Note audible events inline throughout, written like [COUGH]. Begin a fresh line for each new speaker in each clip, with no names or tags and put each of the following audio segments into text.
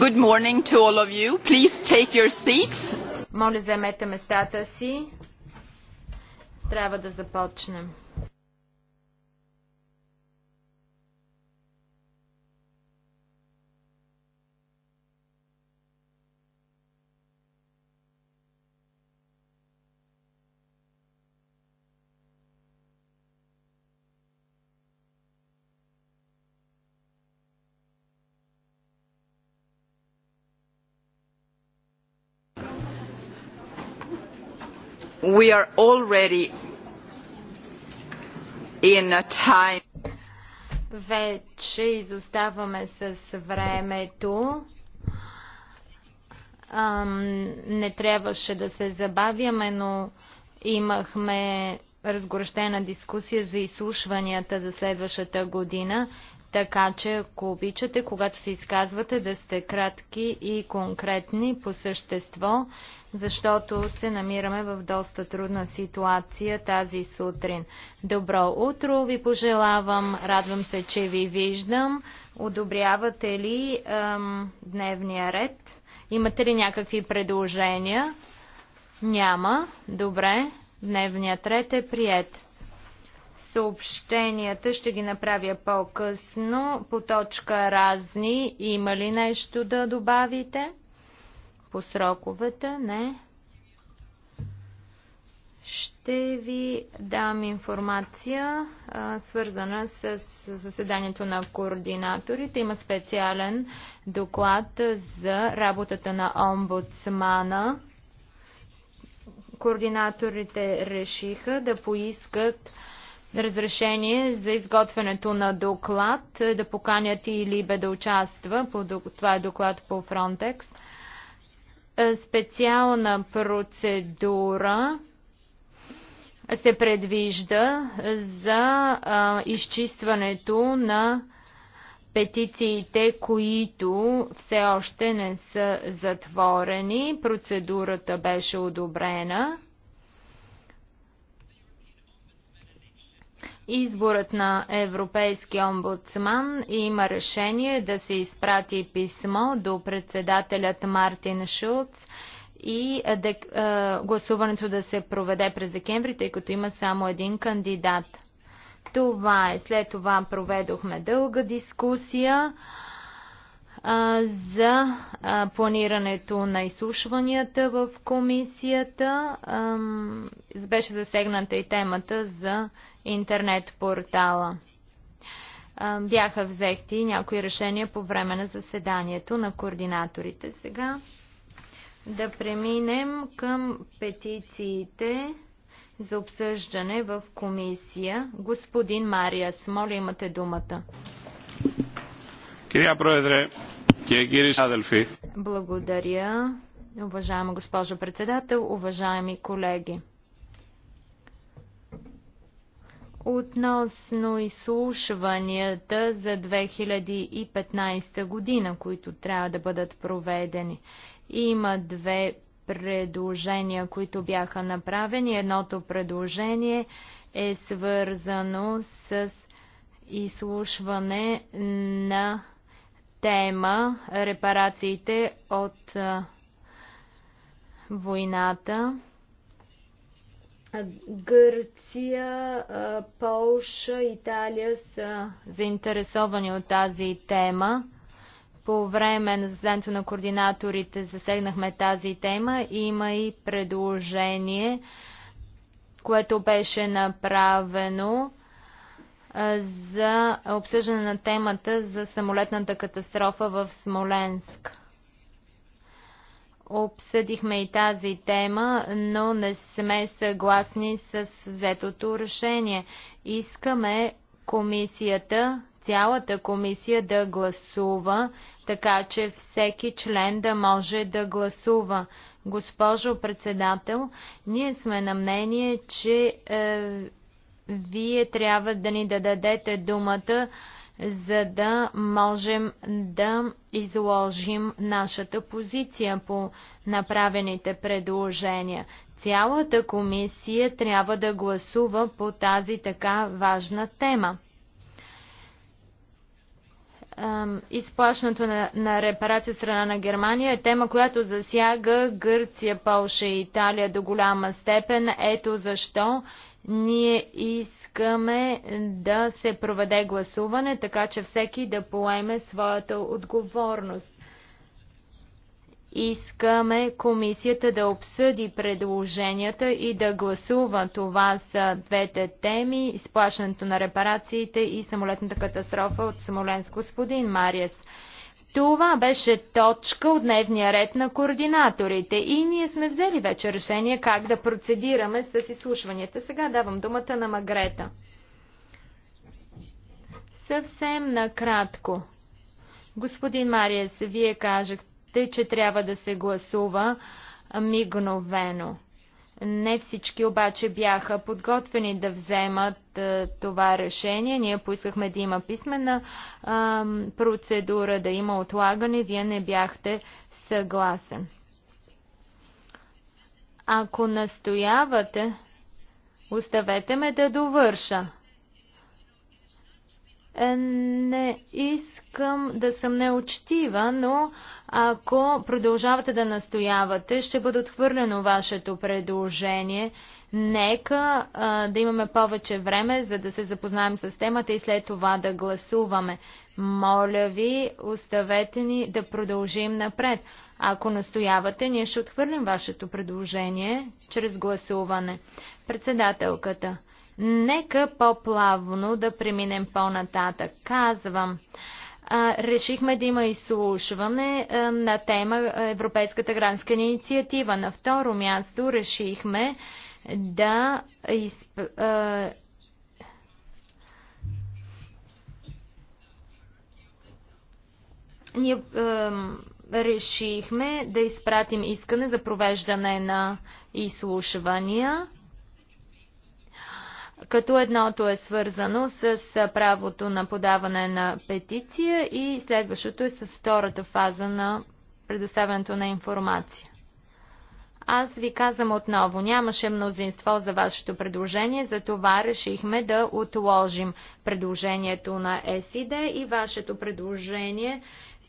Good morning to all of you. Please take your seats. Моля, заемете местата си. Трябва да започнем.
we are already in a
time. Вече изоставаме с времето. Ам, не трябваше да се забавяме, но имахме разгорещена дискусия за изслушванията за следващата година, така че ако обичате, когато се изказвате, да сте кратки и конкретни по същество защото се намираме в доста трудна ситуация тази сутрин. Добро утро ви пожелавам, радвам се, че ви виждам. Одобрявате ли ем, дневния ред? Имате ли някакви предложения? Няма. Добре. Дневният ред е прият. Съобщенията ще ги направя по-късно. По точка разни има ли нещо да добавите? по сроковете? Не. Ще ви дам информация, а, свързана с, заседанието на координаторите. Има специален доклад за работата на омбудсмана. Координаторите решиха да поискат разрешение за изготвянето на доклад, да поканят и Либе да участва. Това е доклад по Фронтекс. Е, специална процедура се предвижда за а, изчистването на петициите, които все още не са затворени. Процедурата беше одобрена. изборът на Европейски омбудсман има решение да се изпрати писмо до председателят Мартин Шулц и дек, е, гласуването да се проведе през декември, тъй като има само един кандидат. Това е. След това проведохме дълга дискусия а, за а, планирането на изслушванията в комисията. А, беше засегната и темата за интернет портала. Бяха взехти някои решения по време на заседанието на координаторите. Сега да преминем към петициите за обсъждане в комисия. Господин Мариас, моля имате думата.
Кирия Проедре, Адълфи.
Благодаря, уважаема госпожо председател, уважаеми колеги. Относно изслушванията за 2015 година, които трябва да бъдат проведени, има две предложения, които бяха направени. Едното предложение е свързано с изслушване на тема репарациите от войната. Гърция, Полша, Италия са заинтересовани от тази тема. По време на заседанието на координаторите засегнахме тази тема. Има и предложение, което беше направено за обсъждане на темата за самолетната катастрофа в Смоленск. Обсъдихме и тази тема, но не сме съгласни с взетото решение. Искаме комисията, цялата комисия да гласува, така че всеки член да може да гласува. Госпожо председател, ние сме на мнение, че е, вие трябва да ни да дадете думата за да можем да изложим нашата позиция по направените предложения. Цялата комисия трябва да гласува по тази така важна тема изплащането на, на репарация от страна на Германия е тема, която засяга Гърция, Полша и Италия до голяма степен. Ето защо ние искаме да се проведе гласуване, така че всеки да поеме своята отговорност. Искаме комисията да обсъди предложенията и да гласува. Това са двете теми изплащането на репарациите и самолетната катастрофа от Смоленск. Господин Мариес. Това беше точка от дневния ред на координаторите и ние сме взели вече решение как да процедираме с изслушванията. Сега давам думата на Магрета. Съвсем накратко. Господин Мариес, вие кажете, че трябва да се гласува мигновено. Не всички обаче бяха подготвени да вземат а, е, това решение. Ние поискахме да има писмена а, процедура, да има отлагане. Вие не бяхте съгласен. Ако настоявате, оставете ме да довърша. Не искам да съм неучтива, но ако продължавате да настоявате, ще бъде отхвърлено вашето предложение. Нека а, да имаме повече време, за да се запознаем с темата и след това да гласуваме. Моля ви, оставете ни да продължим напред. Ако настоявате, ние ще отхвърлим вашето предложение чрез гласуване. Председателката. Нека по-плавно да преминем по-нататък. Казвам, решихме да има изслушване на тема Европейската гражданска инициатива. На второ място решихме да изп... ние е, решихме да изпратим искане за провеждане на изслушвания като едното е свързано с правото на подаване на петиция и следващото е с втората фаза на предоставянето на информация. Аз ви казвам отново, нямаше мнозинство за вашето предложение, затова решихме да отложим предложението на СИД и вашето предложение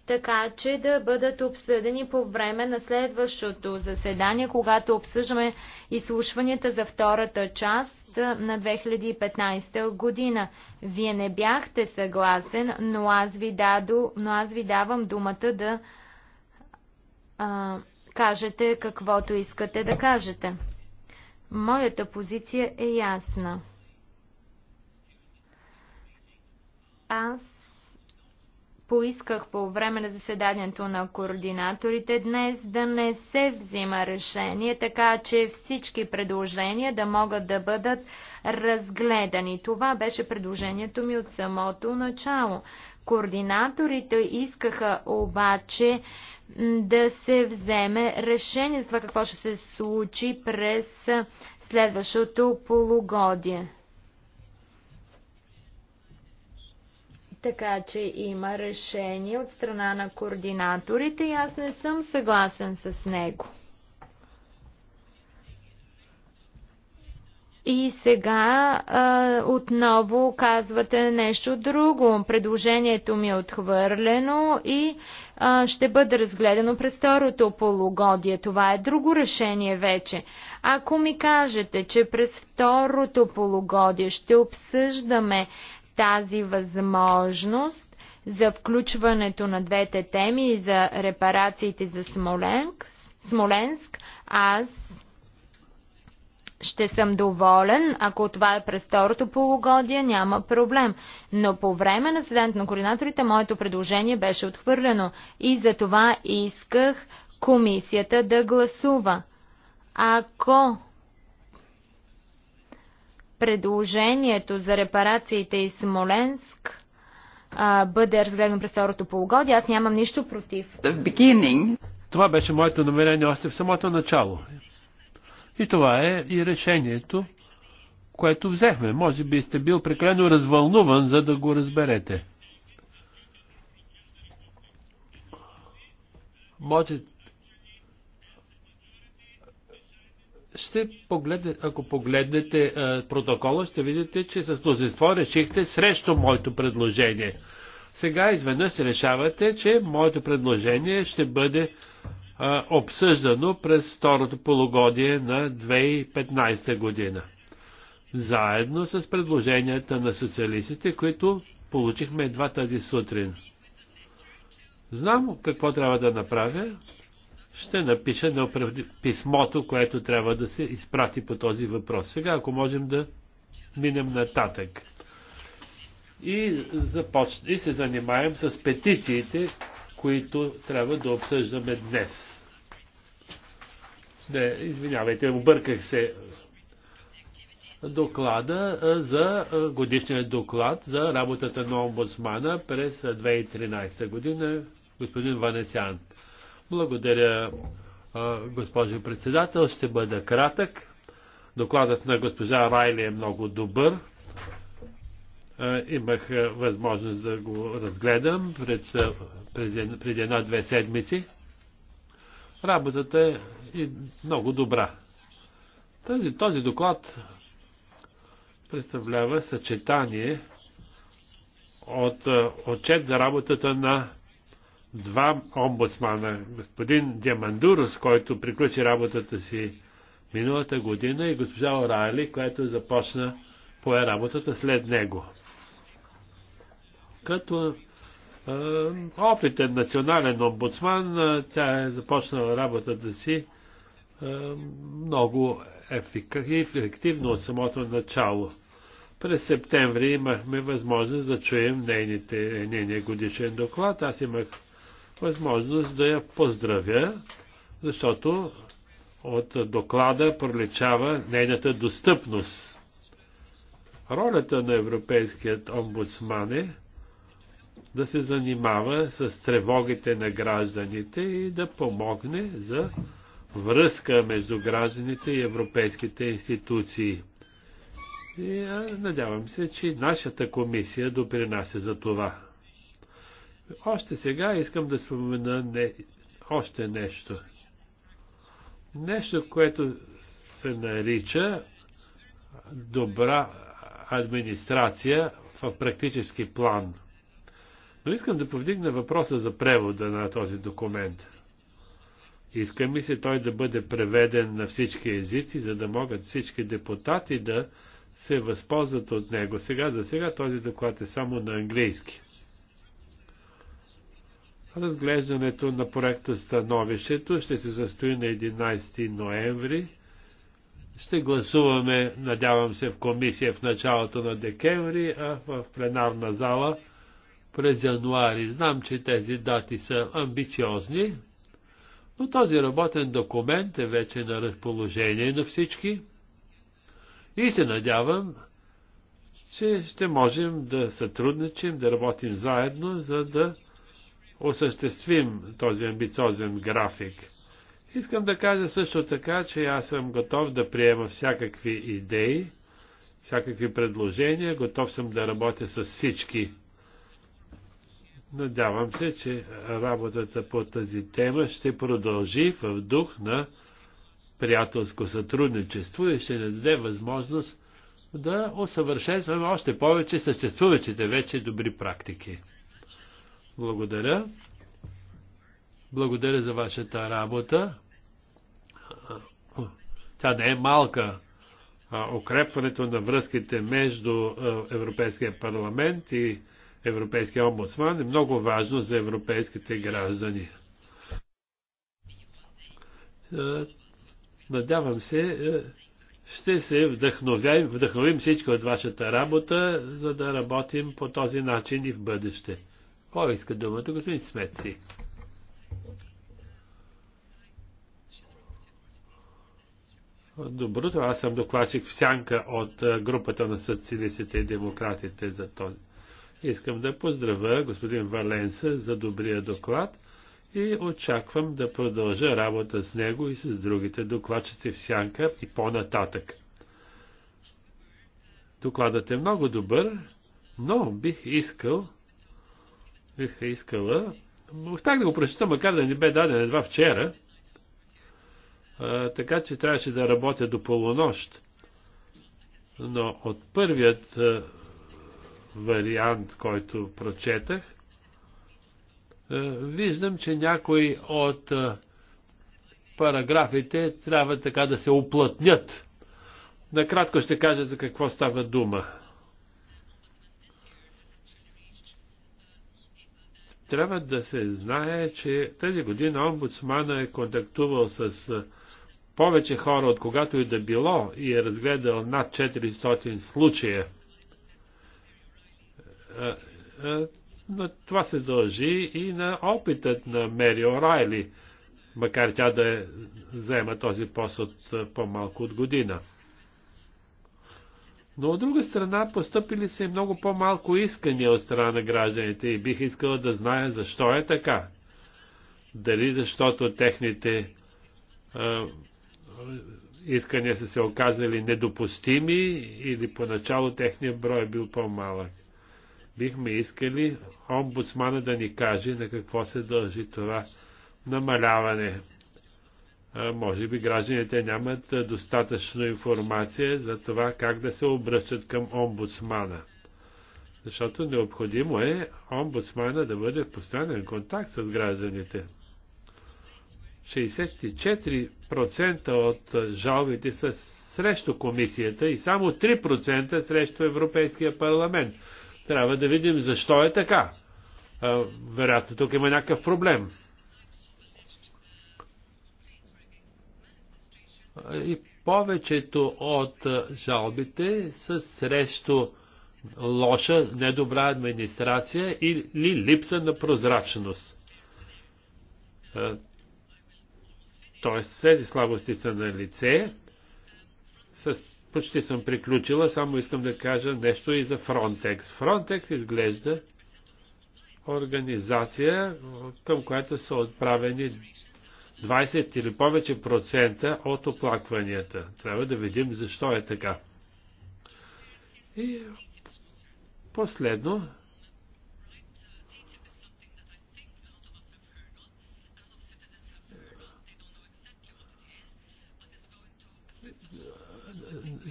така че да бъдат обсъдени по време на следващото заседание, когато обсъждаме изслушванията за втората част на 2015 година. Вие не бяхте съгласен, но аз ви, даду, но аз ви давам думата да а, кажете каквото искате да кажете. Моята позиция е ясна. Аз поисках по време на заседанието на координаторите днес да не се взима решение, така че всички предложения да могат да бъдат разгледани. Това беше предложението ми от самото начало. Координаторите искаха обаче да се вземе решение за това какво ще се случи през следващото полугодие. Така че има решение от страна на координаторите и аз не съм съгласен с него. И сега а, отново казвате нещо друго. Предложението ми е отхвърлено и а, ще бъде разгледано през второто полугодие. Това е друго решение вече. Ако ми кажете, че през второто полугодие ще обсъждаме тази възможност за включването на двете теми и за репарациите за Смоленск, Смоленск аз ще съм доволен, ако това е през второто полугодие, няма проблем. Но по време на седент на координаторите моето предложение беше отхвърлено и за това исках комисията да гласува. Ако предложението за репарациите и Смоленск а, бъде разгледано през второто полугодие, аз нямам нищо против.
Това беше моето намерение още в самото начало. И това е и решението, което взехме. Може би сте бил прекалено развълнуван, за да го разберете. Може ще погледне, ако погледнете а, е, протокола, ще видите, че с мнозинство решихте срещу моето предложение. Сега изведнъж решавате, че моето предложение ще бъде а, е, обсъждано през второто полугодие на 2015 година. Заедно с предложенията на социалистите, които получихме едва тази сутрин. Знам какво трябва да направя, ще напиша на писмото, което трябва да се изпрати по този въпрос. Сега, ако можем да минем нататък. И, започ... и се занимаем с петициите, които трябва да обсъждаме днес. Не, извинявайте, обърках се. Доклада за годишния доклад за работата на омбудсмана през 2013 година, господин Ванесян. Благодаря, госпожо председател. Ще бъда кратък. Докладът на госпожа Райли е много добър. Имах възможност да го разгледам пред, преди една-две седмици. Работата е много добра. Този, този доклад представлява съчетание от отчет за работата на два омбудсмана, господин Диамандурус, който приключи работата си миналата година и госпожа Орайли, която започна пое работата след него. Като е, опитен национален омбудсман, тя е започнала работата си е, много ефективно от самото начало. През септември имахме възможност да чуем нейните, нейния годишен доклад. Аз имах възможност да я поздравя, защото от доклада проличава нейната достъпност. Ролята на Европейският омбудсман е да се занимава с тревогите на гражданите и да помогне за връзка между гражданите и европейските институции. И надявам се, че нашата комисия допринася за това. Още сега искам да спомена не, още нещо. Нещо, което се нарича добра администрация в практически план. Но искам да повдигна въпроса за превода на този документ. Иска ми се той да бъде преведен на всички езици, за да могат всички депутати да се възползват от него. Сега за сега този доклад е само на английски. Разглеждането на проекта становището ще се състои на 11 ноември. Ще гласуваме, надявам се, в комисия в началото на декември, а в пленарна зала през януари. Знам, че тези дати са амбициозни, но този работен документ е вече на разположение на всички и се надявам, че ще можем да сътрудничим, да работим заедно, за да осъществим този амбициозен график. Искам да кажа също така, че аз съм готов да приема всякакви идеи, всякакви предложения, готов съм да работя с всички. Надявам се, че работата по тази тема ще продължи в дух на приятелско сътрудничество и ще ни даде възможност да усъвършенстваме още повече съществуващите вече добри практики. Благодаря. Благодаря за вашата работа. Тя не е малка. Укрепването на връзките между Европейския парламент и Европейския омбудсман е много важно за европейските граждани. Надявам се, ще се вдъхновим, вдъхновим всички от вашата работа, за да работим по този начин и в бъдеще. Кой иска думата? Господин Смеци. Добро утро, аз съм докладчик в сянка от групата на социалистите и демократите за този. Искам да поздравя господин Валенса за добрия доклад и очаквам да продължа работа с него и с другите докладчици в сянка и по-нататък. Докладът е много добър, но бих искал бих се искала. Успях да го прочета, макар да ни бе даден едва вчера. А, така че трябваше да работя до полунощ. Но от първият а, вариант, който прочетах, а, виждам, че някои от а, параграфите трябва така да се оплътнят. Накратко ще кажа за какво става дума. трябва да се знае, че тази година омбудсмана е контактувал с повече хора от когато и да било и е разгледал над 400 случая. Но това се дължи и на опитът на Мери Орайли, макар тя да е, заема този пост от по-малко от година. Но от друга страна поступили са и много по-малко искания от страна на гражданите и бих искала да зная защо е така. Дали защото техните а, искания са се оказали недопустими или поначало техният брой е бил по-малък. Бихме искали омбудсмана да ни каже на какво се дължи това намаляване може би гражданите нямат достатъчно информация за това как да се обръщат към омбудсмана. Защото необходимо е омбудсмана да бъде в постоянен контакт с гражданите. 64% от жалбите са срещу комисията и само 3% срещу Европейския парламент. Трябва да видим защо е така. вероятно тук има някакъв проблем. И повечето от жалбите са срещу лоша, недобра администрация или липса на прозрачност. Е, тоест, тези слабости са на лице. С, почти съм приключила, само искам да кажа нещо и за Frontex. Frontex изглежда организация, към която са отправени 20 или повече процента от оплакванията. Трябва да видим защо е така. И последно,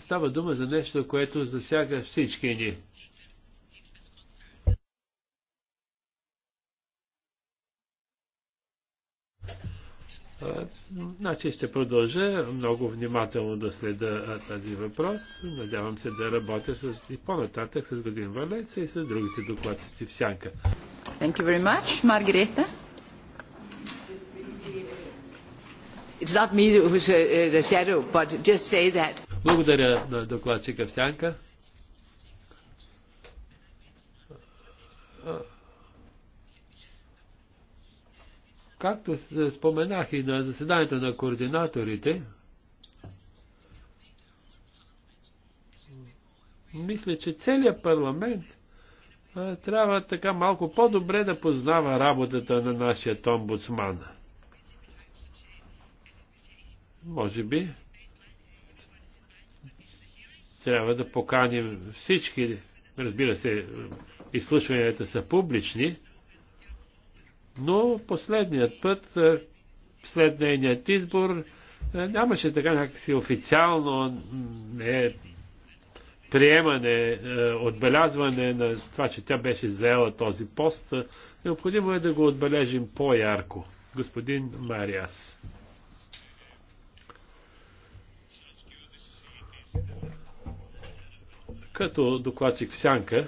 става дума за нещо, което засяга всички ни. Значи ще продължа много внимателно да следа тази въпрос. Надявам се да работя с, и по-нататък с Годин Валеца и с другите докладчици в Сянка.
Thank you very much, Margareta. It's not me who's uh, uh, the shadow, but just say that.
Благодаря на докладчика в Сянка. Както споменах и на заседанието на координаторите, мисля, че целият парламент а, трябва така малко по-добре да познава работата на нашия омбудсман. Може би трябва да поканим всички, разбира се, изслушванията са публични, но последният път, е, след нейният избор, е, нямаше така някакси официално не, приемане, е, отбелязване на това, че тя беше заела този пост. Необходимо е да го отбележим по-ярко. Господин Мариас. Като докладчик в сянка,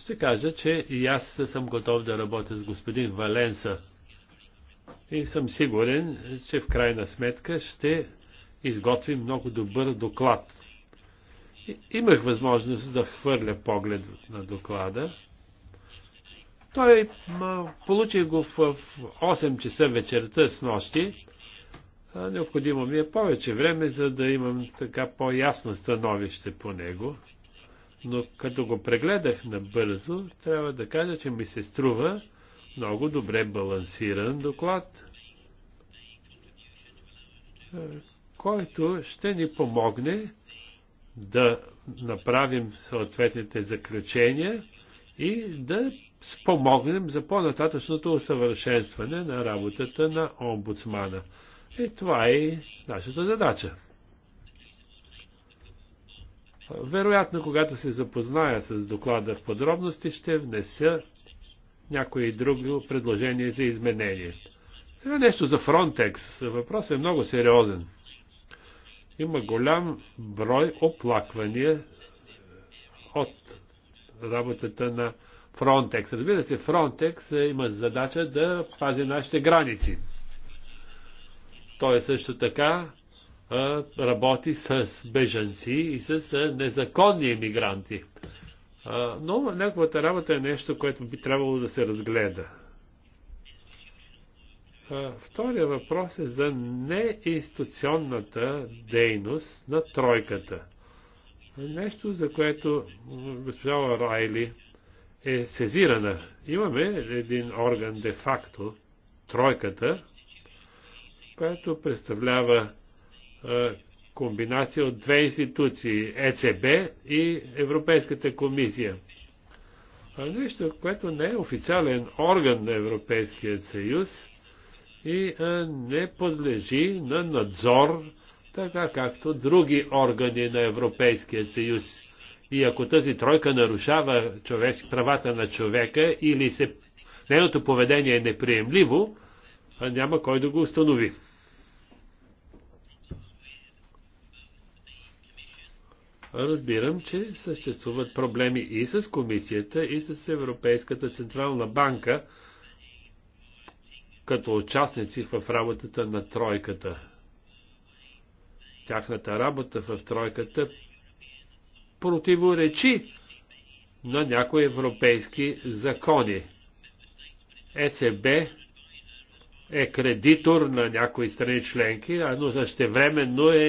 ще кажа, че и аз съм готов да работя с господин Валенса. И съм сигурен, че в крайна сметка ще изготвим много добър доклад. Имах възможност да хвърля поглед на доклада. Той получи го в 8 часа вечерта с нощи. Необходимо ми е повече време, за да имам така по-ясно становище по него. Но като го прегледах набързо, трябва да кажа, че ми се струва много добре балансиран доклад, е, който ще ни помогне да направим съответните заключения и да спомогнем за по-нататъчното усъвършенстване на работата на омбудсмана. И това е нашата задача. Вероятно, когато се запозная с доклада в подробности, ще внеса някои други предложения за изменение. Сега нещо за Фронтекс. Въпросът е много сериозен. Има голям брой оплаквания от работата на Фронтекс. Разбира се, Фронтекс има задача да пази нашите граници. Той е също така работи с бежанци и с незаконни емигранти. Но неговата работа е нещо, което би трябвало да се разгледа. Втория въпрос е за неинституционната дейност на тройката. Нещо, за което госпожа Райли е сезирана. Имаме един орган де-факто, тройката, която представлява е, комбинация от две институции ЕЦБ и Европейската комисия. Нещо, което не е официален орган на Европейския съюз и не подлежи на надзор, така както други органи на Европейския съюз. И ако тази тройка нарушава човеш, правата на човека или се, нейното поведение е неприемливо, няма кой да го установи. разбирам, че съществуват проблеми и с комисията, и с Европейската централна банка, като участници в работата на тройката. Тяхната работа в тройката противоречи на някои европейски закони. ЕЦБ е кредитор на някои страни членки, а но същевременно е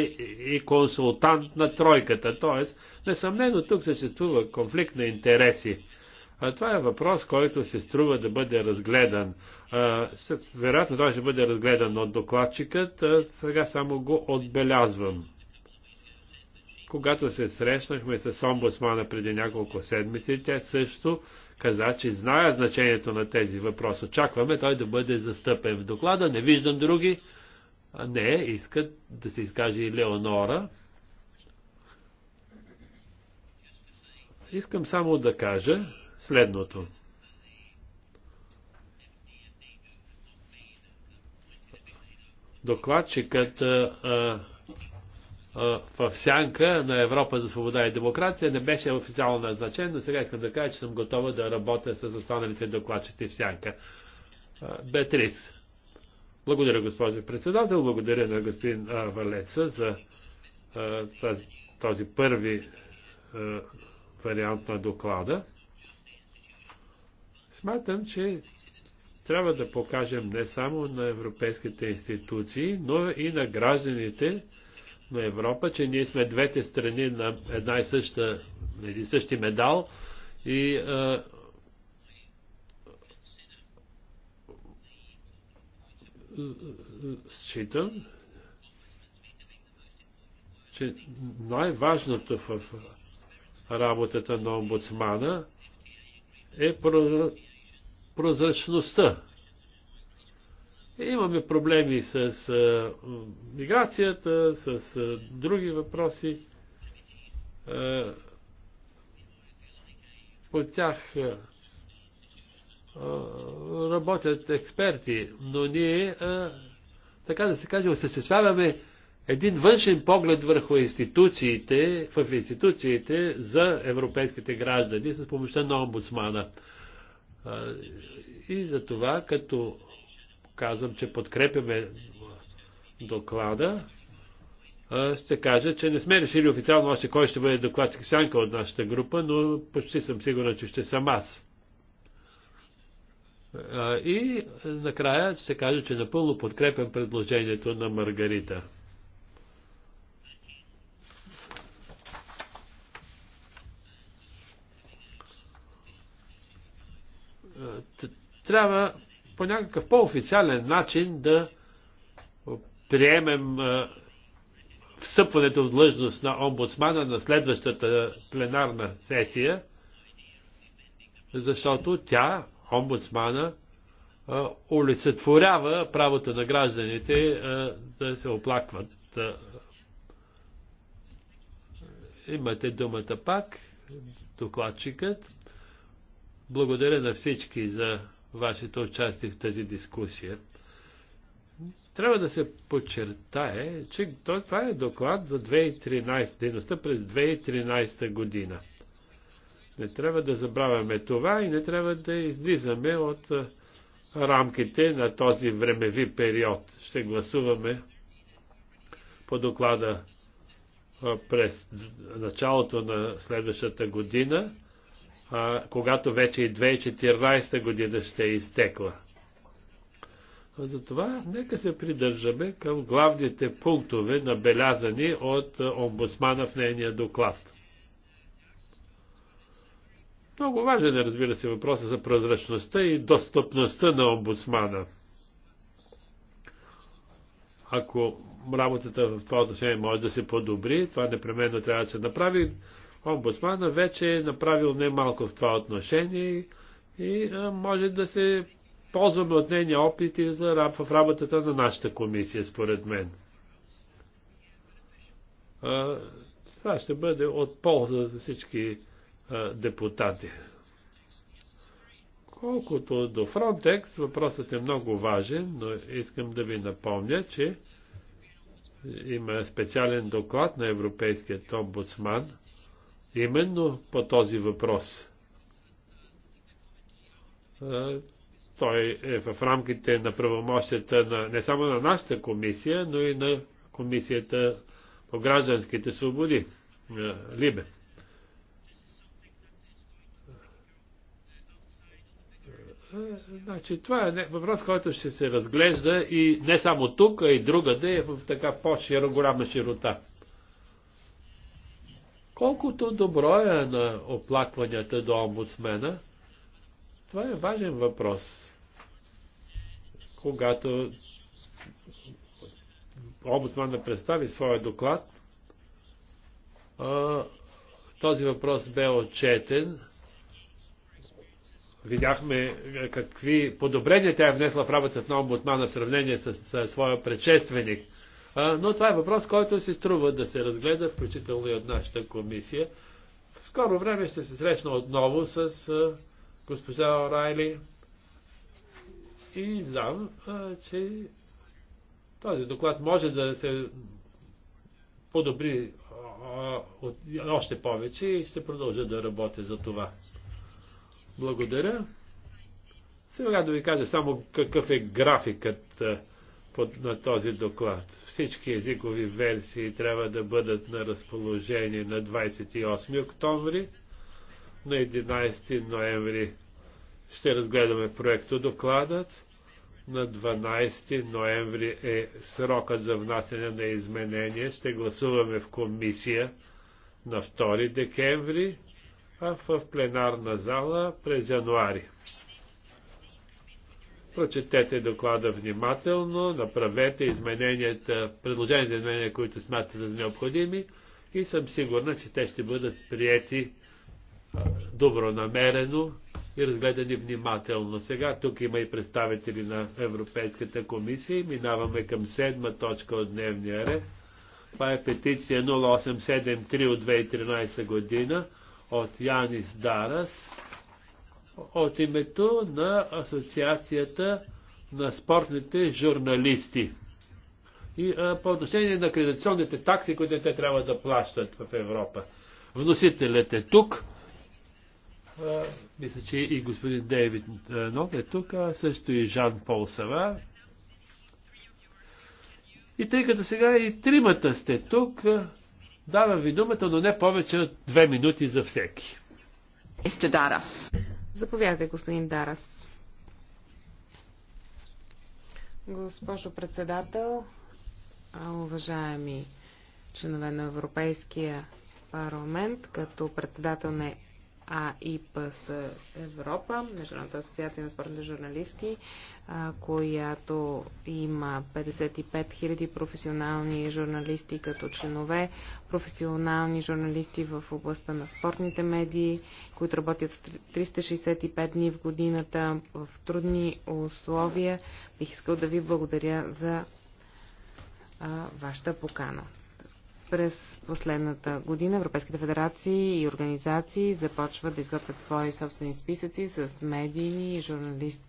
и консултант на тройката. Тоест, несъмнено тук съществува конфликт на интереси. А това е въпрос, който се струва да бъде разгледан. вероятно той ще бъде разгледан от докладчикът, а сега само го отбелязвам. Когато се срещнахме с омбудсмана преди няколко седмици, тя също каза, че знае значението на тези въпроси. Очакваме той да бъде застъпен в доклада. Не виждам други. А не, искат да се изкаже и Леонора. Искам само да кажа следното. Докладчикът а, в сянка на Европа за свобода и демокрация. Не беше официално назначен, но сега искам да кажа, че съм готова да работя с останалите докладчици в сянка. Бетрис. Благодаря, госпожо председател. Благодаря на господин Валеца за тази, този първи вариант на доклада. Смятам, че трябва да покажем не само на европейските институции, но и на гражданите, на Европа, че ние сме двете страни на една и съща, един същи медал и а, считам, че най-важното в работата на омбудсмана е прозрачността. Имаме проблеми с а, миграцията, с а, други въпроси. А, по тях а, работят експерти, но ние, а, така да се каже, осъществяваме един външен поглед върху институциите, в институциите за европейските граждани с помощта на омбудсмана. И за това, като казвам, че подкрепяме доклада, ще кажа, че не сме решили официално още кой ще бъде докладчик сянка от нашата група, но почти съм сигурен, че ще съм аз. И накрая ще кажа, че напълно подкрепям предложението на Маргарита. Трябва по някакъв по-официален начин да приемем встъпването в длъжност на омбудсмана на следващата пленарна сесия, защото тя, омбудсмана, олицетворява правото на гражданите да се оплакват. Имате думата пак, докладчикът. Благодаря на всички за вашето участие в тази дискусия. Трябва да се подчертае, че това е доклад за 2013, дейността през 2013 година. Не трябва да забравяме това и не трябва да излизаме от рамките на този времеви период. Ще гласуваме по доклада през началото на следващата година когато вече и 2014 година ще е изтекла. Затова нека се придържаме към главните пунктове, набелязани от омбудсмана в нейния доклад. Много важен е, разбира се, въпроса за прозрачността и достъпността на омбудсмана. Ако работата в това отношение може да се подобри, това непременно трябва да се направи омбудсмана вече е направил немалко в това отношение и може да се ползваме от нейния опит и за, в работата на нашата комисия, според мен. това ще бъде от полза за всички депутати. Колкото до Frontex, въпросът е много важен, но искам да ви напомня, че има специален доклад на Европейският омбудсман именно по този въпрос. Той е в рамките на правомощията на, не само на нашата комисия, но и на комисията по гражданските свободи, Либе. Значи, това е въпрос, който ще се разглежда и не само тук, а и другаде, в така по-голяма широта. Колкото добро е на оплакванията до омбудсмена, това е важен въпрос. Когато омбудсмана представи своя доклад, този въпрос бе отчетен. Видяхме е, какви подобрения тя е внесла в работата на омбудсмана в сравнение с своя предшественик – но това е въпрос, който се струва да се разгледа, включително и от нашата комисия. В скоро време ще се срещна отново с госпожа Орайли и знам, че този доклад може да се подобри още повече и ще продължа да работя за това. Благодаря. Сега да ви кажа само какъв е графикът под, на този доклад. Всички езикови версии трябва да бъдат на разположение на 28 октомври. На 11 ноември ще разгледаме проекто докладът. На 12 ноември е срокът за внасяне на изменения. Ще гласуваме в комисия на 2 декември, а в пленарна зала през януари. Прочетете доклада внимателно, направете измененията, предложения за изменения, които смятате за необходими и съм сигурна, че те ще бъдат приети добронамерено и разгледани внимателно. Сега тук има и представители на Европейската комисия и минаваме към седма точка от дневния ред. Това е петиция 0873 от 2013 година от Янис Дарас от името на Асоциацията на спортните журналисти. И а, по отношение на кредитационните такси, които те трябва да плащат в Европа. Вносителят е тук. А, мисля, че и господин Дейвид Нов е тук, а също и Жан Пол Сава. И тъй като сега и тримата сте тук, давам ви думата, но не повече от две минути за всеки.
Заповядайте, господин Дарас. Госпожо председател, уважаеми членове на Европейския парламент, като председател на а АИПС Европа, Международната асоциация на спортните журналисти, която има 55 000 професионални журналисти като членове, професионални журналисти в областта на спортните медии, които работят 365 дни в годината в трудни условия. Бих искал да ви благодаря за вашата покана. През последната година европейските федерации и организации започват да изготвят свои собствени списъци с медийни и журналисти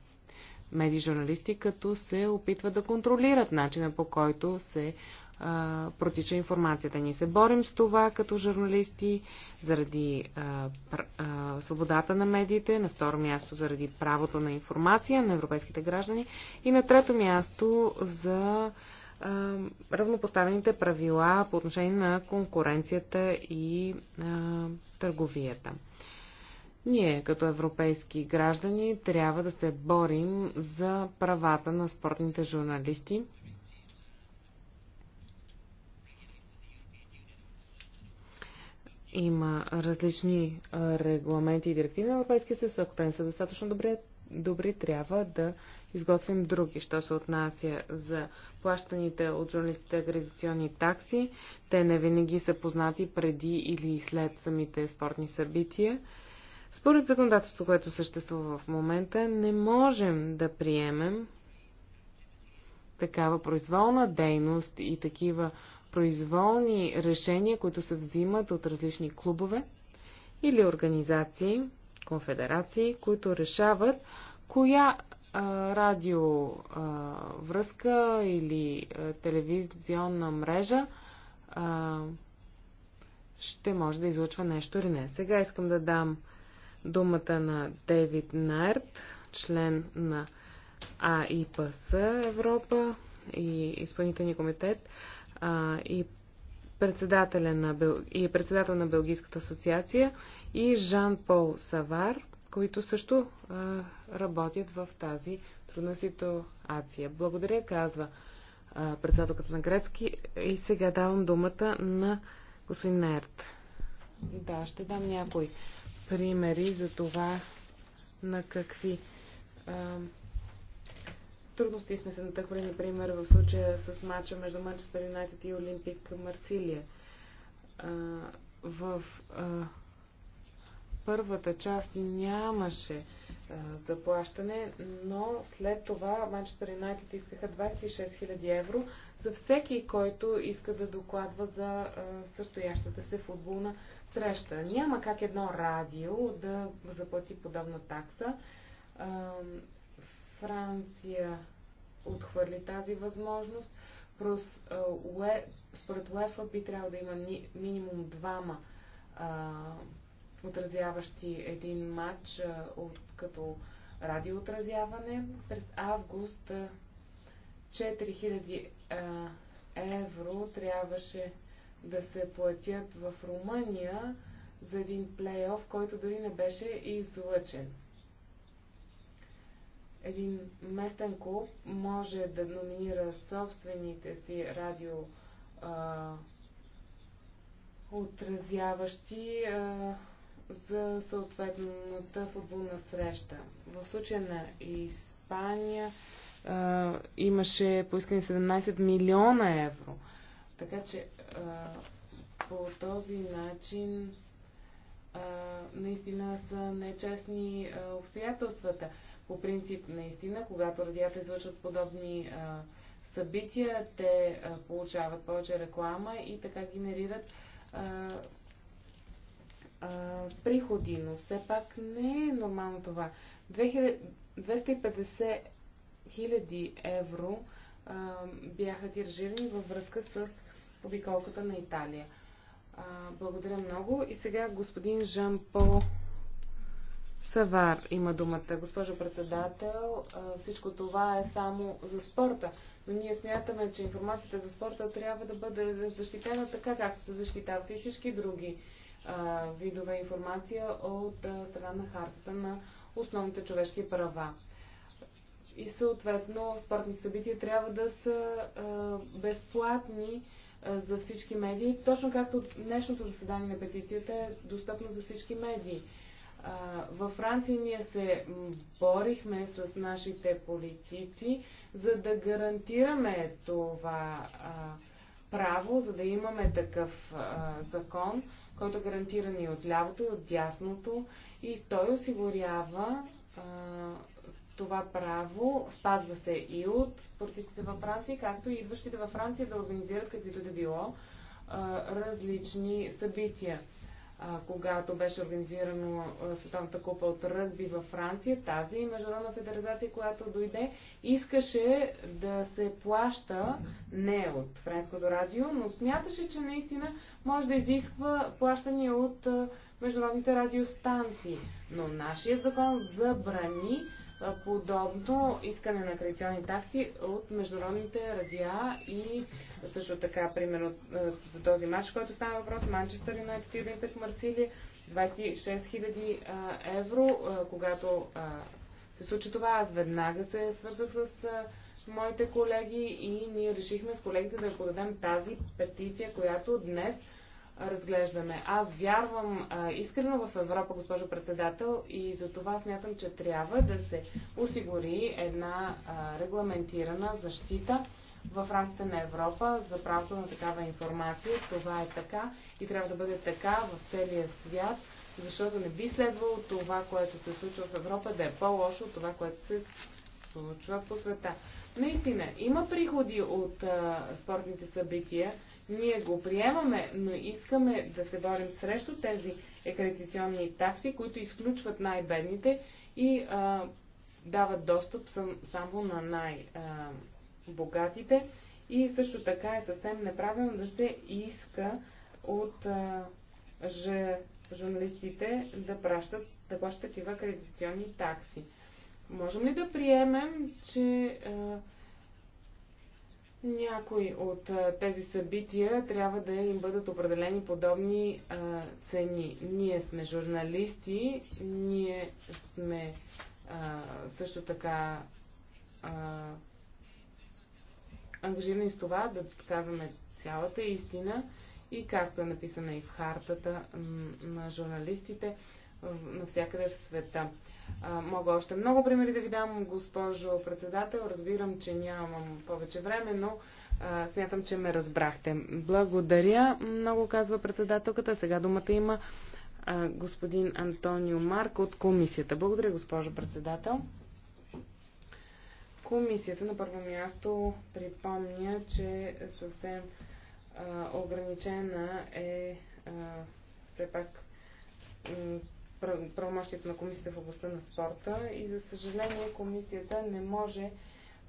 медии журналисти, като се опитват да контролират начина по който се а, протича информацията. Ние се борим с това като журналисти заради а, пр, а, свободата на медиите, на второ място заради правото на информация на европейските граждани и на трето място за равнопоставените правила по отношение на конкуренцията и а, търговията. Ние, като европейски граждани, трябва да се борим за правата на спортните журналисти. Има различни регламенти и директиви на Европейския съюз. Ако те не са достатъчно добри, добри трябва да изготвим други. Що се отнася за плащаните от журналистите агредиционни такси, те не винаги са познати преди или след самите спортни събития. Според законодателството, което съществува в момента, не можем да приемем такава произволна дейност и такива произволни решения, които се взимат от различни клубове или организации, конфедерации, които решават коя радиовръзка или телевизионна мрежа ще може да излъчва нещо или не. Сега искам да дам думата на Дейвид Нарт, член на АИПС Европа и изпълнителния комитет а, и председателя на, и председател на Белгийската асоциация и Жан-Пол Савар – които също а, работят в тази трудна ситуация. Благодаря, казва председателката на Грецки. И сега давам думата на господин Нерт. Да, ще дам някои примери за това на какви а, трудности сме се натъквали, например, в случая с матча между Манчестър Юнайтед и Олимпик Марсилия. А, в а, първата част нямаше а, е, заплащане, но след това Манчестър Юнайтед искаха 26 000 евро за всеки, който иска да докладва за а, е, състоящата се футболна среща. Няма как едно радио да заплати подобна такса. А, е, Франция отхвърли тази възможност. Прос, а, уе, според УЕФА би трябвало да има ни, минимум двама а, отразяващи един матч а, от, като радиоотразяване. През август 4000 а, евро трябваше да се платят в Румъния за един плейоф, който дори не беше излъчен. Един местен клуб може да номинира собствените си радио а, отразяващи а, за съответната футболна среща. В случая на Испания а, имаше поискани 17 милиона евро. Така че а, по този начин а, наистина са нечестни а, обстоятелствата. По принцип, наистина, когато радията излъчват подобни а, събития, те а, получават повече реклама и така генерират а, приходи, но все пак не е нормално това. 2000, 250 000 евро а, бяха тиражирани във връзка с обиколката на Италия. А, благодаря много. И сега господин Жан Пол Савар има думата. Госпожо председател, всичко това е само за спорта. Но ние смятаме, че информацията за спорта трябва да бъде защитена така, както се защитават и всички други а, видове информация от а, страна на хартата на основните човешки права. И съответно спортни събития трябва да са а, безплатни за всички медии, точно както днешното заседание на петицията е достъпно за всички медии. Във Франция ние се борихме с нашите политици, за да гарантираме това право, за да имаме такъв а, закон, който е гарантиран и от лявото, и от дясното, и той осигурява а, това право, спазва се и от спортистите във Франция, както и идващите във Франция да организират каквито да било а, различни събития когато беше организирано Световната купа от ръгби във Франция, тази международна федерация, която дойде, искаше да се плаща не от Френското радио, но смяташе, че наистина може да изисква плащане от международните радиостанции. Но нашият закон забрани подобно искане на кредитационни такси от международните радиа и също така, примерно, е, за този матч, който става въпрос, Манчестър Юнайтед и Олимпик Марсили, 26 000 евро. Е, когато се случи това, аз веднага се свързах с моите колеги и ние решихме с колегите да подадем тази петиция, която днес разглеждаме. Аз вярвам а, искрено в Европа, госпожо председател, и за това смятам, че трябва да се осигури една а, регламентирана защита в рамките на Европа за правото на такава информация. Това е така и трябва да бъде така в целия свят, защото не би следвало това, което се случва в Европа, да е по-лошо от това, което се случва по света. Наистина, има приходи от а, спортните събития, ние го приемаме, но искаме да се борим срещу тези екретиционни такси, които изключват най-бедните и а, дават достъп сам, само на най-богатите. И също така е съвсем неправилно да се иска от а, ж, журналистите да пращат, да плащат такива кредитационни такси. Можем ли да приемем, че а, някои от тези събития трябва да им бъдат определени подобни а, цени. Ние сме журналисти, ние сме а, също така а, ангажирани с това да казваме цялата истина и както е написана и в хартата на журналистите навсякъде в света. А, мога още много примери да ви дам, госпожо председател. Разбирам, че нямам повече време, но а, смятам, че ме разбрахте. Благодаря много, казва председателката. Сега думата има а, господин Антонио Марк от комисията. Благодаря, госпожо председател. Комисията на първо място припомня, че съвсем ограничена е все пак правомощията на комисията в областта на спорта и за съжаление комисията не може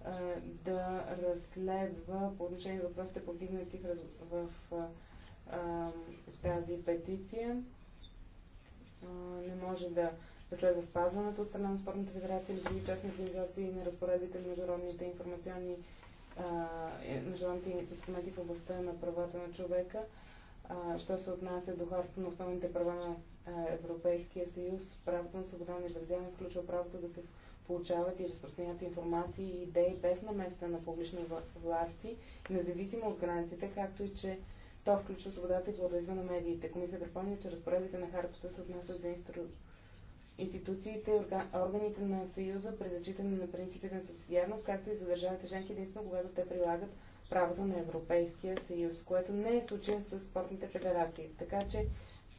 а, да разследва по отношение на въпросите повдигнати в, в а, тази петиция. А, не може да разследва спазването от страна на спортната федерация или други частни организации на разпоредбите на международните информационни е, международните инструменти в областта на правата на човека, що се отнася до хората на основните права на Европейския съюз, правото на свобода на изразяване включва правото да се получават и разпространяват информации и идеи без наместа на публични власти, независимо от границите, както и че то включва свободата и плодоизма на медиите. Комисията припомня, че разпоредбите на хартата се отнасят за институциите, и органите на Съюза при зачитане на принципите на субсидиарност, както и за държавите членки, единствено когато те прилагат правото на Европейския съюз, което не е случая с спортните федерации. Така че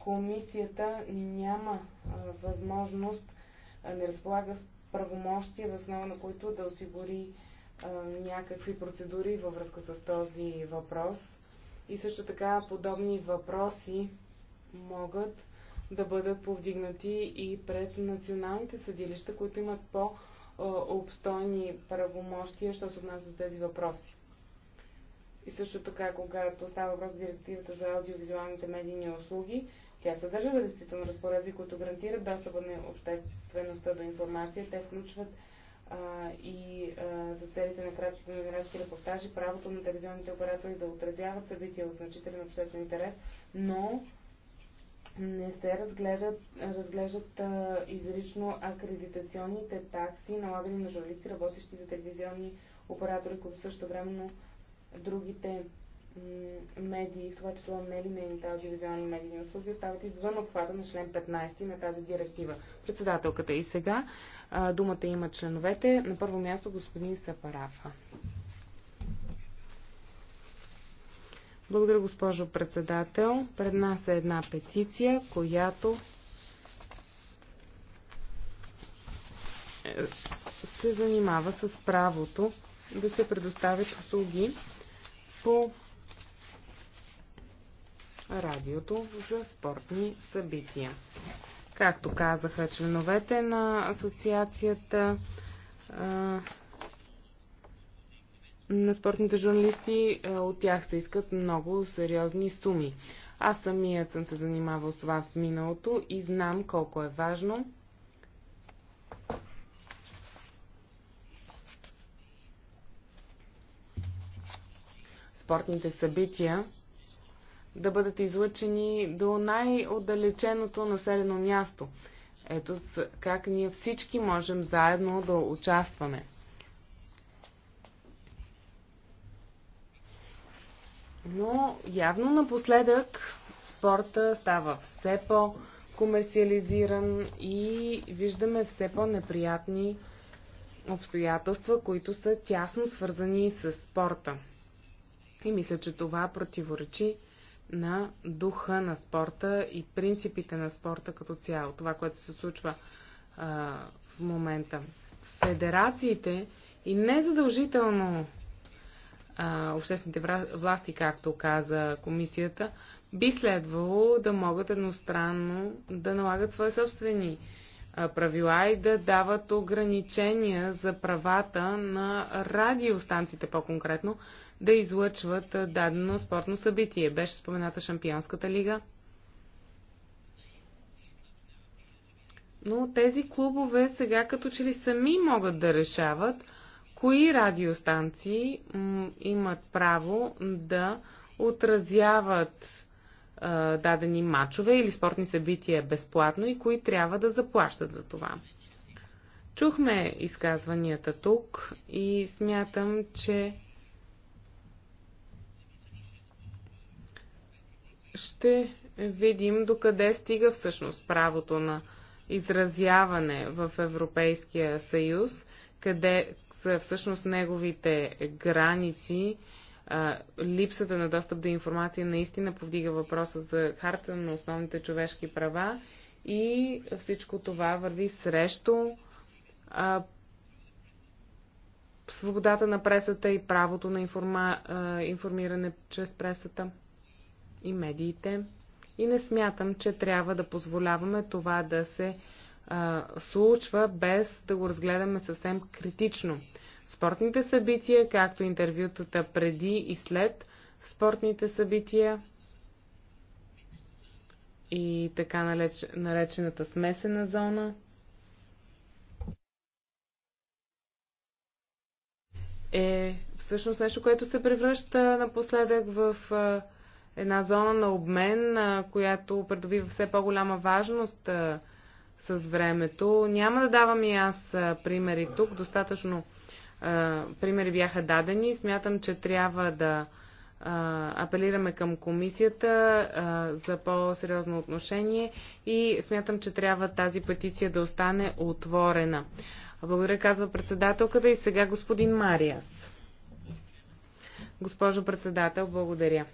комисията няма а, възможност, а, не разполага с правомощия, в основа на които да осигури а, някакви процедури във връзка с този въпрос. И също така подобни въпроси могат да бъдат повдигнати и пред националните съдилища, които имат по-обстойни правомощия, що се отнася до тези въпроси. И също така, когато става въпрос за директивата за аудиовизуалните медийни услуги, тя съдържа действително разпоредби, които гарантират достъпа на обществеността до информация. Те включват а, и а, за целите на кратките новинарски репортажи правото на телевизионните оператори да отразяват събития от значителен обществен интерес, но не се разгледат, разглеждат а, изрично акредитационните такси, налагани на журналисти, работещи за телевизионни оператори, които също времено другите медии, в това число нелинейните аудиовизуални медийни услуги, остават извън обхвата на член 15 на тази директива. Председателката и сега а, думата има членовете. На първо място господин Сапарафа. Благодаря, госпожо председател. Пред нас е една петиция, която се занимава с правото да се предоставят услуги по радиото за спортни събития. Както казаха членовете на асоциацията а, на спортните журналисти, от тях се искат много сериозни суми. Аз самият съм се занимавал с това в миналото и знам колко е важно спортните събития да бъдат излъчени до най-отдалеченото населено място. Ето как ние всички можем заедно да участваме. Но явно напоследък спорта става все по-комерциализиран и виждаме все по-неприятни обстоятелства, които са тясно свързани с спорта. И мисля, че това противоречи на духа на спорта и принципите на спорта като цяло. Това, което се случва а, в момента. Федерациите и незадължително а, обществените власти, както каза комисията, би следвало да могат едностранно да налагат свои собствени правила и да дават ограничения за правата на радиостанциите по-конкретно да излъчват дадено спортно събитие. Беше спомената Шампионската лига. Но тези клубове сега като че ли сами могат да решават кои радиостанции имат право да отразяват дадени матчове или спортни събития безплатно и кои трябва да заплащат за това. Чухме изказванията тук и смятам, че ще видим докъде стига всъщност правото на изразяване в Европейския съюз, къде са всъщност неговите граници а, липсата на достъп до информация наистина повдига въпроса за харта на основните човешки права и всичко това върви срещу а, свободата на пресата и правото на информа, а, информиране чрез пресата и медиите. И не смятам, че трябва да позволяваме това да се а, случва без да го разгледаме съвсем критично спортните събития, както интервютата преди и след спортните събития и така наречената смесена зона. е всъщност нещо, което се превръща напоследък в една зона на обмен, която придобива все по-голяма важност с времето. Няма да давам и аз примери тук. Достатъчно примери бяха дадени. Смятам, че трябва да апелираме към комисията за по-сериозно отношение и смятам, че трябва тази петиция да остане отворена. Благодаря, казва председателката и сега господин Мариас. Госпожо председател, благодаря.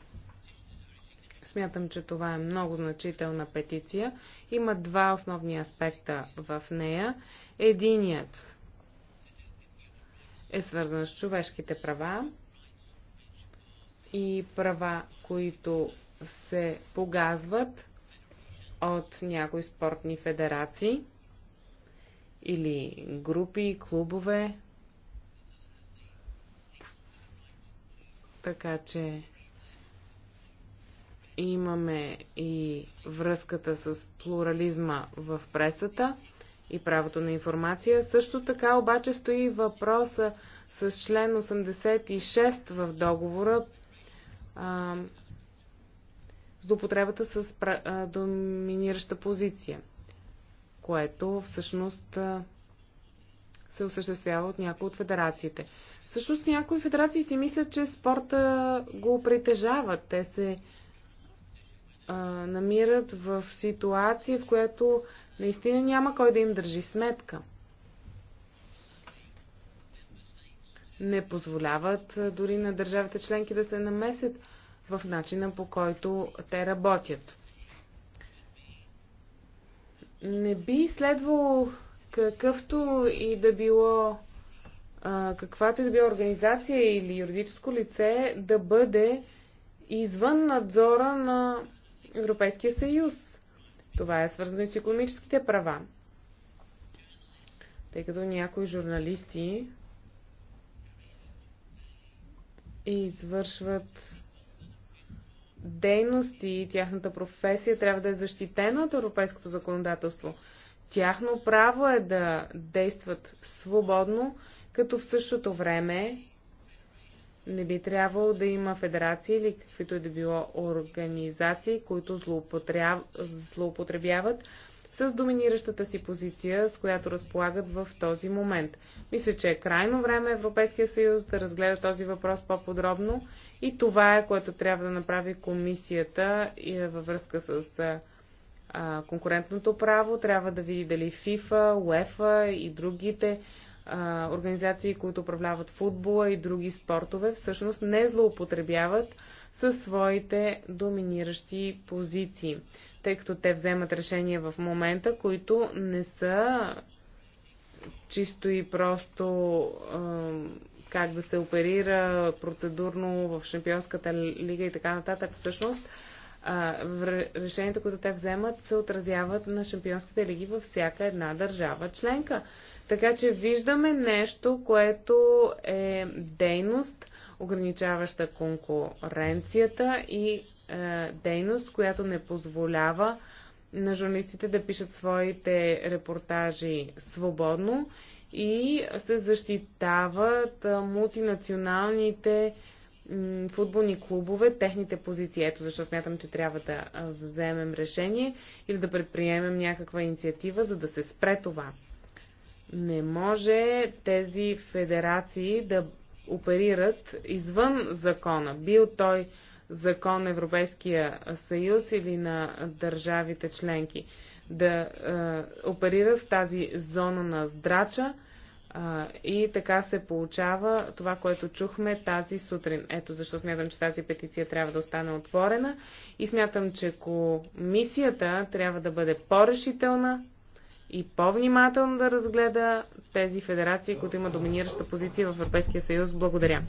Смятам, че това е много значителна петиция. Има два основни аспекта в нея. Единият е свързана с човешките права и права, които се погазват от някои спортни федерации или групи, клубове. Така че имаме и връзката с плурализма в пресата и правото на информация. Също така обаче стои въпроса с член 86 в договора а, с допотребата с а, доминираща позиция, което всъщност а, се осъществява от някои от федерациите. Всъщност някои федерации си мислят, че спорта го притежават. Те се а, намират в ситуация, в която Наистина няма кой да им държи сметка. Не позволяват дори на държавите членки да се намесят в начина по който те работят. Не би следвало какъвто и да било каквато и да било организация или юридическо лице да бъде извън надзора на Европейския съюз. Това е свързано и с економическите права. Тъй като някои журналисти извършват дейности и тяхната професия трябва да е защитена от европейското законодателство. Тяхно право е да действат свободно, като в същото време не би трябвало да има федерации или каквито и да било организации, които злоупотребяват с доминиращата си позиция, с която разполагат в този момент. Мисля, че е крайно време Европейския съюз да разгледа този въпрос по-подробно и това е, което трябва да направи комисията е във връзка с конкурентното право. Трябва да види дали FIFA, UEFA и другите организации, които управляват футбола и други спортове, всъщност не злоупотребяват със своите доминиращи позиции, тъй като те вземат решения в момента, които не са чисто и просто как да се оперира процедурно в Шампионската лига и така нататък. Всъщност, решенията, които те вземат, се отразяват на Шампионските лиги във всяка една държава членка. Така че виждаме нещо, което е дейност, ограничаваща конкуренцията и е, дейност, която не позволява на журналистите да пишат своите репортажи свободно и се защитават е, мултинационалните футболни клубове, техните позиции. Ето защо смятам, че трябва да е, вземем решение или да предприемем някаква инициатива, за да се спре това. Не може тези федерации да оперират извън закона, бил той закон Европейския съюз или на държавите членки. Да е, оперират в тази зона на здрача е, и така се получава това, което чухме тази сутрин. Ето защо смятам, че тази петиция трябва да остане отворена и смятам, че комисията трябва да бъде по-решителна и по-внимателно да разгледа тези федерации, които имат доминираща позиция в Европейския съюз. Благодаря.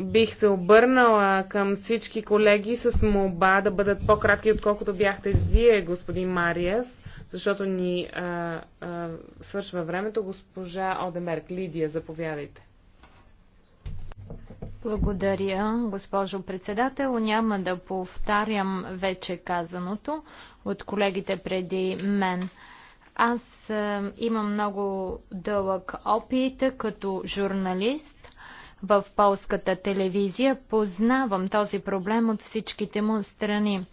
Бих се обърнала към всички колеги с молба да бъдат по-кратки, отколкото бяхте вие, господин Мариас, защото ни а, а, свършва времето. Госпожа Одемерк, Лидия, заповядайте.
Благодаря, госпожо председател. Няма да повтарям вече казаното от колегите преди мен. Аз е, имам много дълъг опит като журналист в полската телевизия. Познавам този проблем от всичките му страни.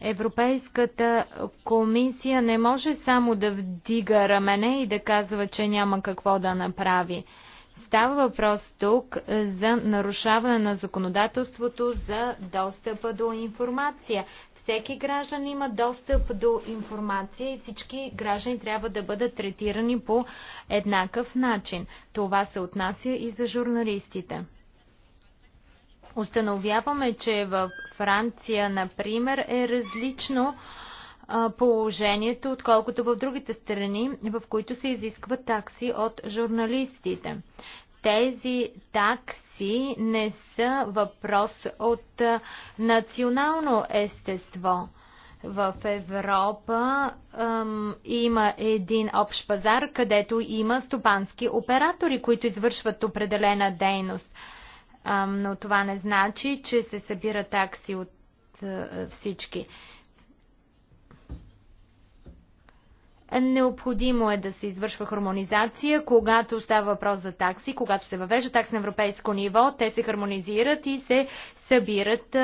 Европейската комисия не може само да вдига рамене и да казва, че няма какво да направи става въпрос тук е, за нарушаване на законодателството за достъпа до информация. Всеки граждан има достъп до информация и всички граждани трябва да бъдат третирани по еднакъв начин. Това се отнася и за журналистите. Установяваме, че във Франция, например, е различно положението, отколкото в другите страни, в които се изискват такси от журналистите тези такси не са въпрос от национално естество. В Европа ем, има един общ пазар, където има стопански оператори, които извършват определена дейност. Ем, но това не значи, че се събира такси от е, всички. Необходимо е да се извършва хармонизация, когато става въпрос за такси, когато се въвежда такси на европейско ниво, те се хармонизират и се събират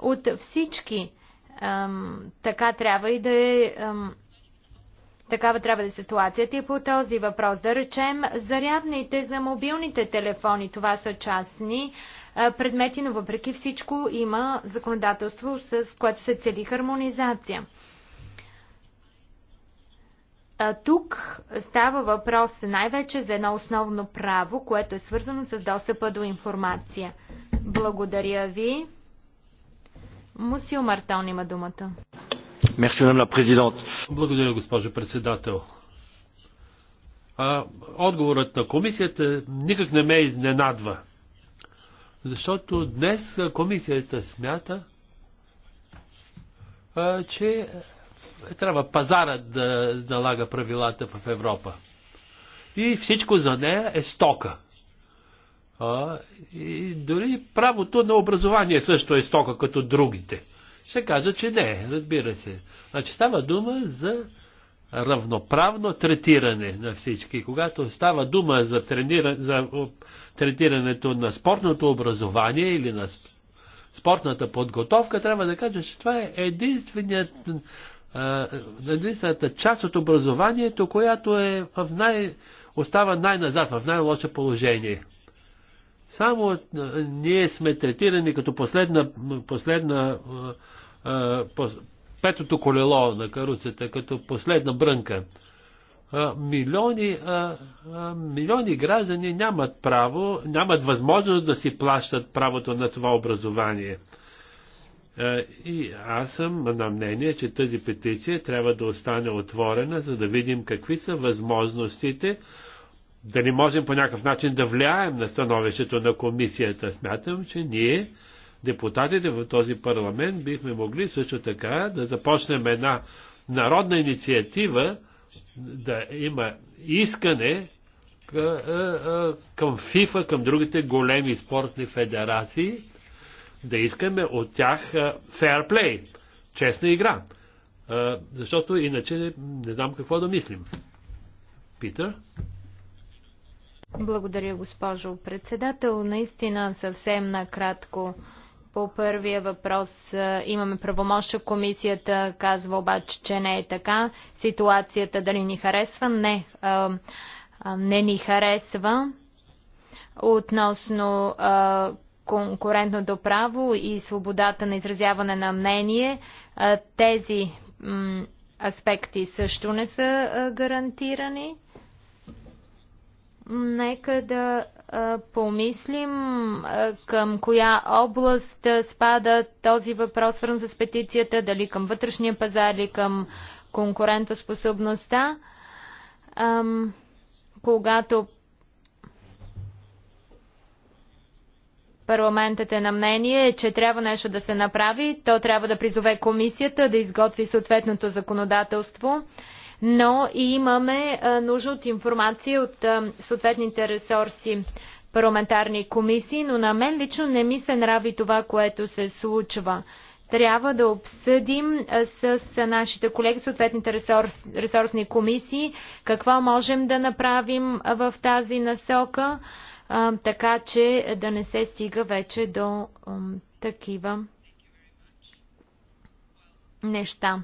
от всички. Така трябва и да е Такава трябва да е ситуацията и по този въпрос. Да речем, зарядните за мобилните телефони, това са частни предмети, но въпреки всичко има законодателство, с което се цели хармонизация тук става въпрос най-вече за едно основно право, което е свързано с достъпа до информация. Благодаря ви. Мусил Мартон има думата.
Благодаря, госпожо председател. А, отговорът на комисията никак не ме изненадва. Защото днес комисията смята, а, че трябва пазарът да налага да правилата в Европа. И всичко за нея е стока. А, и дори правото на образование също е стока като другите. Ще кажа, че не, разбира се. Значи става дума за равноправно третиране на всички. Когато става дума за, тренира, за третирането на спортното образование или на спортната подготовка, трябва да кажа, че това е единственият единствената нали, част от образованието, която е в най, остава най-назад, в най-лошо положение. Само ние сме третирани като последна, последна петото колело на каруцата, като последна брънка. Милиони, милиони граждани нямат право, нямат възможност да си плащат правото на това образование. Е, и аз съм на мнение, че тази петиция трябва да остане отворена, за да видим какви са възможностите, да не можем по някакъв начин да влияем на становището на комисията. Смятам, че ние, депутатите в този парламент, бихме могли също така да започнем една народна инициатива, да има искане е, е, към ФИФА, към другите големи спортни федерации, да искаме от тях fair play. честна игра. Защото иначе не знам какво да мислим. Питър?
Благодаря, госпожо председател. Наистина съвсем накратко. По първия въпрос имаме правомощ, комисията казва обаче, че не е така. Ситуацията дали ни харесва? Не, не ни харесва. Относно конкурентното право и свободата на изразяване на мнение, тези аспекти също не са гарантирани. Нека да помислим към коя област спада този въпрос, свързан с петицията, дали към вътрешния пазар или към конкурентоспособността. Когато Парламентът е на мнение, че трябва нещо да се направи. То трябва да призове комисията да изготви съответното законодателство, но и имаме нужда от информация от съответните ресурси парламентарни комисии, но на мен лично не ми се нрави това, което се случва. Трябва да обсъдим с нашите колеги, съответните ресурс, ресурсни комисии, какво можем да направим в тази насока така че да не се стига вече до такива неща.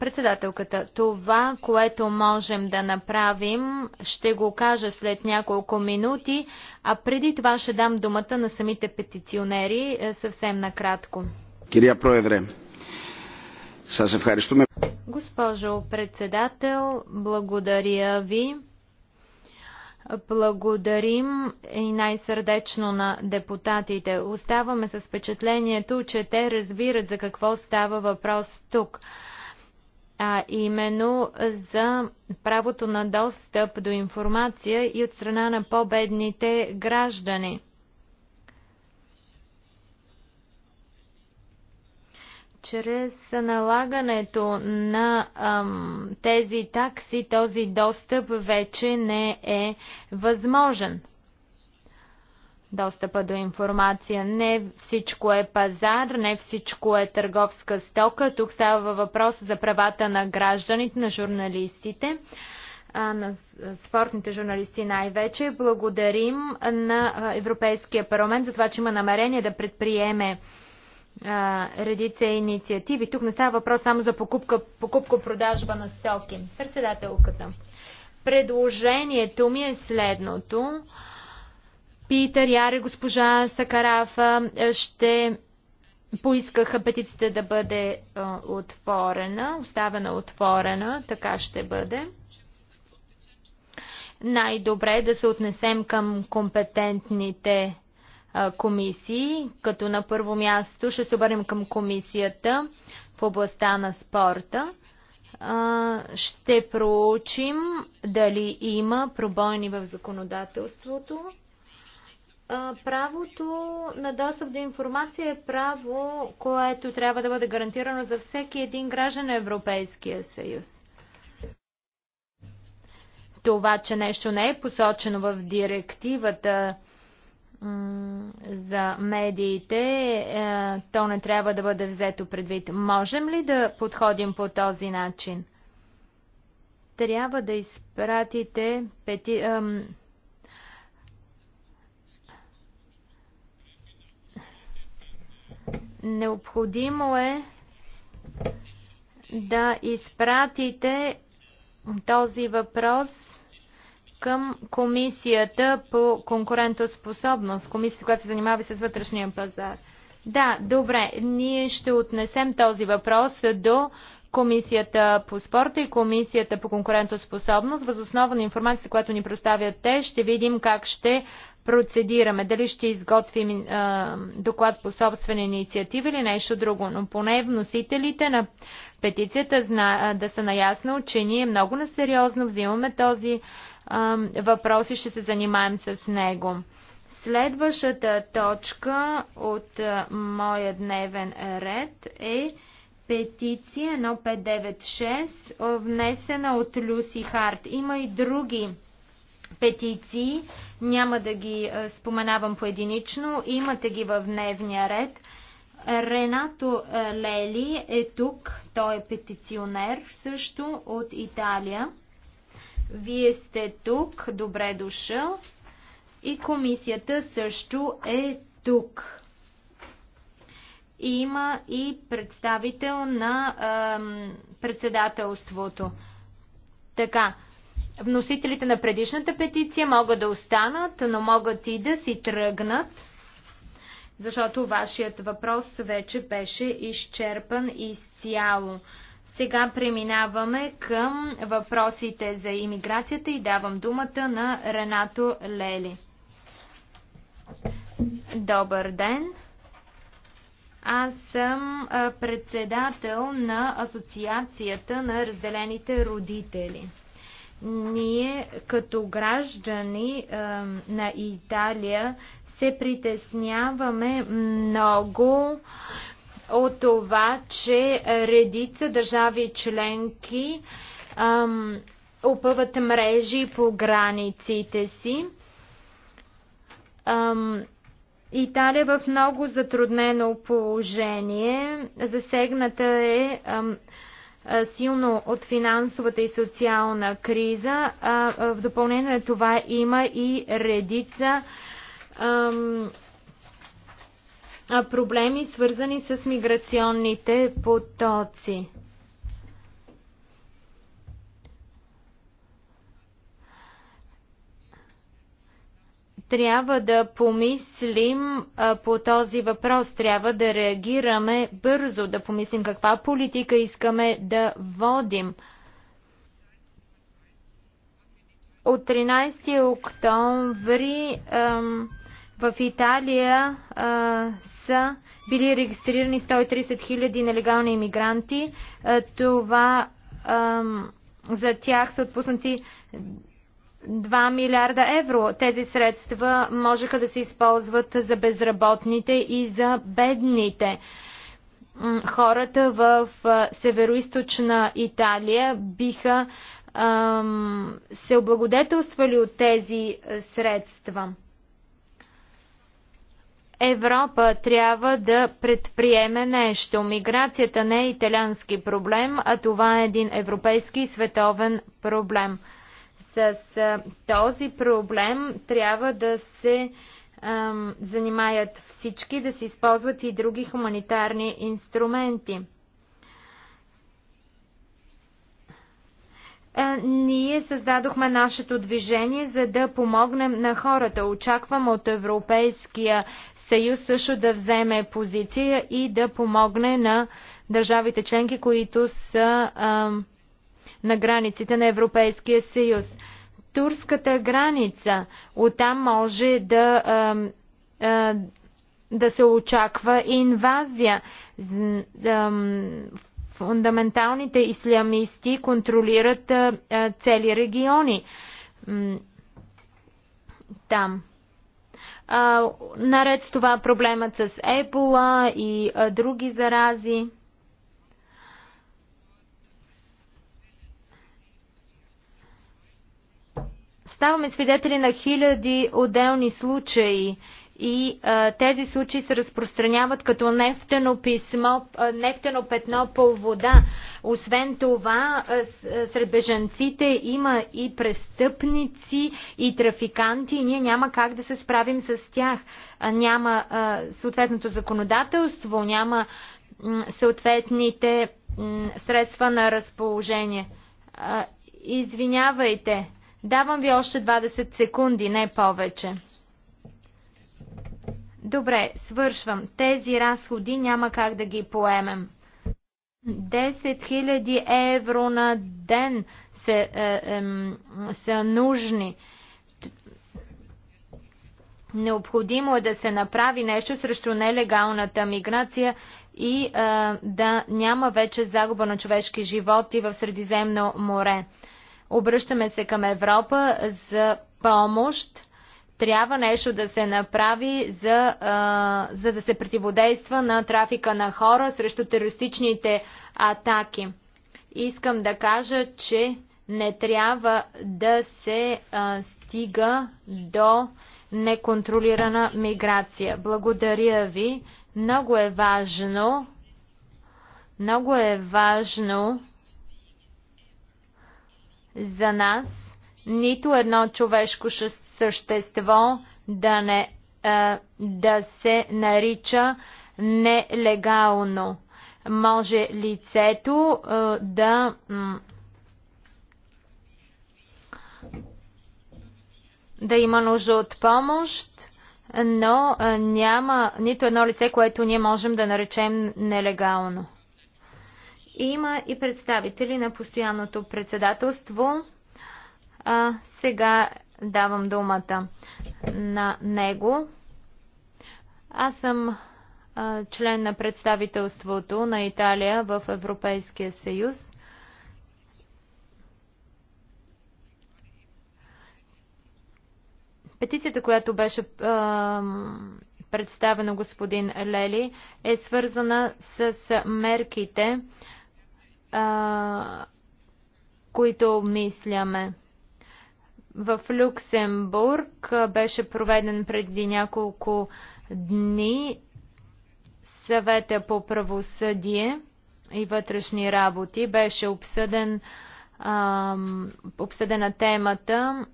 Председателката, това, което можем да направим, ще го кажа след няколко минути, а преди това ще дам думата на самите петиционери съвсем накратко.
Кирия Проедре,
Госпожо председател, благодаря ви. Благодарим и най-сърдечно на депутатите. Оставаме с впечатлението, че те разбират за какво става въпрос тук, а именно за правото на достъп до информация и от страна на по-бедните граждани. чрез налагането на ам, тези такси този достъп вече не е възможен. Достъпа до информация. Не всичко е пазар, не всичко е търговска стока. Тук става въпрос за правата на гражданите, на журналистите на спортните журналисти най-вече. Благодарим на Европейския парламент за това, че има намерение да предприеме а, редица инициативи. Тук не става въпрос само за покупка, покупко-продажба на стоки. Председателката. Предложението ми е следното. Питър, Яре, госпожа Сакарафа ще поискаха петицията да бъде а, отворена, оставена отворена, така ще бъде. Най-добре е да се отнесем към компетентните комисии, като на първо място ще се обърнем към комисията в областта на спорта. Ще проучим дали има пробойни в законодателството. Правото на достъп до информация е право, което трябва да бъде гарантирано за всеки един граждан на Европейския съюз. Това, че нещо не е посочено в директивата за медиите, е, то не трябва да бъде взето предвид. Можем ли да подходим по този начин? Трябва да изпратите пети... Необходимо е да изпратите този въпрос към комисията по конкурентоспособност, комисията, която се занимава с вътрешния пазар. Да, добре, ние ще отнесем този въпрос до Комисията по спорта и Комисията по конкурентоспособност. Възоснова на информацията, която ни представят те, ще видим как ще процедираме. Дали ще изготвим а, доклад по собствена инициатива или нещо друго. Но поне вносителите на петицията зна, а, да са наясно, че ние много насериозно взимаме този въпроси ще се занимаем с него. Следващата точка от моя дневен ред е петиция 1596, внесена от Люси Харт. Има и други петиции, няма да ги споменавам поединично, имате ги в дневния ред. Ренато Лели е тук, той е петиционер също от Италия. Вие сте тук, добре дошъл. И комисията също е тук. И Има и представител на ем, председателството. Така, вносителите на предишната петиция могат да останат, но могат и да си тръгнат, защото вашият въпрос вече беше изчерпан изцяло. Сега преминаваме към въпросите за иммиграцията и давам думата на Ренато Лели. Добър ден! Аз съм председател на Асоциацията на разделените родители. Ние като граждани е, на Италия се притесняваме много от това, че редица държави членки опъват мрежи по границите си. Ам, Италия е в много затруднено положение. Засегната е ам, силно от финансовата и социална криза. А, в допълнение на това има и редица ам, проблеми, свързани с миграционните потоци. Трябва да помислим а, по този въпрос, трябва да реагираме бързо, да помислим каква политика искаме да водим. От 13 октомври ам, в Италия а, са били регистрирани 130 хиляди нелегални иммигранти. А, това а, за тях са отпуснати 2 милиарда евро. Тези средства можеха да се използват за безработните и за бедните. Хората в северо Италия биха ам, се облагодетелствали от тези средства. Европа трябва да предприеме нещо. Миграцията не е италянски проблем, а това е един европейски и световен проблем. С този проблем трябва да се ам, занимаят всички, да се използват и други хуманитарни инструменти. ние създадохме нашето движение, за да помогнем на хората. Очаквам от Европейския съюз също да вземе позиция и да помогне на държавите членки, които са а, на границите на Европейския съюз. Турската граница, оттам може да, а, а, да се очаква инвазия. Фундаменталните ислямисти контролират цели региони там. А, наред с това проблемът с ебола и а, други зарази. Ставаме свидетели на хиляди отделни случаи и а, тези случаи се разпространяват като нефтено, писмо, нефтено петно по вода. Освен това, а, сред бежанците има и престъпници, и трафиканти, и ние няма как да се справим с тях. А, няма а, съответното законодателство, няма м, съответните м, средства на разположение. А, извинявайте, давам ви още 20 секунди, не повече. Добре, свършвам. Тези разходи няма как да ги поемем. 10 000 евро на ден са, е, е, са нужни. Необходимо е да се направи нещо срещу нелегалната миграция и е, да няма вече загуба на човешки животи в Средиземно море. Обръщаме се към Европа за помощ трябва нещо да се направи за, а, за да се противодейства на трафика на хора срещу терористичните атаки. Искам да кажа, че не трябва да се а, стига до неконтролирана миграция. Благодаря ви. Много е важно. Много е важно за нас нито едно човешко шоссе същество да, не, е, да се нарича нелегално. Може лицето е, да да има нужда от помощ, но е, няма нито едно лице, което ние можем да наречем нелегално. Има и представители на постоянното председателство. А, сега давам думата на него. Аз съм член на представителството на Италия в Европейския съюз. Петицията, която беше е, представена господин Лели, е свързана с мерките, е, които мисляме. В Люксембург беше проведен преди няколко дни съвета по правосъдие и вътрешни работи. Беше обсъден, ам, обсъдена темата,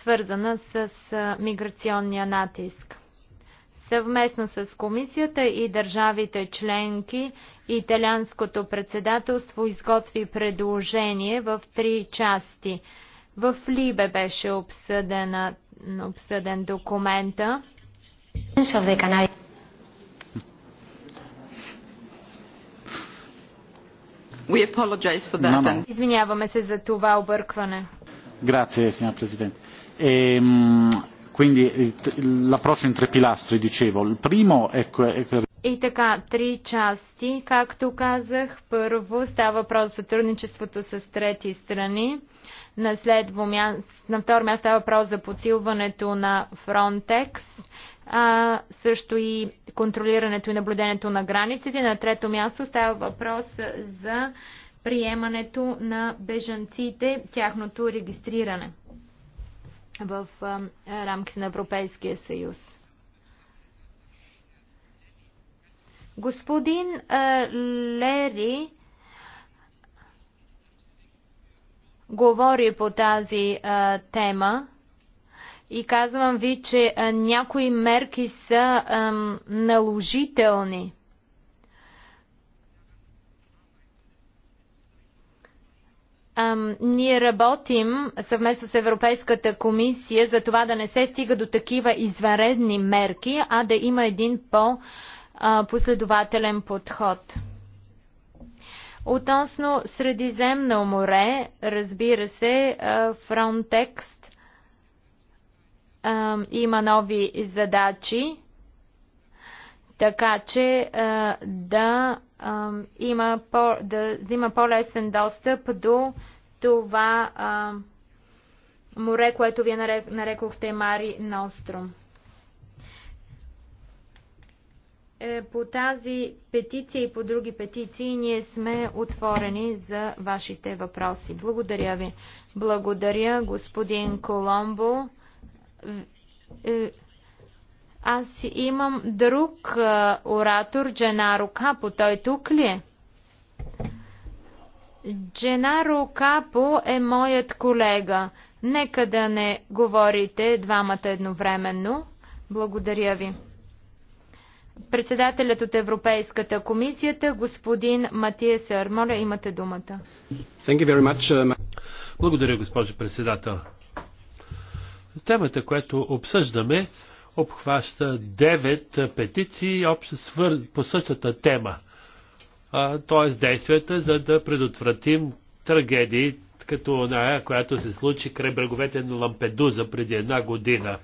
свързана с а, миграционния натиск. Съвместно с комисията и държавите членки, италианското председателство изготви предложение в три части – в Либе беше обсъдена, обсъден документа. We
apologize for that. No, no.
Извиняваме се за това объркване.
Grazie, signor Presidente. Ehm,
quindi l'approccio in tre pilastri, dicevo. Il primo è
и така, три части. Както казах, първо става въпрос за сътрудничеството с трети страни. На, следво място, на второ място става въпрос за подсилването на Frontex, а, също и контролирането и наблюдението на границите. На трето място става въпрос за приемането на бежанците, тяхното регистриране в а, рамките на Европейския съюз. Господин Лери говори по тази тема и казвам ви, че някои мерки са наложителни. ние работим съвместно с Европейската комисия за това да не се стига до такива извънредни мерки, а да има един по- последователен подход. Относно Средиземно море, разбира се, Фронтекс има нови задачи, така че да има, по, да има по-лесен достъп до това море, което вие нарекохте Мари Ностром. Е, по тази петиция и по други петиции ние сме отворени за вашите въпроси. Благодаря ви. Благодаря, господин Коломбо. Е, е, аз имам друг оратор, Дженаро Капо. Той тук ли е? Дженаро Капо е моят колега. Нека да не говорите двамата едновременно. Благодаря ви председателят от Европейската комисията, господин Матия Сър. Моля, имате думата.
Uh, Благодаря, госпожо председател. Темата, която обсъждаме, обхваща 9 петиции общо свър... по същата тема. Т.е. действията, за да предотвратим трагедии, като оная, която се случи край бреговете на Лампедуза преди една година.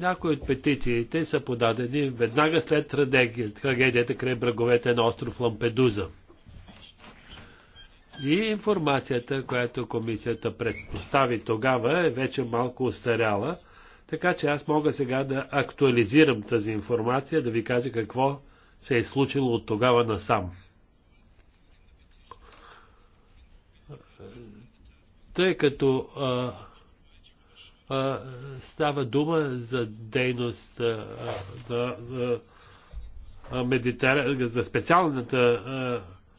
Някои от петициите са подадени веднага след трагедията край браговете на остров Лампедуза. И информацията, която комисията предпостави тогава, е вече малко устаряла, така че аз мога сега да актуализирам тази информация, да ви кажа какво се е случило от тогава насам. Тъй като а, става дума за дейност на, на, специалната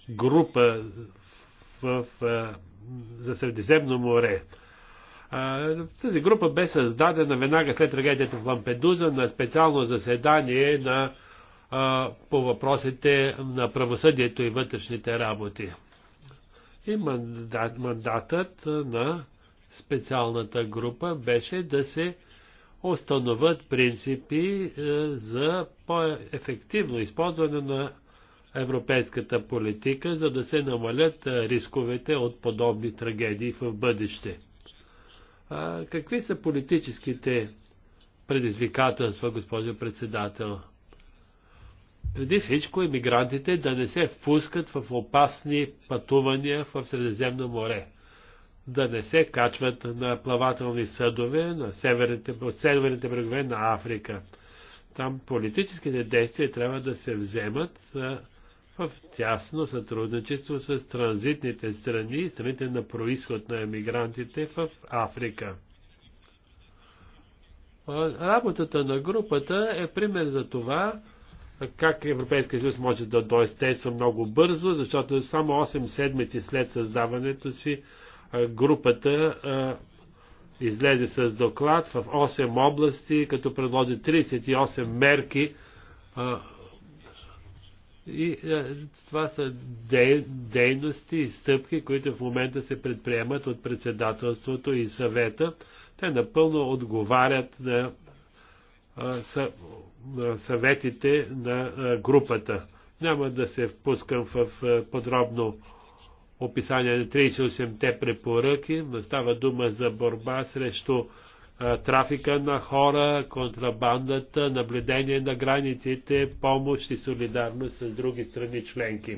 група в, в, за Средиземно море. Тази група бе създадена веднага след трагедията в Лампедуза на специално заседание на, по въпросите на правосъдието и вътрешните работи. И мандатът на специалната група беше да се установят принципи е, за по-ефективно използване на европейската политика, за да се намалят е, рисковете от подобни трагедии в бъдеще. А, какви са политическите предизвикателства, госпожо председател? Преди всичко иммигрантите да не се впускат в опасни пътувания в Средиземно море да не се качват на плавателни съдове на северните, от северните брегове на Африка. Там политическите действия трябва да се вземат в тясно сътрудничество с транзитните страни и страните на происход на емигрантите в Африка. Работата на групата е пример за това, как Европейския съюз може да дойде много бързо, защото само 8 седмици след създаването си групата излезе с доклад в 8 области, като предложи 38 мерки и това са дейности и стъпки, които в момента се предприемат от председателството и съвета. Те напълно отговарят на съветите на групата. Няма да се впускам в подробно описание на 38-те препоръки, но става дума за борба срещу трафика на хора, контрабандата, наблюдение на границите, помощ и солидарност с други страни членки.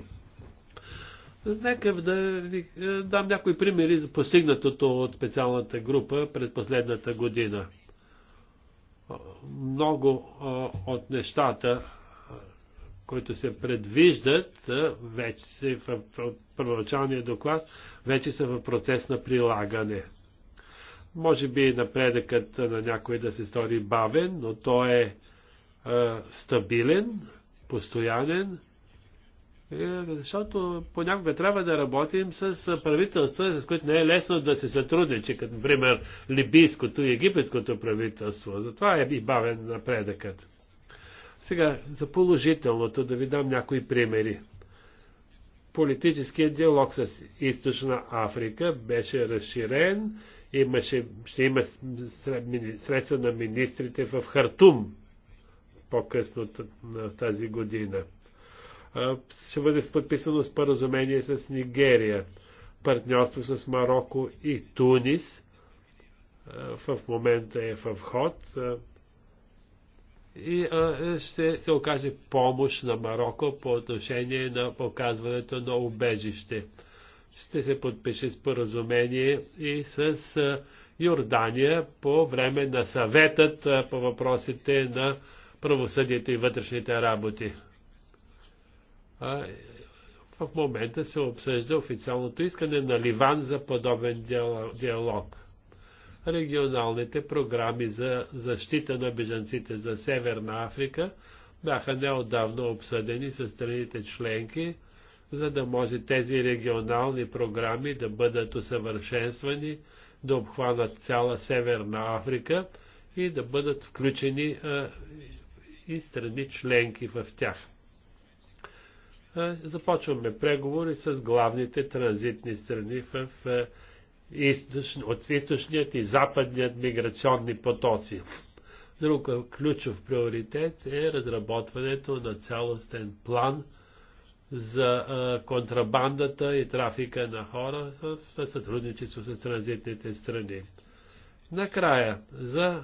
Нека да ви дам някои примери за постигнатото от специалната група през последната година. Много от нещата, които се предвиждат вече в първоначалния доклад, вече са в процес на прилагане. Може би напредъкът на някой да се стори бавен, но той е, е стабилен, постоянен, е, защото понякога трябва да работим с правителства, с които не е лесно да се сътрудничи, като например либийското и египетското правителство. Затова е и бавен напредъкът. Сега за положителното да ви дам някои примери. Политическият диалог с Източна Африка беше разширен. Имаше, ще има средства на министрите в Хартум по-късно тази година. Ще бъде подписано споразумение с Нигерия, партньорство с Марокко и Тунис. В момента е в ход и а, е, ще се окаже помощ на Марокко по отношение на показването на убежище. Ще се подпише споразумение и с а, Йордания по време на съветът а, по въпросите на правосъдието и вътрешните работи. А, в момента се обсъжда официалното искане на Ливан за подобен диалог регионалните програми за защита на бежанците за Северна Африка бяха неодавно обсъдени с страните членки, за да може тези регионални програми да бъдат усъвършенствани, да обхванат цяла Северна Африка и да бъдат включени а, и страни членки в тях. А, започваме преговори с главните транзитни страни в а, от източният и западният миграционни потоци. Друг ключов приоритет е разработването на цялостен план за контрабандата и трафика на хора в сътрудничество с транзитните страни. Накрая, за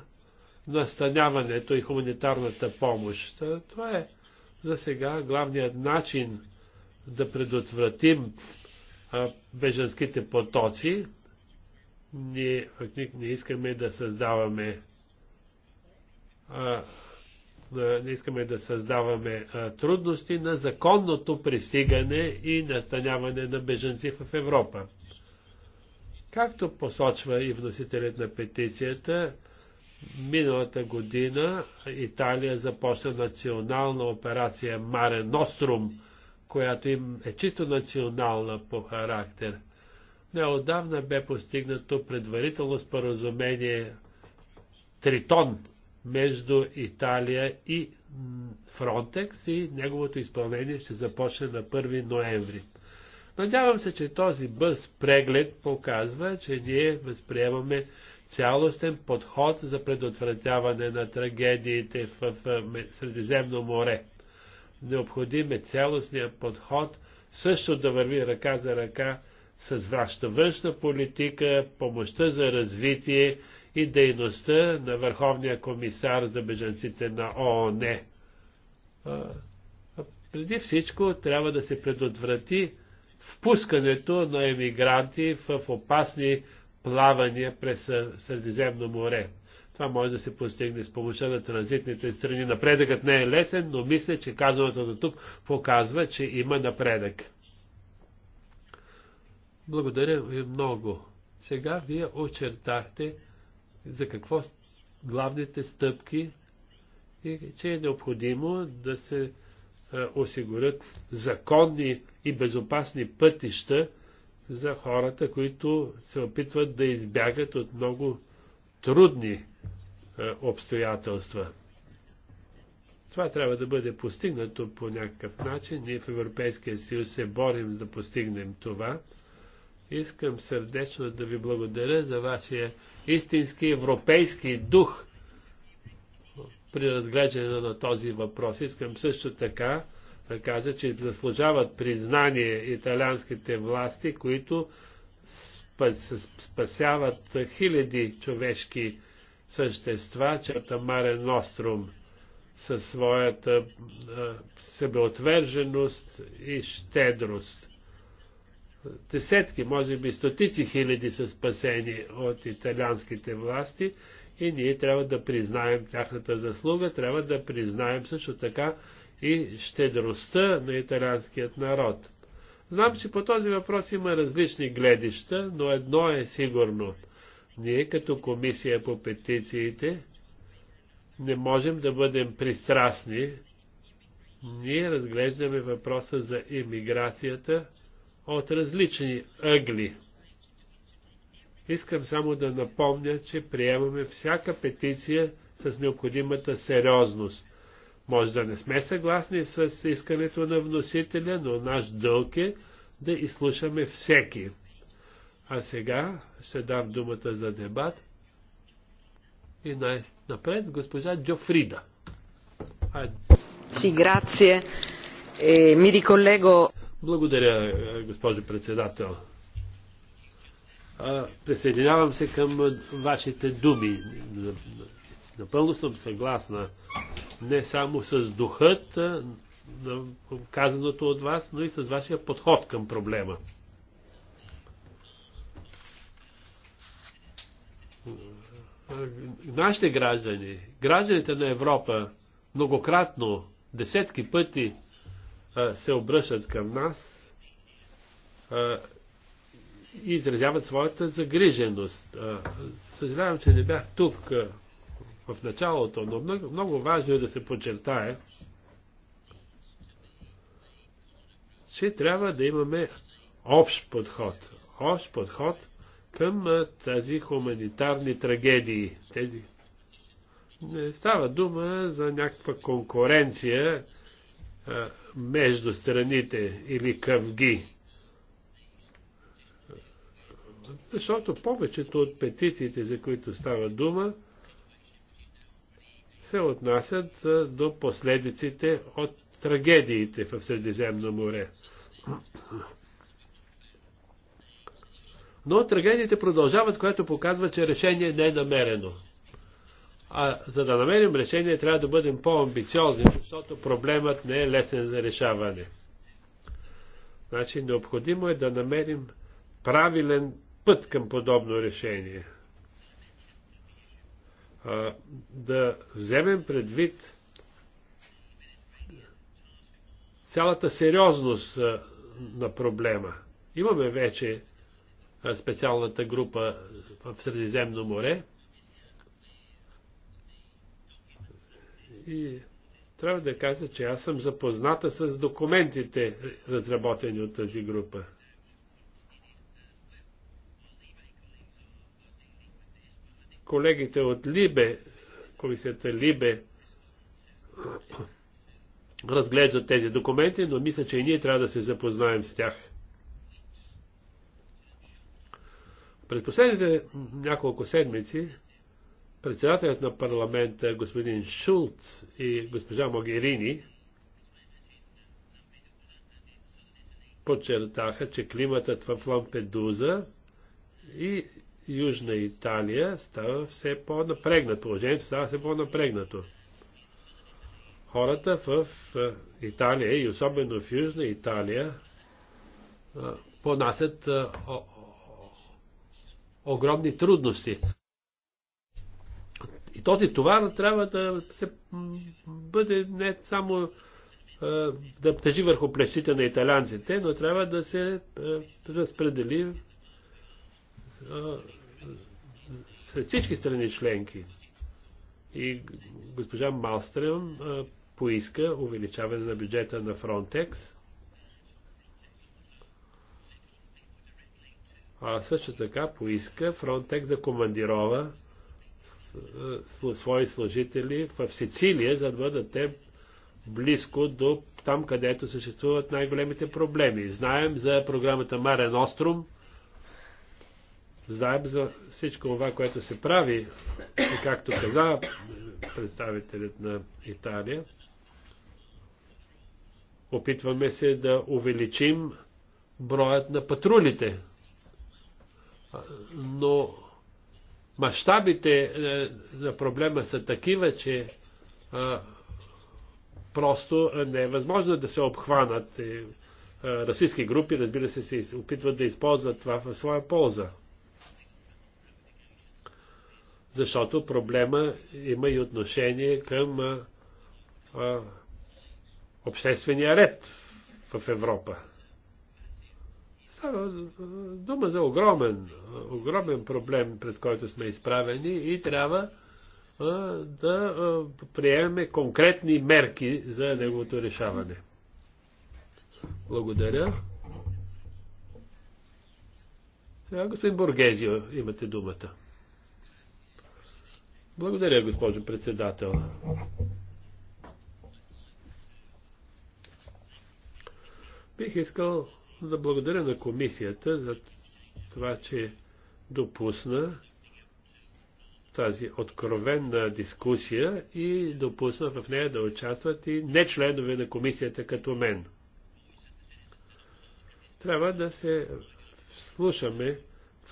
настаняването и хуманитарната помощ. Това е за сега главният начин да предотвратим беженските потоци, ние фактически не искаме да създаваме а, не искаме да създаваме а, трудности на законното пристигане и настаняване на беженци в Европа. Както посочва и вносителят на петицията, миналата година Италия започна национална операция Маре Нострум, която им е чисто национална по характер – Неодавна бе постигнато предварително споразумение Тритон между Италия и Фронтекс и неговото изпълнение ще започне на 1 ноември. Надявам се, че този бърз преглед показва, че ние възприемаме цялостен подход за предотвратяване на трагедиите в Средиземно море. Необходим е цялостният подход също да върви ръка за ръка с вашата външна политика, помощта за развитие и дейността на Върховния комисар за беженците на ООН. А, преди всичко трябва да се предотврати впускането на емигранти в опасни плавания през Средиземно море. Това може да се постигне с помощта на транзитните страни. Напредъкът не е лесен, но мисля, че казването до тук показва, че има напредък. Благодаря ви много. Сега вие очертахте за какво главните стъпки и че е необходимо да се осигурят законни и безопасни пътища за хората, които се опитват да избягат от много трудни обстоятелства. Това трябва да бъде постигнато по някакъв начин. Ние в Европейския съюз се борим да постигнем това. Искам сърдечно да ви благодаря за вашия истински европейски дух при разглеждане на този въпрос. Искам също така да кажа, че заслужават признание италианските власти, които спасяват хиляди човешки същества, черта Маре Ностром, със своята себеотверженост и щедрост десетки, може би стотици хиляди са спасени от италианските власти и ние трябва да признаем тяхната заслуга, трябва да признаем също така и щедростта на италианският народ. Знам, че по този въпрос има различни гледища, но едно е сигурно. Ние като комисия по петициите не можем да бъдем пристрастни. Ние разглеждаме въпроса за иммиграцията от различни ъгли. Искам само да напомня, че приемаме всяка петиция с необходимата сериозност. Може да не сме съгласни с искането на вносителя, но наш дълг е да изслушаме всеки. А сега ще дам думата за дебат. И най-напред госпожа Джофрида.
Си, грация. Е, ми риколего
благодаря, е, госпожо председател. Присъединявам се към е, вашите думи. Напълно съм съгласна не само с духът е, на казаното от вас, но и с вашия подход към проблема. Нашите граждани, гражданите на Европа, многократно, десетки пъти се обръщат към нас и изразяват своята загриженост. Съжалявам, че не бях тук в началото, но много, много важно е да се подчертае, че трябва да имаме общ подход. Общ подход към тези хуманитарни трагедии. Тези... Не става дума за някаква конкуренция между страните или къвги. Защото повечето от петициите, за които става дума, се отнасят до последиците от трагедиите в Средиземно море. Но трагедиите продължават, което показва, че решение не е намерено. А за да намерим решение, трябва да бъдем по-амбициозни, защото проблемът не е лесен за решаване. Значи, необходимо е да намерим правилен път към подобно решение. А, да вземем предвид цялата сериозност а, на проблема. Имаме вече а, специалната група в Средиземно море, И трябва да кажа, че аз съм запозната с документите, разработени от тази група. Колегите от Либе, комисията Либе, [CLEARS THROAT] разглеждат тези документи, но мисля, че и ние трябва да се запознаем с тях. През последните няколко седмици председателят на парламента господин Шулц и госпожа Могерини подчертаха, че климатът в Лампедуза и Южна Италия става все по-напрегнато. Положението става все по-напрегнато. Хората в Италия и особено в Южна Италия понасят огромни трудности. И този товар трябва да се бъде не само е, да тежи върху плещите на италянците, но трябва да се е, разпредели е, сред всички страни членки. И госпожа Малстрем поиска увеличаване на бюджета на Фронтекс. А също така поиска Фронтекс да командирова е, свои служители в Сицилия, за да бъдат те близко до там, където съществуват най-големите проблеми. Знаем за програмата Марен Острум, знаем за всичко това, което се прави, и както каза представителят на Италия, опитваме се да увеличим броят на патрулите. Но мащабите е, на проблема са такива, че е, просто е, не е възможно да се обхванат. Расистски групи, разбира се, се опитват да използват това в своя полза. Защото проблема има и отношение към а, а, обществения ред в Европа. Става дума за огромен, огромен проблем, пред който сме изправени и трябва да приемеме конкретни мерки за неговото решаване. Благодаря. Сега господин Боргезио, имате думата. Благодаря, госпожо председател. Бих искал да благодаря на комисията за това, че допусна тази откровенна дискусия и допусна в нея да участват и не членове на комисията като мен. Трябва да се слушаме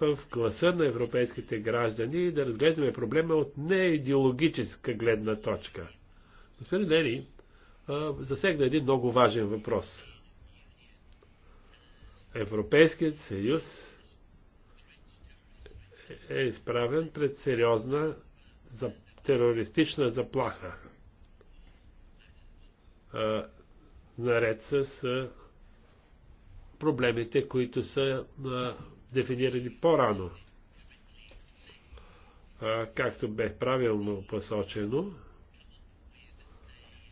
в гласа на европейските граждани и да разглеждаме проблема от неидеологическа гледна точка. Господин Лени, засегна един много важен въпрос. Европейският съюз е изправен пред сериозна за терористична заплаха. А, наред с а, проблемите, които са а, дефинирани по-рано. както бе правилно посочено,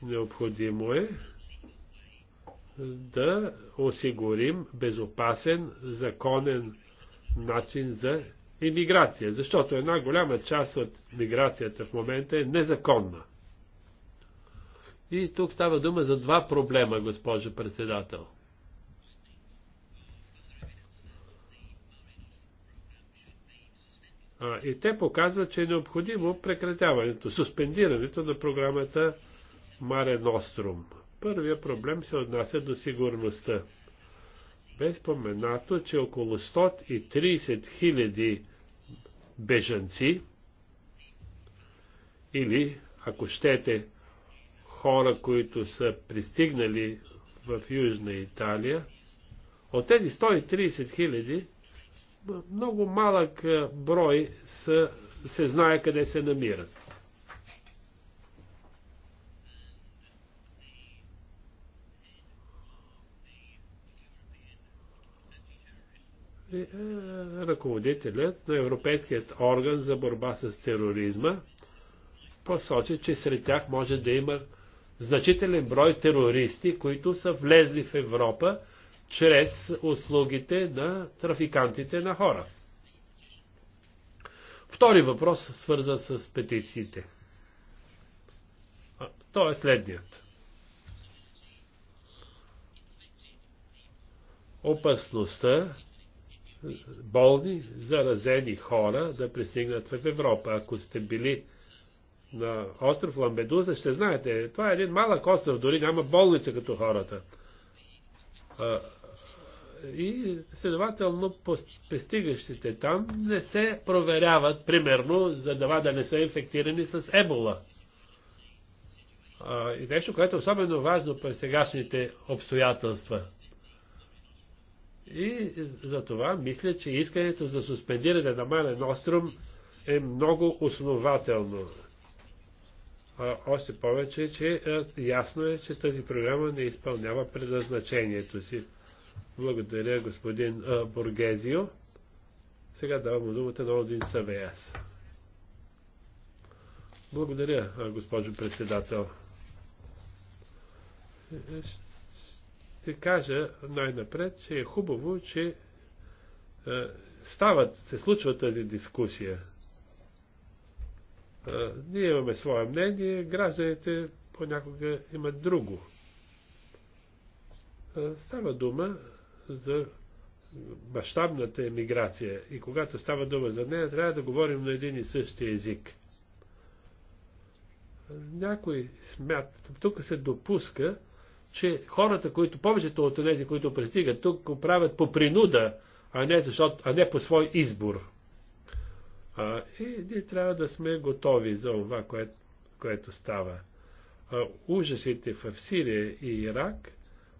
необходимо е да осигурим безопасен, законен начин за иммиграция, защото една голяма част от миграцията в момента е незаконна. И тук става дума за два проблема, госпожо председател. А, и те показват, че е необходимо прекратяването, суспендирането на програмата Маре Нострум. Първия проблем се отнася до сигурността. Бе споменато, че около 130 000 бежанци или, ако щете, хора, които са пристигнали в Южна Италия, от тези 130 хиляди, много малък брой са, се знае къде се намират. Е, е, ръководителят на Европейският орган за борба с тероризма посочи, че сред тях може да има значителен брой терористи, които са влезли в Европа чрез услугите на трафикантите на хора. Втори въпрос свърза с петициите. то е следният. Опасността болни, заразени хора да пристигнат в Европа. Ако сте били на остров Ламбедуза, ще знаете, това е един малък остров, дори няма болница като хората. И следователно пристигащите там не се проверяват, примерно, за това да не са инфектирани с ебола. И нещо, което е особено важно при сегашните обстоятелства – и за това мисля, че искането за суспендиране на Мален Ностром е много основателно. А, още повече, че а, ясно е, че тази програма не изпълнява предназначението си. Благодаря, господин а, Бургезио. Сега давам думата на Один Савеяс. Благодаря, госпожо председател ще кажа най-напред, че е хубаво, че е, стават, се случва тази дискусия. Е, ние имаме свое мнение, гражданите понякога имат друго. Е, става дума за мащабната емиграция и когато става дума за нея, трябва да говорим на един и същи език. Някой смят, тук се допуска че хората, които, повечето от тези, които пристигат тук, го правят по принуда, а не, защото, а не по свой избор. А, и ние трябва да сме готови за това, което, което става. А, ужасите в Сирия и Ирак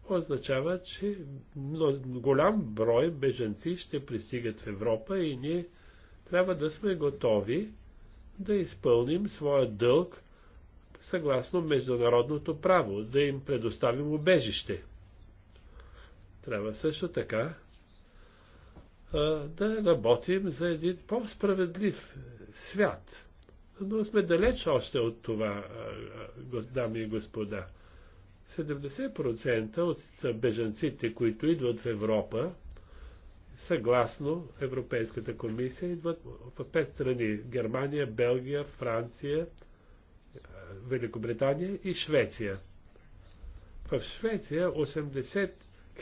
означава, че голям брой беженци ще пристигат в Европа и ние трябва да сме готови да изпълним своя дълг съгласно международното право, да им предоставим убежище. Трябва също така а, да работим за един по-справедлив е, свят. Но сме далеч още от това, дами и господа. 70% от бежанците, които идват в Европа, съгласно Европейската комисия, идват в пет страни Германия, Белгия, Франция, Великобритания и Швеция. В Швеция 80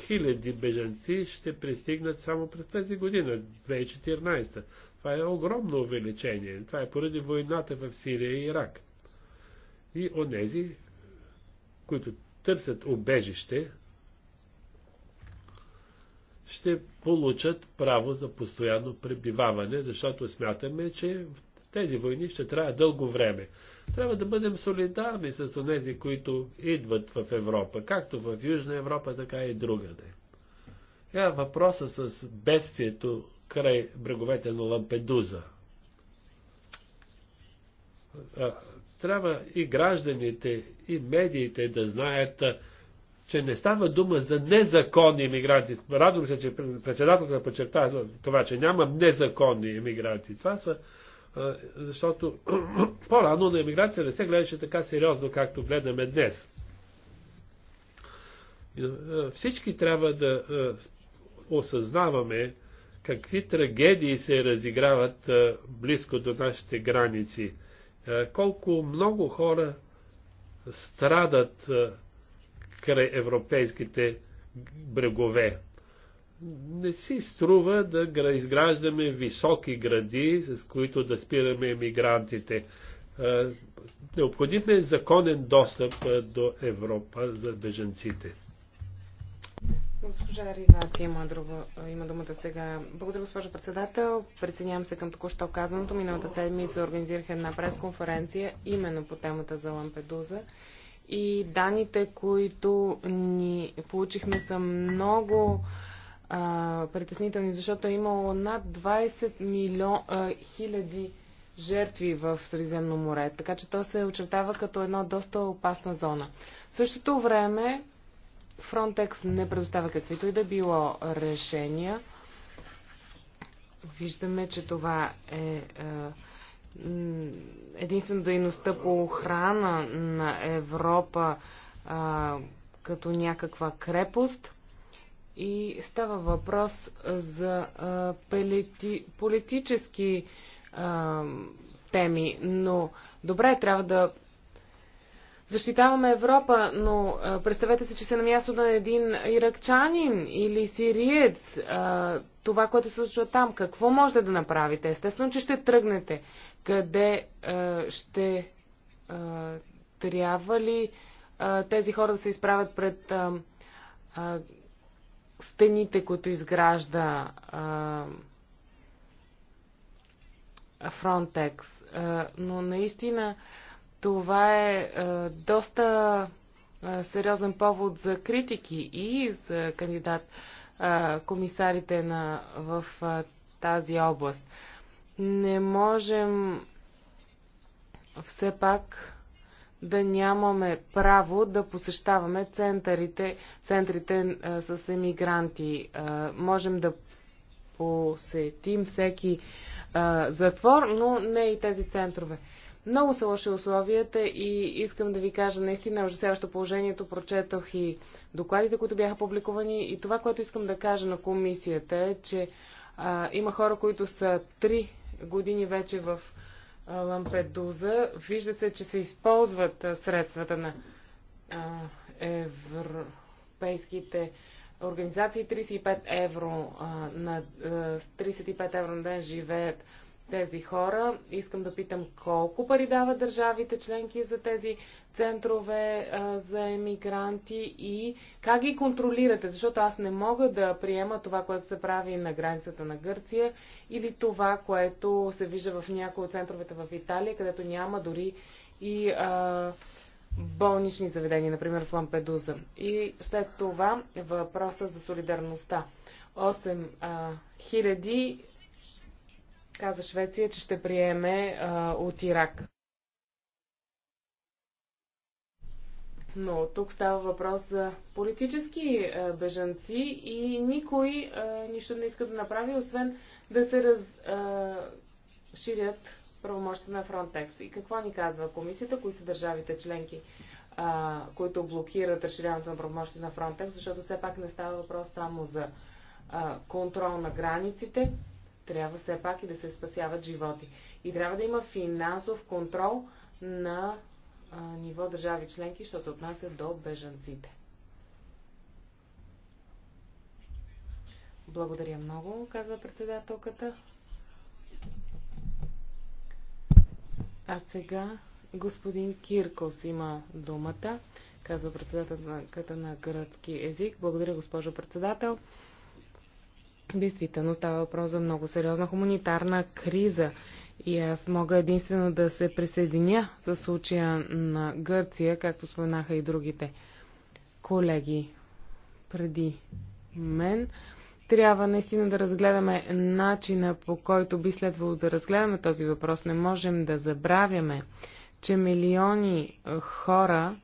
хиляди бежанци ще пристигнат само през тази година, 2014. Това е огромно увеличение. Това е поради войната в Сирия и Ирак. И онези, които търсят обежище, ще получат право за постоянно пребиваване, защото смятаме, че тези войни ще трябва дълго време. Трябва да бъдем солидарни с тези, които идват в Европа, както в Южна Европа, така и другаде. Сега въпроса с бедствието край бреговете на Лампедуза. Трябва и гражданите, и медиите да знаят, че не става дума за незаконни иммигранти. Радвам се, че председателът подчертава това, че няма незаконни иммигранти. Това са защото [CLEARS THROAT] по-рано на емиграция не се гледаше така сериозно, както гледаме днес. Всички трябва да осъзнаваме какви трагедии се разиграват близко до нашите граници. Колко много хора страдат край европейските брегове не си струва да изграждаме високи гради, с които да спираме емигрантите. Необходим е законен достъп до Европа за беженците.
Госпожа Рибас има, друго, има думата сега. Благодаря, госпожо председател. Присъединявам се към току-що казаното. Миналата седмица организирах една пресконференция именно по темата за Лампедуза. И данните, които ни получихме са много а, притеснителни, защото е имало над 20 милион, а, хиляди жертви в Средиземно море, така че то се очертава като една доста опасна зона. В същото време Frontex не предоставя каквито и да било решения. Виждаме, че това е, е единствено дейността по охрана на Европа е, като някаква крепост – и става въпрос за а, полити, политически а, теми. Но добре, трябва да защитаваме Европа, но а, представете се, че се на място на един иракчанин или сириец. А, това, което се случва там, какво можете да направите? Естествено, че ще тръгнете. Къде а, ще а, трябва ли а, тези хора да се изправят пред. А, а, стените, които изгражда Frontex. Но наистина това е доста сериозен повод за критики и за кандидат комисарите на, в тази област. Не можем все пак да нямаме право да посещаваме центрите, центрите а, с емигранти. А, можем да посетим всеки а, затвор, но не и тези центрове. Много са лоши условията и искам да ви кажа наистина ужасяващо положението. Прочетох и докладите, които бяха публикувани и това, което искам да кажа на комисията е, че а, има хора, които са три години вече в Лампедуза. Вижда се, че се използват средствата на европейските организации. 35 евро на 35 евро на ден живеят тези хора. Искам да питам колко пари дават държавите членки за тези центрове а, за емигранти и как ги контролирате, защото аз не мога да приема това, което се прави на границата на Гърция или това, което се вижда в някои от центровете в Италия, където няма дори и а, болнични заведения, например в Лампедуза. И след това въпроса за солидарността. 8 а, хиляди каза Швеция, че ще приеме а, от Ирак. Но тук става въпрос за политически а, бежанци и никой а, нищо не иска да направи, освен да се разширят правомощите на Frontex. И какво ни казва комисията, кои са държавите членки, а, които блокират разширяването на правомощите на Frontex, защото все пак не става въпрос само за а, контрол на границите, трябва все пак и да се спасяват животи. И трябва да има финансов контрол на а, ниво държави членки, що се отнася до бежанците. Благодаря много, казва председателката. А сега господин Киркос има думата, казва председателката на гръцки език. Благодаря, госпожо председател. Действително става въпрос за много сериозна хуманитарна криза. И аз мога единствено да се присъединя за случая на Гърция, както споменаха и другите колеги преди мен. Трябва наистина да разгледаме начина по който би следвало да разгледаме този въпрос. Не можем да забравяме, че милиони хора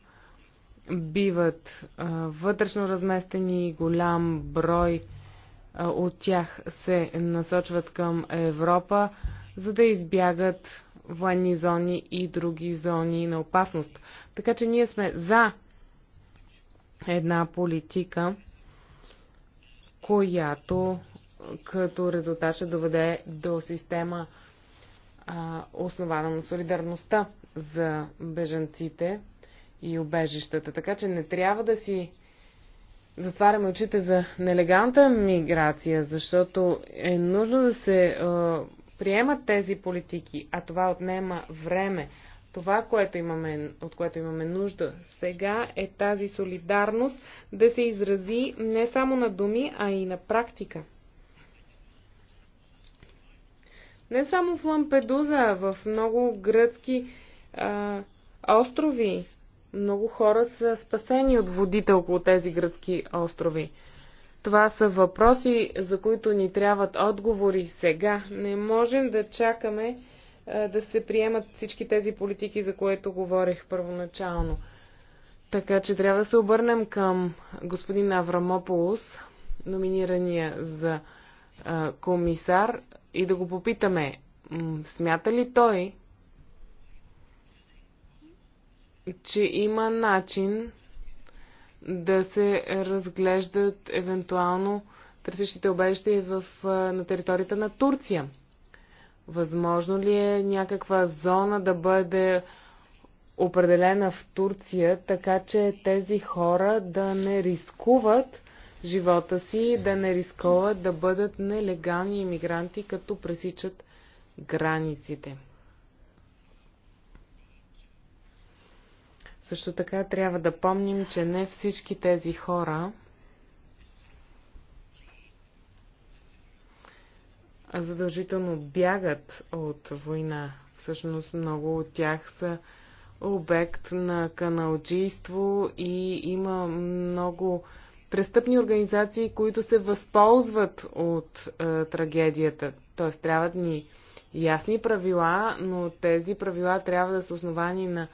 биват вътрешно разместени, голям брой от тях се насочват към Европа, за да избягат военни зони и други зони на опасност. Така че ние сме за една политика, която като резултат ще доведе до система а, основана на солидарността за бежанците и убежищата. Така че не трябва да си затваряме очите за нелегалната миграция, защото е нужно да се е, приемат тези политики, а това отнема време. Това, което имаме, от което имаме нужда сега е тази солидарност да се изрази не само на думи, а и на практика. Не само в Лампедуза, в много гръцки е, острови много хора са спасени от водите около тези гръцки острови. Това са въпроси, за които ни трябват отговори сега. Не можем да чакаме е, да се приемат всички тези политики, за което говорих първоначално. Така че трябва да се обърнем към господин Аврамополус, номинирания за е, комисар, и да го попитаме, смята ли той, че има начин да се разглеждат евентуално търсещите обежище в, на територията на Турция. Възможно ли е някаква зона да бъде определена в Турция, така че тези хора да не рискуват живота си, да не рискуват да бъдат нелегални иммигранти, като пресичат границите? Също така трябва да помним, че не всички тези хора задължително бягат от война. Всъщност много от тях са обект на каналджийство и има много престъпни организации, които се възползват от е, трагедията. Тоест трябват ни ясни правила, но тези правила трябва да са основани на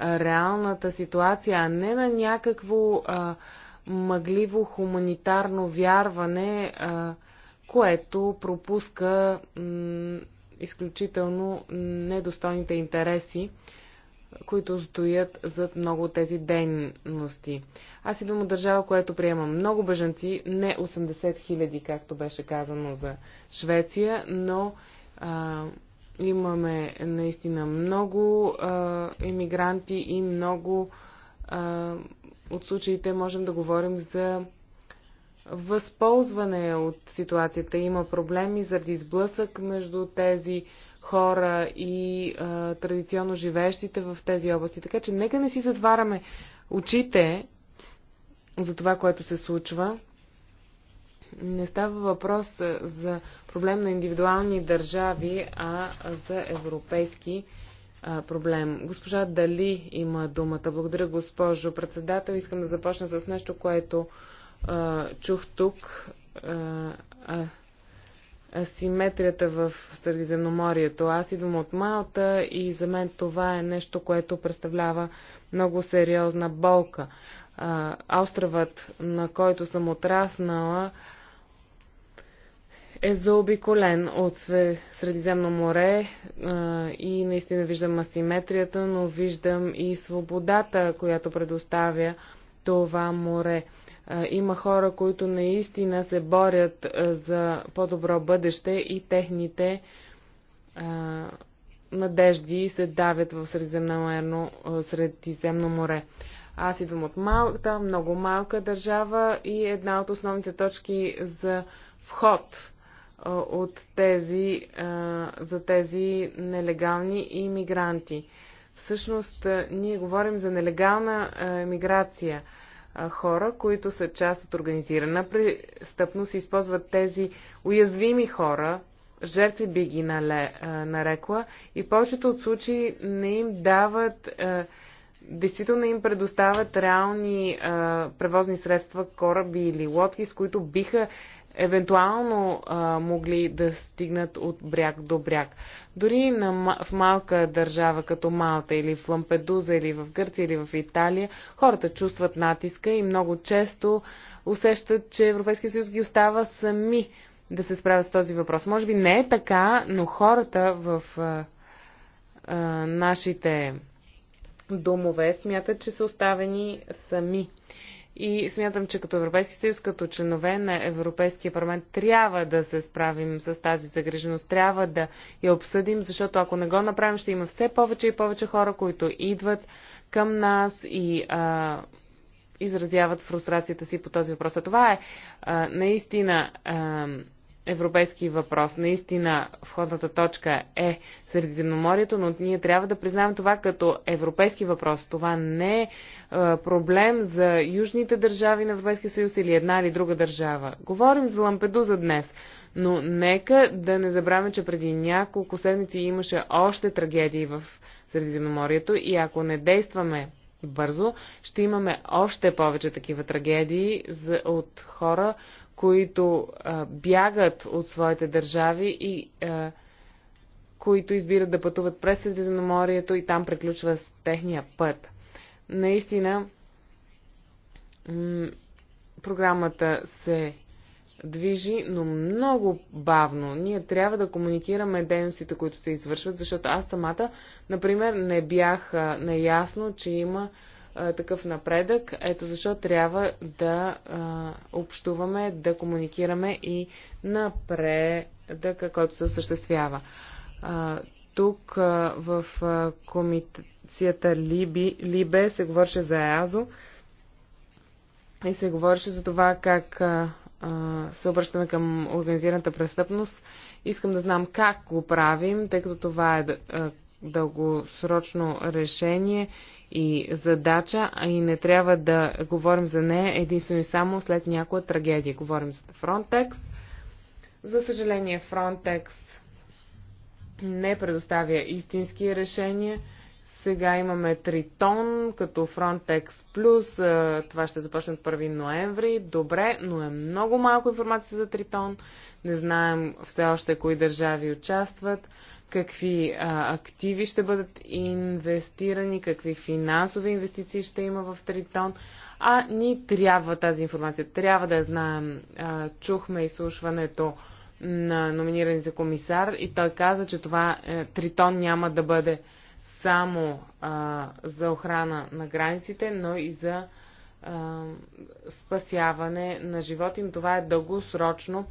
реалната ситуация, а не на някакво а, мъгливо хуманитарно вярване, а, което пропуска изключително недостойните интереси, които стоят зад много от тези дейности. Аз идвам от държава, която приема много бежанци, не 80 хиляди, както беше казано за Швеция, но а, Имаме наистина много а, иммигранти и много а, от случаите можем да говорим за възползване от ситуацията. Има проблеми заради сблъсък между тези хора и а, традиционно живеещите в тези области. Така че нека не си затваряме очите за това, което се случва не става въпрос за проблем на индивидуални държави, а за европейски проблем. Госпожа Дали има думата. Благодаря, госпожо председател. Искам да започна с нещо, което а, чух тук. А, а, асиметрията в Средиземноморието. Аз идвам от Малта и за мен това е нещо, което представлява много сериозна болка. А, островът, на който съм отраснала, е заобиколен от Средиземно море и наистина виждам асиметрията, но виждам и свободата, която предоставя това море. Има хора, които наистина се борят за по-добро бъдеще и техните надежди се давят в Средиземно, море. Аз идвам от малка, много малка държава и една от основните точки за вход от тези, за тези нелегални иммигранти. Всъщност, ние говорим за нелегална миграция. Хора, които са част от организирана престъпност, използват тези уязвими хора, жертви би ги нарекла, и в повечето от случаи не им дават, действително им предоставят реални превозни средства, кораби или лодки, с които биха евентуално а, могли да стигнат от бряг до бряг. Дори на, в малка държава като Малта или в Лампедуза или в Гърция или в Италия, хората чувстват натиска и много често усещат, че Европейския съюз ги остава сами да се справят с този въпрос. Може би не е така, но хората в а, а, нашите домове смятат, че са оставени сами. И смятам, че като Европейски съюз, като членове на Европейския парламент, трябва да се справим с тази загриженост, трябва да я обсъдим, защото ако не го направим, ще има все повече и повече хора, които идват към нас и а, изразяват фрустрацията си по този въпрос. А това е а, наистина. А, европейски въпрос. Наистина входната точка е Средиземноморието, но ние трябва да признаем това като европейски въпрос. Това не е проблем за южните държави на Европейския съюз или една или друга държава. Говорим за Лампедуза днес, но нека да не забравяме, че преди няколко седмици имаше още трагедии в Средиземноморието и ако не действаме бързо, ще имаме още повече такива трагедии за, от хора, които а, бягат от своите държави и а, които избират да пътуват през Средиземноморието и там приключва с техния път. Наистина, програмата се движи, но много бавно. Ние трябва да комуникираме дейностите, които се извършват, защото аз самата, например, не бях наясно, че има а, такъв напредък. Ето защо трябва да а, общуваме, да комуникираме и напредъка, който се осъществява. А, тук а, в а, комисията Либи, Либе се говореше за ЕАЗО и се говореше за това как а, се обръщаме към организираната престъпност. Искам да знам как го правим, тъй като това е дългосрочно решение и задача, а и не трябва да говорим за нея единствено и само след някоя трагедия. Говорим за Frontex. За съжаление, Frontex не предоставя истински решения сега имаме Тритон, като Frontex Plus. Това ще започне от 1 ноември. Добре, но е много малко информация за Тритон. Не знаем все още кои държави участват, какви а, активи ще бъдат инвестирани, какви финансови инвестиции ще има в Тритон. А ни трябва тази информация. Трябва да я знаем. А, чухме изслушването на номинирани за комисар и той каза, че това е, Тритон няма да бъде само а, за охрана на границите, но и за а, спасяване на живота им. Това е дългосрочно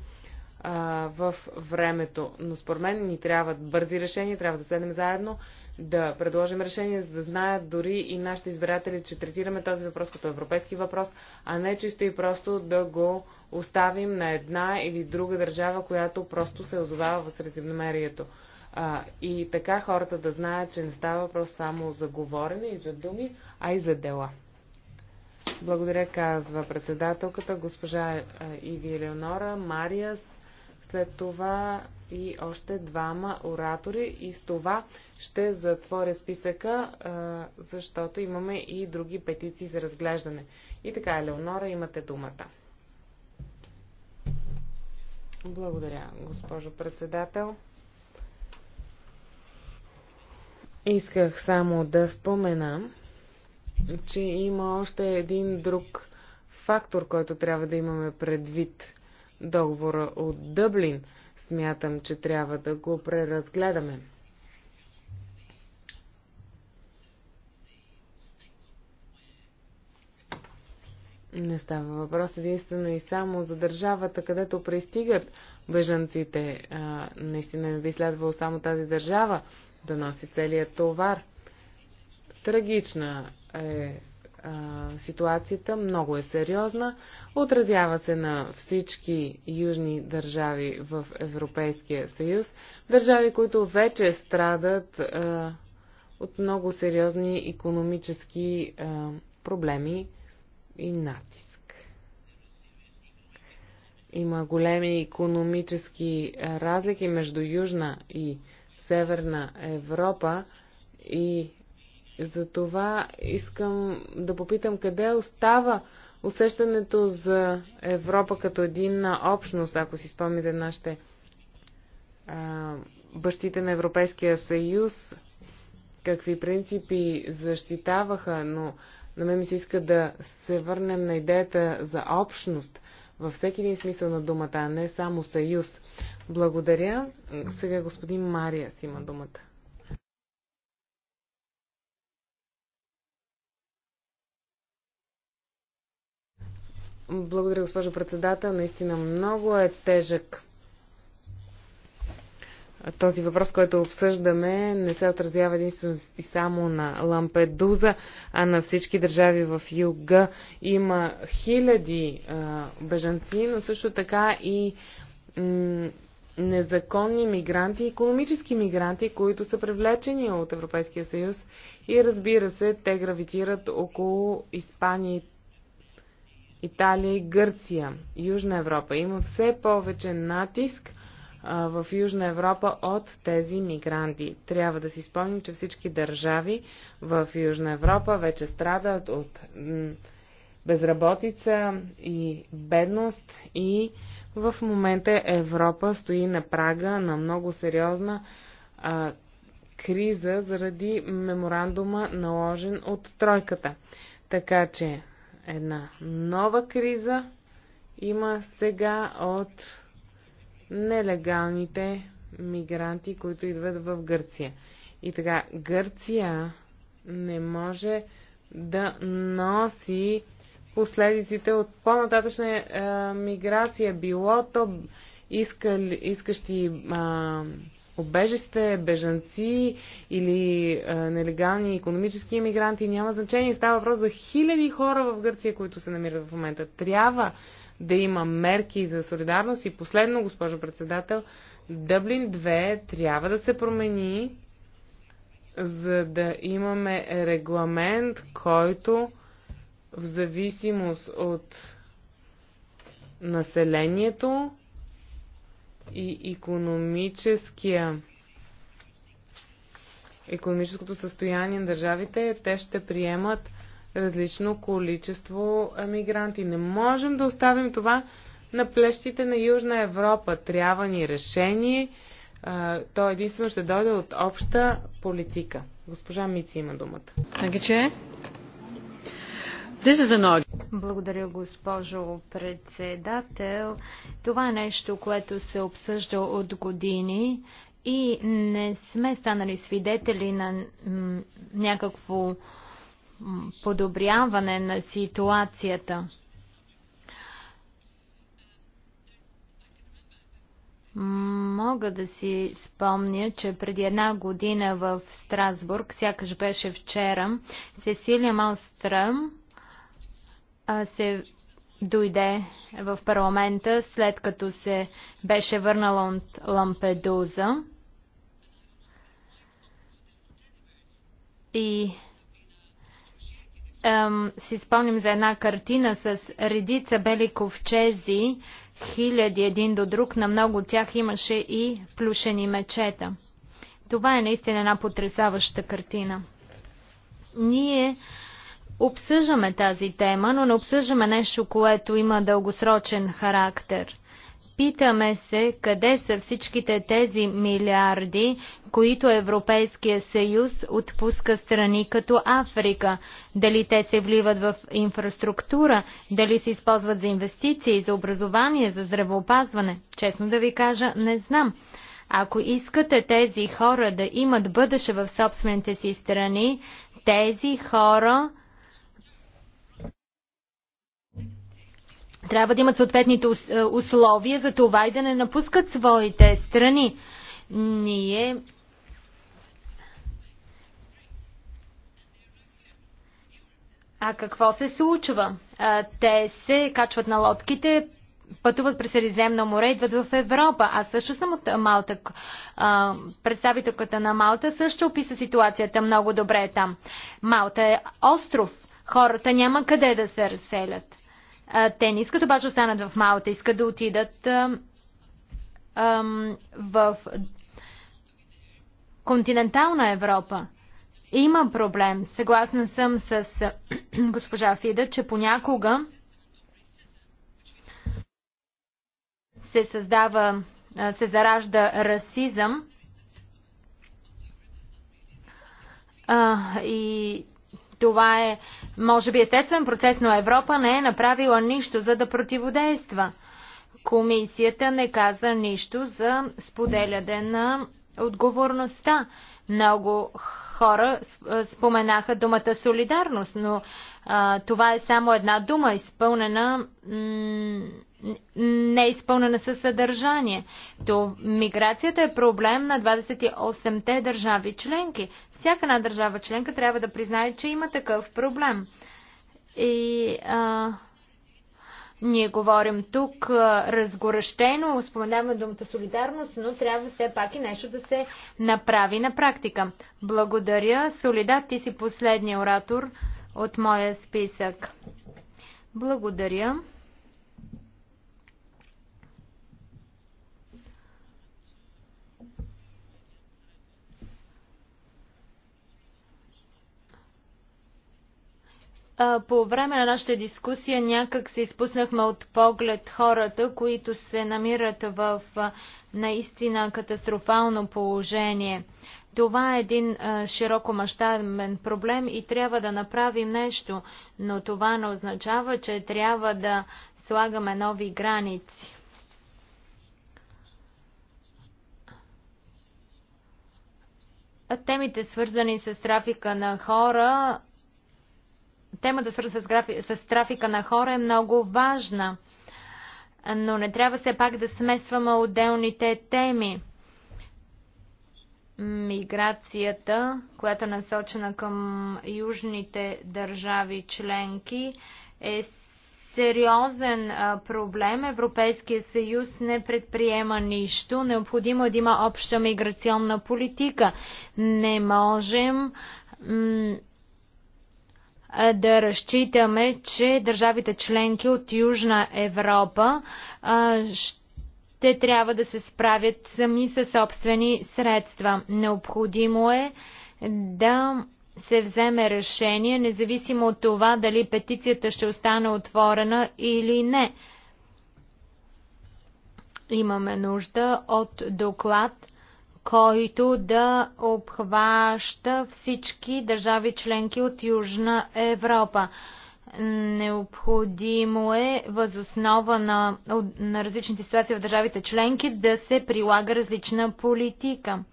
в времето. Но според мен ни трябват бързи решения, трябва да седнем заедно, да предложим решения, за да знаят дори и нашите избиратели, че третираме този въпрос като европейски въпрос, а не чисто и просто да го оставим на една или друга държава, която просто се озовава в Средиземноморието. А, и така хората да знаят, че не става въпрос само за говорене и за думи, а и за дела. Благодаря, казва председателката, госпожа е, Иви Елеонора, Мариас, след това и още двама оратори. И с това ще затворя списъка, е, защото имаме и други петиции за разглеждане. И така, Елеонора, имате думата. Благодаря, госпожо председател. Исках само да спомена, че има още един друг фактор, който трябва да имаме предвид договора от Дъблин. Смятам, че трябва да го преразгледаме. Не става въпрос единствено и само за държавата, където пристигат бежанците. А, наистина не би следвало само тази държава да носи целият товар. Трагична е а, ситуацията, много е сериозна, отразява се на всички южни държави в Европейския съюз, държави, които вече страдат а, от много сериозни економически а, проблеми и натиск. Има големи економически разлики между Южна и Северна Европа и за това искам да попитам къде остава усещането за Европа като един общност, ако си спомните нашите а, бащите на Европейския съюз, какви принципи защитаваха, но на мен ми се иска да се върнем на идеята за общност, във всеки един смисъл на думата, а не само съюз. Благодаря. Сега господин Мария си има думата. Благодаря, госпожо председател. Наистина много е тежък този въпрос, който обсъждаме, не се отразява единствено и само на Лампедуза, а на всички държави в юга. Има хиляди а, бежанци, но също така и незаконни мигранти, економически мигранти, които са привлечени от Европейския съюз и разбира се, те гравитират около Испания, Италия и Гърция, Южна Европа. Има все повече натиск – в Южна Европа от тези мигранти. Трябва да си спомним, че всички държави в Южна Европа вече страдат от безработица и бедност и в момента Европа стои на прага на много сериозна а, криза заради меморандума наложен от тройката. Така че една нова криза има сега от нелегалните мигранти, които идват в Гърция. И така, Гърция не може да носи последиците от по-нататъчна е, миграция, било то искащи обежище, бежанци или а, нелегални економически иммигранти, няма значение. Става въпрос за хиляди хора в Гърция, които се намират в момента. Трябва да има мерки за солидарност. И последно, госпожо председател, Дъблин 2 трябва да се промени, за да имаме регламент, който в зависимост от населението и економическия економическото състояние на държавите, те ще приемат различно количество мигранти. Не можем да оставим това на плещите на Южна Европа. Трябва ни решение. То единствено ще дойде от обща политика. Госпожа Мици има думата.
Благодаря, госпожо председател. Това е нещо, което се обсъжда от години и не сме станали свидетели на някакво подобряване на ситуацията. Мога да си спомня, че преди една година в Страсбург, сякаш беше вчера, Сесилия Малстръм се дойде в парламента, след като се беше върнала от Лампедуза. И си спомням за една картина с редица бели ковчези, хиляди един до друг, на много от тях имаше и плюшени мечета. Това е наистина една потрясаваща картина. Ние обсъждаме тази тема, но не обсъждаме нещо, което има дългосрочен характер. Питаме се къде са всичките тези милиарди, които Европейския съюз отпуска страни като Африка. Дали те се вливат в инфраструктура, дали се използват за инвестиции, за образование, за здравеопазване. Честно да ви кажа, не знам. Ако искате тези хора да имат бъдеще в собствените си страни, тези хора трябва да имат съответните е, условия за това и да не напускат своите страни. Ние А какво се случва? Те се качват на лодките, пътуват през Средиземно море, идват в Европа. Аз също съм от Малта. Представителката на Малта също описа ситуацията много добре там. Малта е остров. Хората няма къде да се разселят. Те не искат обаче останат в Малта, искат да отидат в континентална Европа. Има проблем. Съгласна съм с [CLEARS THROAT] госпожа Фида, че понякога се създава, се заражда расизъм и това е може би естествен процес, но Европа не е направила нищо, за да противодейства. Комисията не каза нищо за споделяне на отговорността. Много хора споменаха думата солидарност, но а, това е само една дума, изпълнена не е изпълнена със съдържание. То миграцията е проблем на 28-те държави членки. Всяка една държава членка трябва да признае, че има такъв проблем. И а, ние говорим тук а, разгорещено, споменаваме думата солидарност, но трябва все пак и нещо да се направи на практика. Благодаря. Солидат, ти си последния оратор от моя списък. Благодаря. По време на нашата дискусия някак се изпуснахме от поглед хората, които се намират в наистина катастрофално положение. Това е един широко мащабен проблем и трябва да направим нещо, но това не означава, че трябва да слагаме нови граници. Темите, свързани с трафика на хора, темата свързана с, графи... с трафика на хора е много важна, но не трябва все пак да смесваме отделните теми. Миграцията, която е насочена към южните държави членки, е сериозен проблем. Европейския съюз не предприема нищо. Необходимо е да има обща миграционна политика. Не можем да разчитаме, че държавите членки от Южна Европа ще трябва да се справят сами със собствени средства. Необходимо е да се вземе решение, независимо от това дали петицията ще остане отворена или не. Имаме нужда от доклад който да обхваща всички държави членки от Южна Европа. Необходимо е възоснова на, на различните ситуации в държавите членки да се прилага различна политика.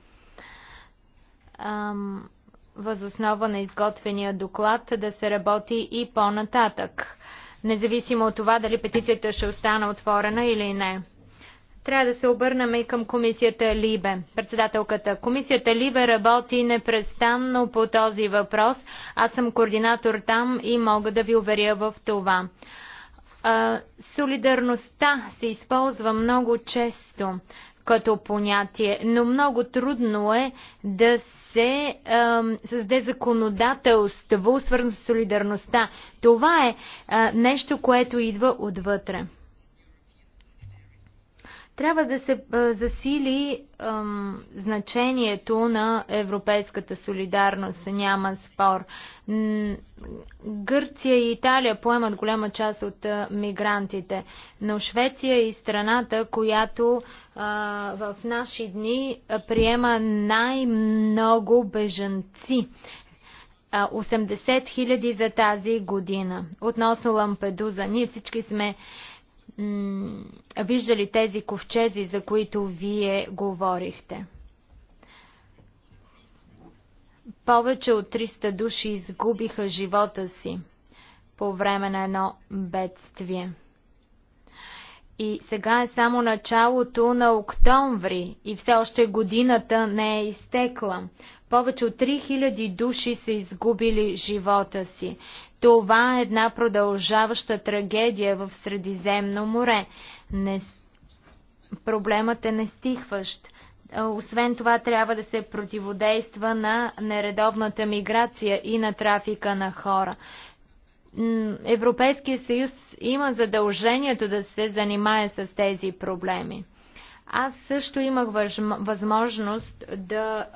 възоснова на изготвения доклад да се работи и по-нататък, независимо от това дали петицията ще остана отворена или не. Трябва да се обърнем и към комисията Либе. Председателката комисията Либе работи непрестанно по този въпрос. Аз съм координатор там и мога да ви уверя в това. А, солидарността се използва много често като понятие, но много трудно е да се а, създаде законодателство, свързано с солидарността. Това е а, нещо, което идва отвътре. Трябва да се засили ем, значението на европейската солидарност, няма спор. Гърция и Италия поемат голяма част от мигрантите, но Швеция е и страната, която е, в наши дни приема най-много бежанци. 80 000 за тази година. Относно Лампедуза, ние всички сме виждали тези ковчези, за които вие говорихте. Повече от 300 души изгубиха живота си по време на едно бедствие. И сега е само началото на октомври и все още годината не е изтекла. Повече от 3000 души са изгубили живота си. Това е една продължаваща трагедия в Средиземно море. Не... Проблемът е нестихващ. Освен това трябва да се противодейства на нередовната миграция и на трафика на хора. Европейския съюз има задължението да се занимае с тези проблеми. Аз също имах възможност да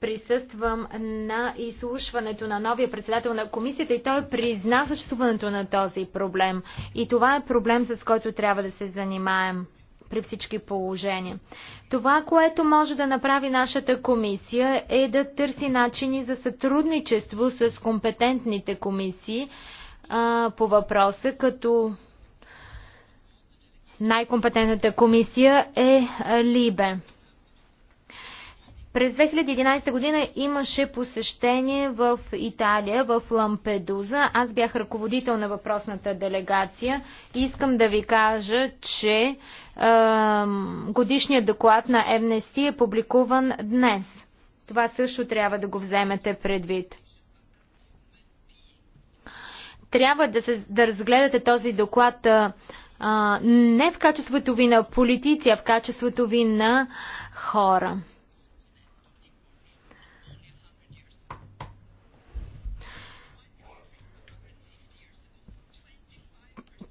присъствам на изслушването на новия председател на комисията и той призна съществуването на този проблем. И това е проблем, с който трябва да се занимаем при всички положения. Това, което може да направи нашата комисия е да търси начини за сътрудничество с компетентните комисии а, по въпроса, като най-компетентната комисия е Либе. През 2011 година имаше посещение в Италия, в Лампедуза. Аз бях ръководител на въпросната делегация. Искам да ви кажа, че е, годишният доклад на Amnesty е публикуван днес. Това също трябва да го вземете предвид. Трябва да, се, да разгледате този доклад а, не в качеството ви на политици, а в качеството ви на хора.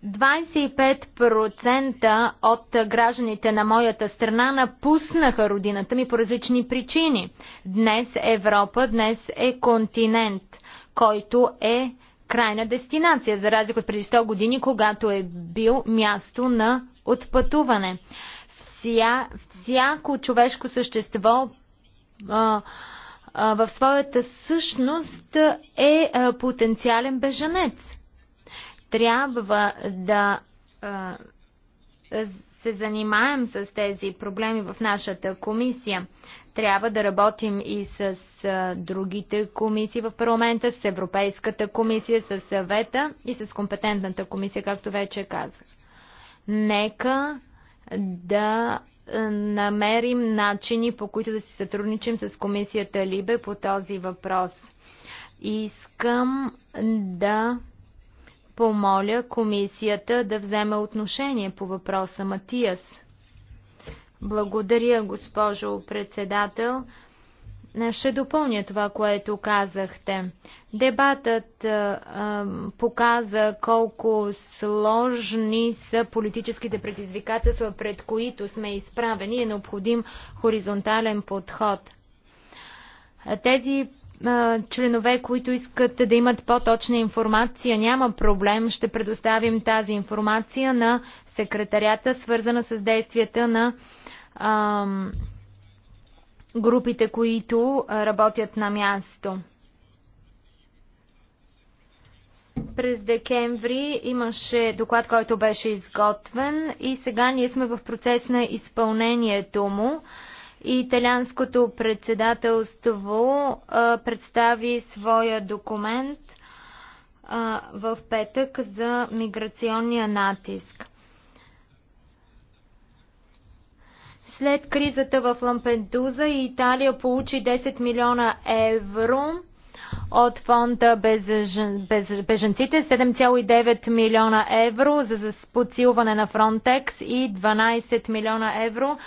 25% от гражданите на моята страна напуснаха родината ми по различни причини. Днес Европа, днес е континент, който е крайна дестинация, за разлика от преди 100 години, когато е бил място на отпътуване. Вся, всяко човешко същество а, а, в своята същност е а, потенциален бежанец. Трябва да се занимаем с тези проблеми в нашата комисия. Трябва да работим и с другите комисии в парламента, с Европейската комисия, с съвета и с компетентната комисия, както вече казах. Нека да намерим начини, по които да си сътрудничим с комисията Либе по този въпрос. Искам да помоля комисията да вземе отношение по въпроса Матиас. Благодаря, госпожо председател. Ще допълня това, което казахте. Дебатът а, показа колко сложни са политическите предизвикателства, пред които сме изправени. Е необходим хоризонтален подход. Тези членове, които искат да имат по-точна информация, няма проблем. Ще предоставим тази информация на секретарята, свързана с действията на ам, групите, които работят на място. През декември имаше доклад, който беше изготвен и сега ние сме в процес на изпълнението му. Италианското председателство а, представи своя документ а, в петък за миграционния натиск. След кризата в Лампендуза Италия получи 10 милиона евро от фонда Беженците 7,9 милиона евро за подсилване на Фронтекс и 12 милиона евро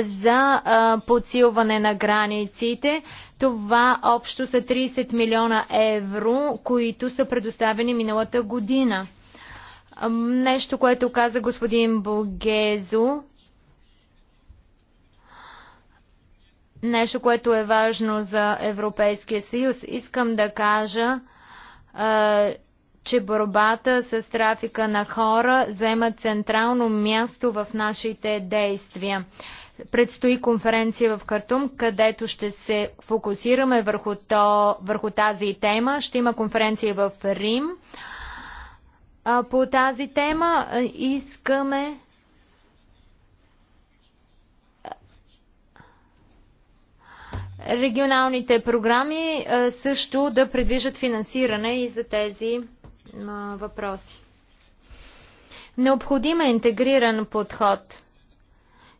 за подсилване на границите. Това общо са 30 милиона евро, които са предоставени миналата година. Нещо, което каза господин Богезо, нещо, което е важно за Европейския съюз. Искам да кажа, че борбата с трафика на хора заема централно място в нашите действия. Предстои конференция в Картум, където ще се фокусираме върху, то, върху тази тема. Ще има конференция в Рим. По тази тема искаме регионалните програми също да предвижат финансиране и за тези въпроси. Необходим е интегриран подход.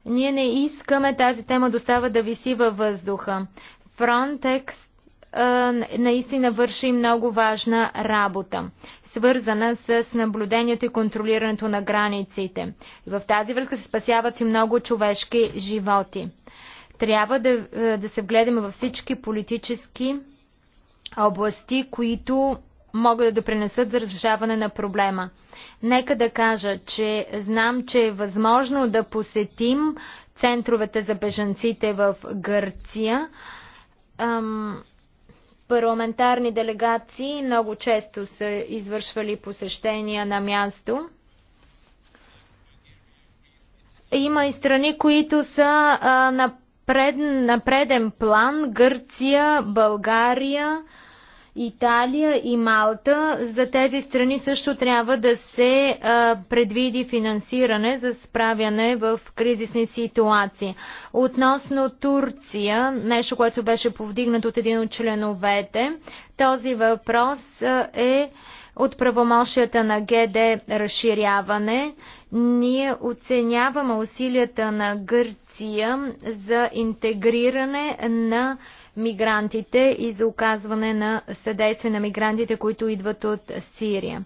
Ние не искаме тази тема да остава да виси във въздуха. Frontex наистина върши много важна работа, свързана с наблюдението и контролирането на границите. И в тази връзка се спасяват и много човешки животи. Трябва да, е, да се вгледаме във всички политически области, които могат да допринесат за разрешаване на проблема. Нека да кажа, че знам, че е възможно да посетим центровете за бежанците в Гърция. Ам, парламентарни делегации много често са извършвали посещения на място. Има и страни, които са а, на пред, на преден план Гърция, България, Италия и Малта. За тези страни също трябва да се а, предвиди финансиране за справяне в кризисни ситуации. Относно Турция, нещо, което беше повдигнато от един от членовете, този въпрос е от правомощията на ГД разширяване ние оценяваме усилията на Гърция за интегриране на мигрантите и за оказване на съдействие на мигрантите, които идват от Сирия.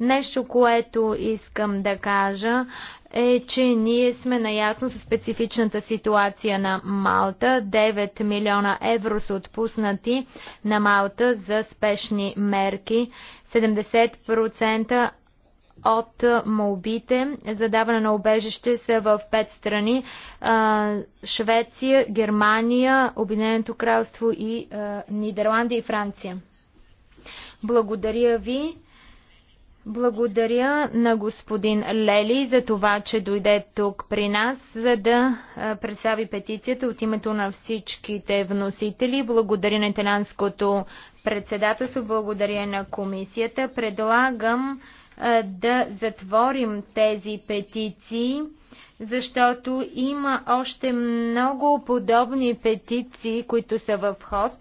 Нещо, което искам да кажа е, че ние сме наясно с специфичната ситуация на Малта. 9 милиона евро са отпуснати на Малта за спешни мерки. 70% от молбите за даване на обежище са в пет страни Швеция, Германия, Обединеното кралство и Нидерландия и Франция. Благодаря ви. Благодаря на господин Лели за това, че дойде тук при нас, за да представи петицията от името на всичките вносители. Благодаря на италянското председателство, благодаря на комисията. Предлагам да затворим тези петиции, защото има още много подобни петиции, които са в ход.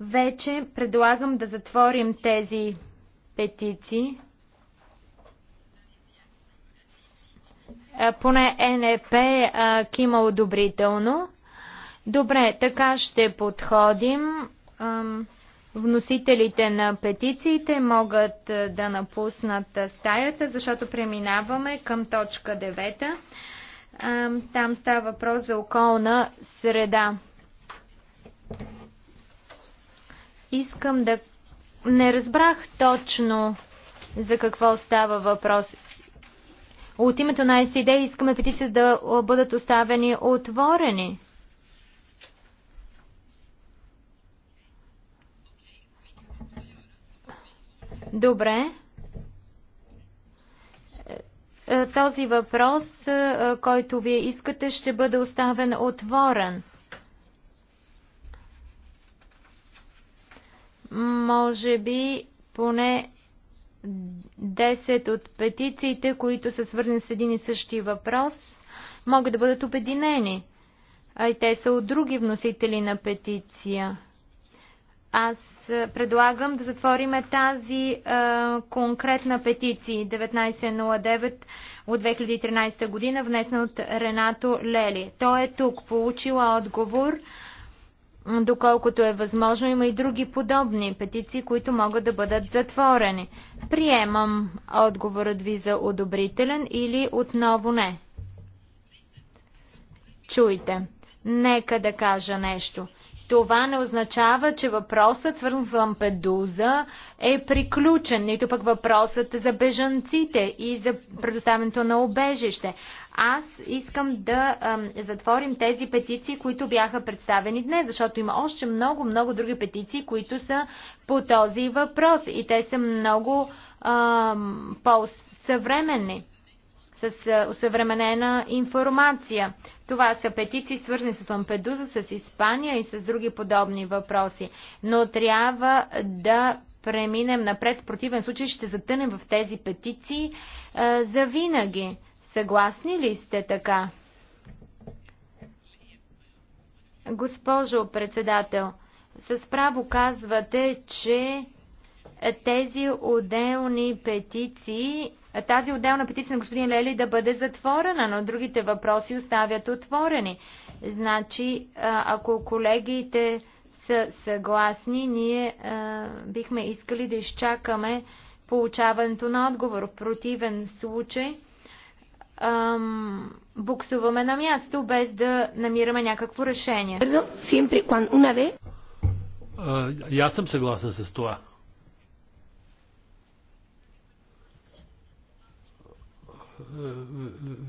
Вече предлагам да затворим тези петиции. Поне НЕП кима одобрително. Добре, така ще подходим. Вносителите на петициите могат е, да напуснат е, стаята, защото преминаваме към точка 9. Е, там става въпрос за околна среда. Искам да... Не разбрах точно за какво става въпрос. От името на СИД искаме петиции да бъдат оставени отворени. Добре. Е, е, този въпрос, е, който вие искате, ще бъде оставен отворен. Може би поне 10 от петициите, които са свързани с един и същи въпрос, могат да бъдат обединени. А и те са от други вносители на петиция. Аз е, предлагам да затвориме тази а, е, конкретна петиция 1909 от 2013 година, внесена от Ренато Лели. Той е тук, получила отговор, доколкото е възможно. Има и други подобни петиции, които могат да бъдат затворени. Приемам отговорът ви за одобрителен или отново не. Чуйте. Нека да кажа нещо това не означава, че въпросът свързан с Лампедуза е приключен, нито пък въпросът за бежанците и за предоставянето на обежище. Аз искам да ам, затворим тези петиции, които бяха представени днес, защото има още много, много други петиции, които са по този въпрос и те са много ам, по-съвременни с усъвременена информация. Това са петиции, свързани с Лампедуза, с Испания и с други подобни въпроси. Но трябва да преминем напред. В противен случай ще затънем в тези петиции а, за винаги. Съгласни ли сте така? Госпожо председател, с право казвате, че тези отделни петиции тази отделна петиция на господин Лели да бъде затворена, но другите въпроси оставят отворени. Значи, ако колегите са съгласни, ние а, бихме искали да изчакаме получаването на отговор. В противен случай ам, буксуваме на място, без да намираме някакво решение.
Аз съм съгласен с това.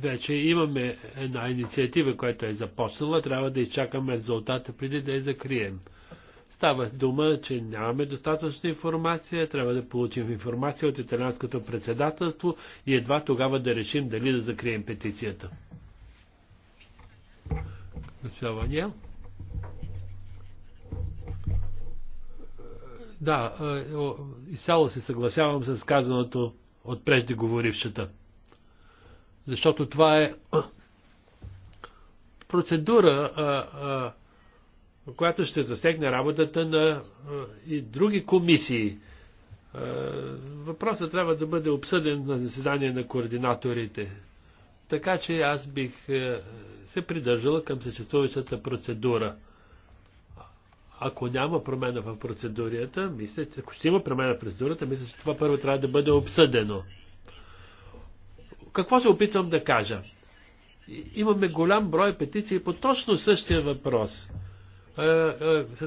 вече имаме една инициатива, която е започнала, трябва да изчакаме резултата преди да я закрием. Става дума, че нямаме достатъчна информация, трябва да получим информация от италянското председателство и едва тогава да решим дали да закрием петицията. Госпожа Ваниел? Да, е, изцяло се съгласявам с казаното от преждеговорившата. Защото това е процедура, която ще засегне работата на и други комисии. въпросът трябва да бъде обсъден на заседание на координаторите. Така че аз бих се придържала към съществуващата процедура. Ако няма промена в процедурата, мисля, че, ако ще има промена в процедурата, мисля, че това първо трябва да бъде обсъдено. Какво се опитвам да кажа? Имаме голям брой петиции по точно същия въпрос, е, е,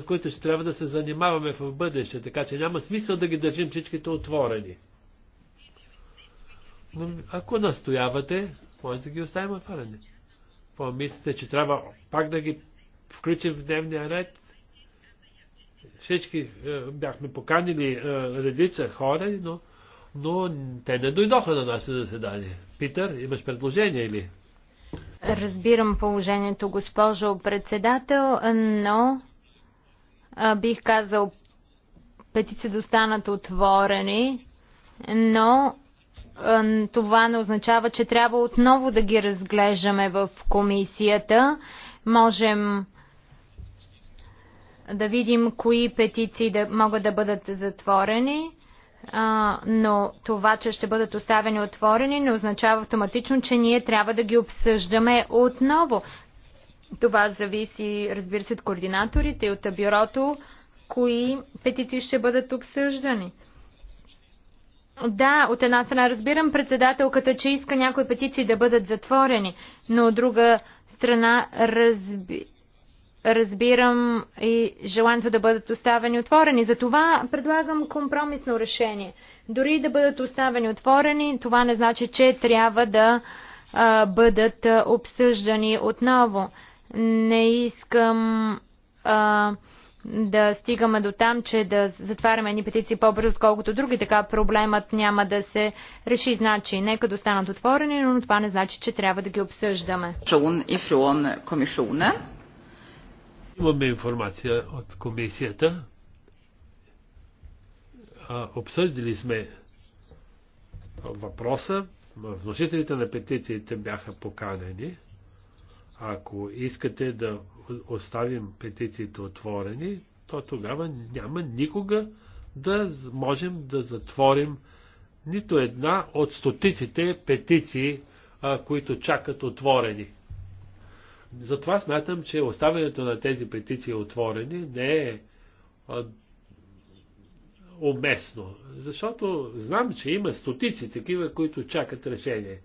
с които ще трябва да се занимаваме в бъдеще, така че няма смисъл да ги държим всичките отворени. Ако настоявате, може да ги оставим отворени. Помислите, че трябва пак да ги включим в дневния ред? Всички е, бяхме поканили е, редица хора, но, но те не дойдоха на нашето заседание. Питър, имаш предложение или?
Разбирам положението, госпожо председател, но а, бих казал петици достанат отворени, но а, това не означава, че трябва отново да ги разглеждаме в комисията. Можем да видим кои петиции да, могат да бъдат затворени а, но това, че ще бъдат оставени отворени, не означава автоматично, че ние трябва да ги обсъждаме отново. Това зависи, разбира се, от координаторите и от бюрото, кои петиции ще бъдат обсъждани. Да, от една страна разбирам председателката, че иска някои петиции да бъдат затворени, но от друга страна разбирам разбирам и желанието да бъдат оставени отворени. Затова предлагам компромисно решение. Дори да бъдат оставени отворени, това не значи, че трябва да а, бъдат обсъждани отново. Не искам а, да стигаме до там, че да затваряме едни петиции по-бързо, отколкото други, така проблемът няма да се реши. Значи, нека да останат отворени, но това не значи, че трябва да ги обсъждаме.
Комишуна. Имаме
информация от комисията. Обсъждали сме въпроса. Вносителите на петициите бяха поканени. Ако искате да оставим петициите отворени, то тогава няма никога да можем да затворим нито една от стотиците петиции, които чакат отворени. Затова смятам, че оставянето на тези петиции отворени не е а, уместно. Защото знам, че има стотици такива, които чакат решение.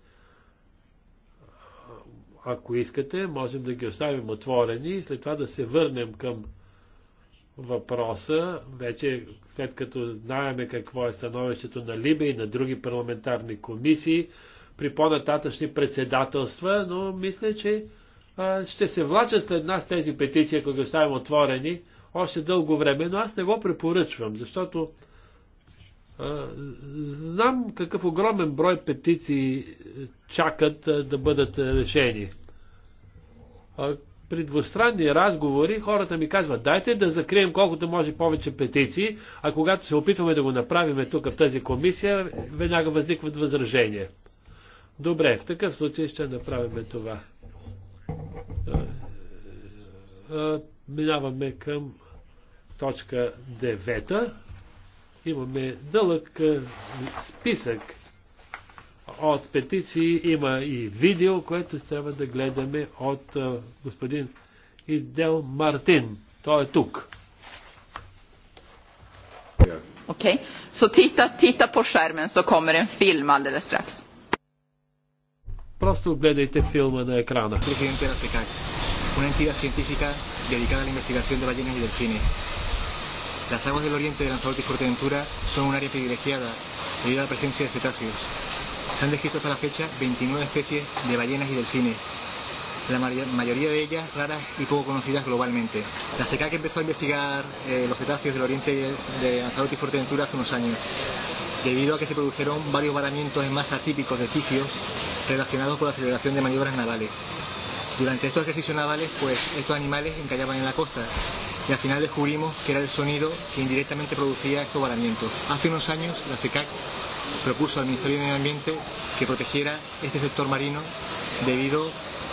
Ако искате, можем да ги оставим отворени и след това да се върнем към въпроса, вече след като знаеме какво е становището на Либе и на други парламентарни комисии, при по-нататъчни председателства, но мисля, че ще се влачат след нас тези петиции, ако ги оставим отворени, още дълго време, но аз не го препоръчвам, защото знам какъв огромен брой петиции е, чакат е, да бъдат е, решени. при двустранни разговори хората ми казват, дайте да закрием колкото може повече петиции, а когато се опитваме да го направим тук в тази комисия, веднага възникват възражения. Добре, в такъв случай ще направим това. Е, е, е, минаваме към точка 9. Имаме дълъг списък от петиции. Има и видео, което трябва да гледаме от господин Идел Мартин. Той е тук.
Okej, okay. så titta, titta på skärmen så kommer en film alldeles strax.
Просто гледайте филма на екрана. Президент на СЕКАК, una entidad científica dedicada a la investigación de
ballenas y delfines. Las aguas del oriente de Lanzarote y Fuerteventura son un área privilegiada debido a la presencia de cetáceos. Se han descrito hasta la fecha 29 especies de ballenas y delfines, la mayoría de ellas raras y poco conocidas globalmente. La SECAC empezó a investigar eh, los cetáceos del oriente de Lanzarote y Fuerteventura hace unos años, debido a que se produjeron varios varamientos en masa típicos de cifios relacionados con la celebración de maniobras navales. Durante estos ejercicios navales, pues estos animales encallaban en la costa y al final descubrimos que era el sonido que indirectamente producía estos varamientos. Hace unos años, la SECAC propuso al Ministerio de Medio Ambiente que protegiera este sector marino debido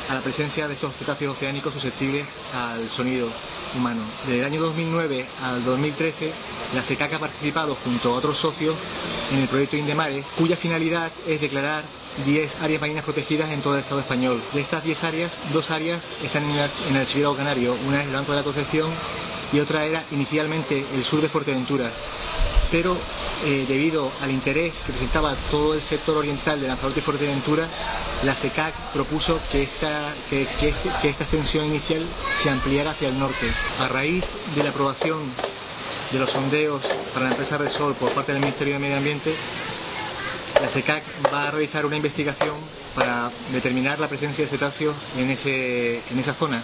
a la presencia de estos cetáceos oceánicos susceptibles al sonido humano. Desde el año 2009 al 2013, la SECAC ha participado junto a otros socios en el proyecto Indemares, cuya finalidad es declarar 10 áreas marinas protegidas en todo el Estado español. De estas 10 áreas, dos áreas están en el, en el archivo canario. Una es el Banco de la Concepción y otra era inicialmente el sur de Fuerteventura. Pero eh, debido al interés que presentaba todo el sector oriental de Lanzarote y Fuerteventura, la SECAC propuso que esta, que, que, este, que esta extensión inicial se ampliara hacia el norte. A raíz de la aprobación de los sondeos para la empresa Resol por parte del Ministerio de Medio Ambiente, la SECAC va a realizar una investigación para determinar la presencia de cetáceos en, ese, en esa zona,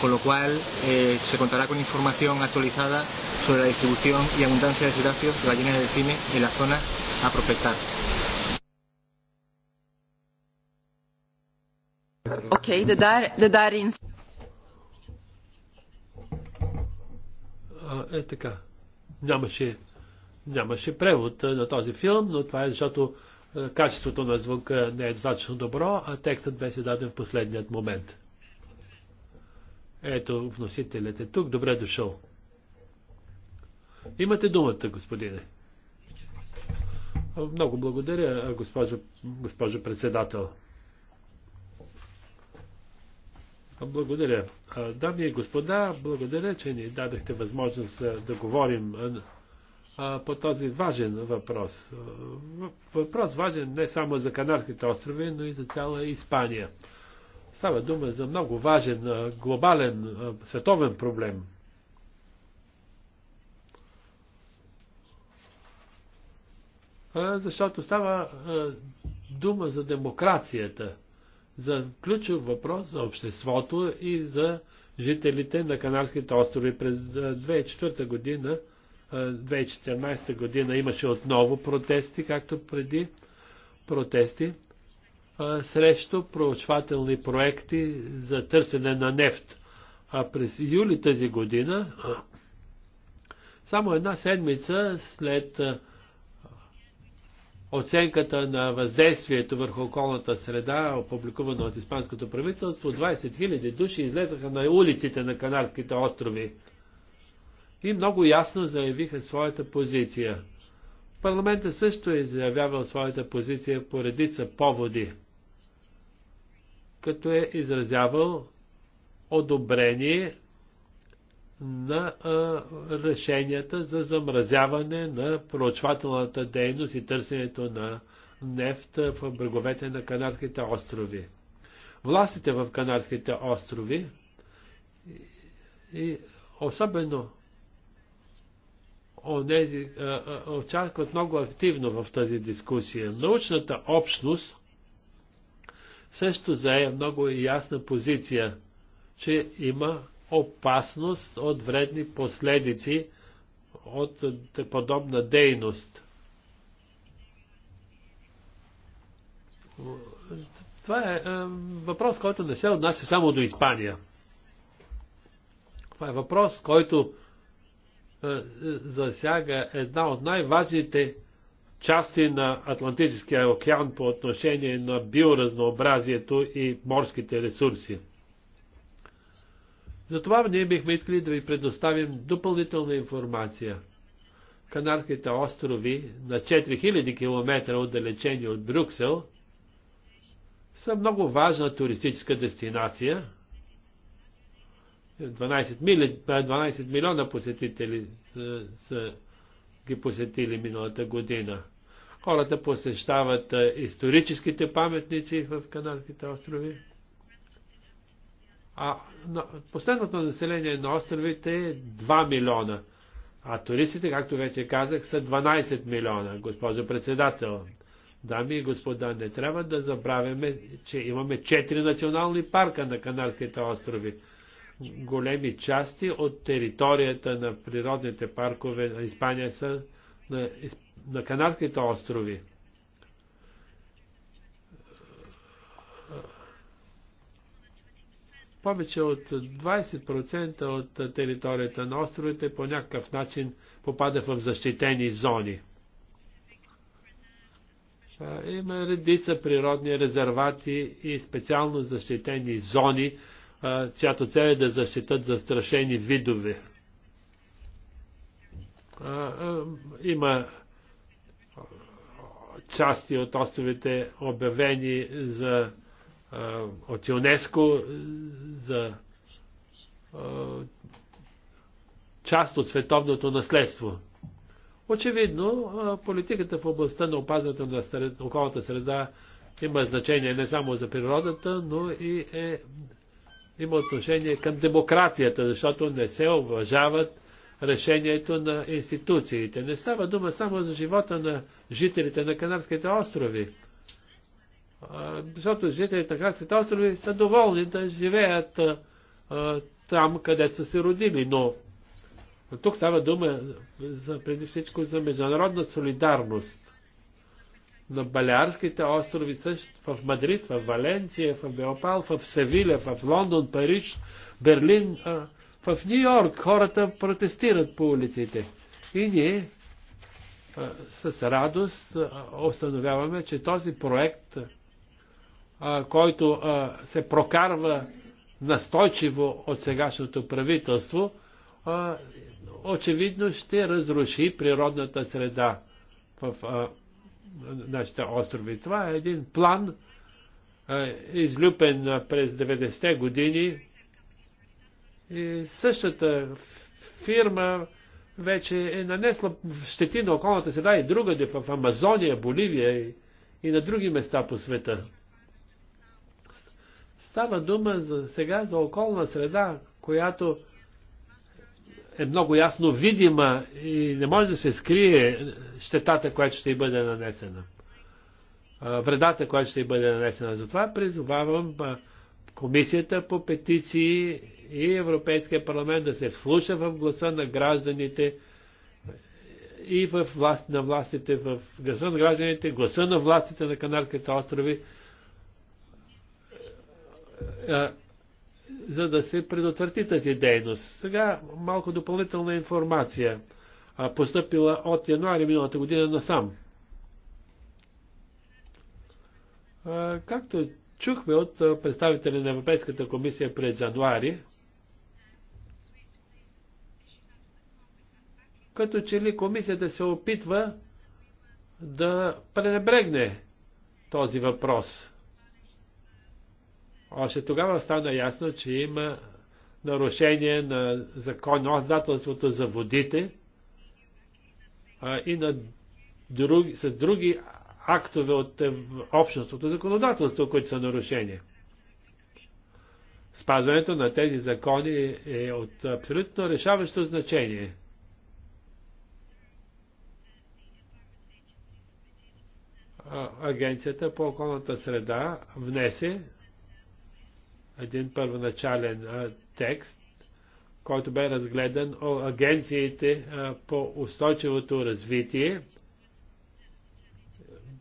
con lo cual eh, se contará con información actualizada sobre la distribución y abundancia de cetáceos, de ballenas de delfines en la zona a prospectar.
Okej, okay, det där, det där
е така. Нямаше, нямаше превод на този филм, но това е защото качеството на звука не е достатъчно добро, а текстът беше даден в последният момент. Ето, вносителят е тук. Добре дошъл. Имате думата, господине. Много благодаря, госпожо, госпожо председател. Благодаря. Дами и господа, благодаря, че ни дадахте възможност да говорим по този важен въпрос. Въпрос важен не само за Канарските острови, но и за цяла Испания. Става дума за много важен глобален световен проблем. Защото става дума за демокрацията – за ключов въпрос за обществото и за жителите на Канарските острови. През 2004 година, 2014 година имаше отново протести, както преди протести, срещу проучвателни проекти за търсене на нефт. А през юли тази година, само една седмица след оценката на въздействието върху околната среда, опубликувана от Испанското правителство, 20 000 души излезаха на улиците на Канарските острови и много ясно заявиха своята позиция. Парламентът също е заявявал своята позиция по редица поводи, като е изразявал одобрение на а, решенията за замразяване на проучвателната дейност и търсенето на нефт в бреговете на Канарските острови. Властите в Канарските острови и особено онези очакват много активно в тази дискусия. Научната общност също зае много ясна позиция, че има опасност от вредни последици от подобна дейност. Това е, е въпрос, който не се отнася само до Испания. Това е въпрос, който е, е засяга една от най-важните части на Атлантическия океан по отношение на биоразнообразието и морските ресурси. Затова ние бихме искали да ви предоставим допълнителна информация. Канарските острови на 4000 км отдалечени от Брюксел са много важна туристическа дестинация. 12, мили, 12 милиона посетители са, са ги посетили миналата година. Хората посещават историческите паметници в Канарските острови. А на, последното население на островите е 2 милиона. А туристите, както вече казах, са 12 милиона, госпожо председател. Дами и господа, не трябва да забравяме, че имаме 4 национални парка на Канарските острови. Големи части от територията на природните паркове на Испания са на, на Канарските острови. повече от 20% от територията на островите по някакъв начин попада в защитени зони. Има редица природни резервати и специално защитени зони, чиято цел е да защитат застрашени видове. Има части от островите обявени за от ЮНЕСКО за част от световното наследство. Очевидно, политиката в областта на опазването на околната среда има значение не само за природата, но и е, има отношение към демокрацията, защото не се уважават решението на институциите. Не става дума само за живота на жителите на Канарските острови. Защото жителите на градските острови са доволни да живеят там, където са се родили, но тук става дума за, преди всичко за международна солидарност. На Балярските острови също, в Мадрид, в Валенция, в Беопал, в Севиля, в Лондон, Париж, Берлин, в Нью Йорк хората протестират по улиците. И ние с радост установяваме, че този проект който се прокарва настойчиво от сегашното правителство, очевидно ще разруши природната среда в нашите острови. Това е един план, излюпен през 90-те години. И същата фирма вече е нанесла щети на околната седа и другаде в Амазония, Боливия и, и на други места по света. Става дума за, сега за околна среда, която е много ясно видима и не може да се скрие щетата, която ще й бъде нанесена. Вредата, която ще й бъде нанесена. Затова призовавам Комисията по петиции и Европейския парламент да се вслуша в гласа на гражданите и в власт, на властите, в гласа на гражданите, гласа на властите на Канарските острови, за да се предотврати тази дейност. Сега малко допълнителна информация, поступила от януари миналата година насам. Както чухме от представители на Европейската комисия през януари, като че ли комисията се опитва да пренебрегне този въпрос. Още тогава стана ясно, че има нарушение на законодателството за водите а, и на други, с други актове от общностното законодателство, които са нарушени. Спазването на тези закони е от абсолютно решаващо значение. Агенцията по околната среда внесе един първоначален а, текст, който бе разгледан о агенциите а, по устойчивото развитие.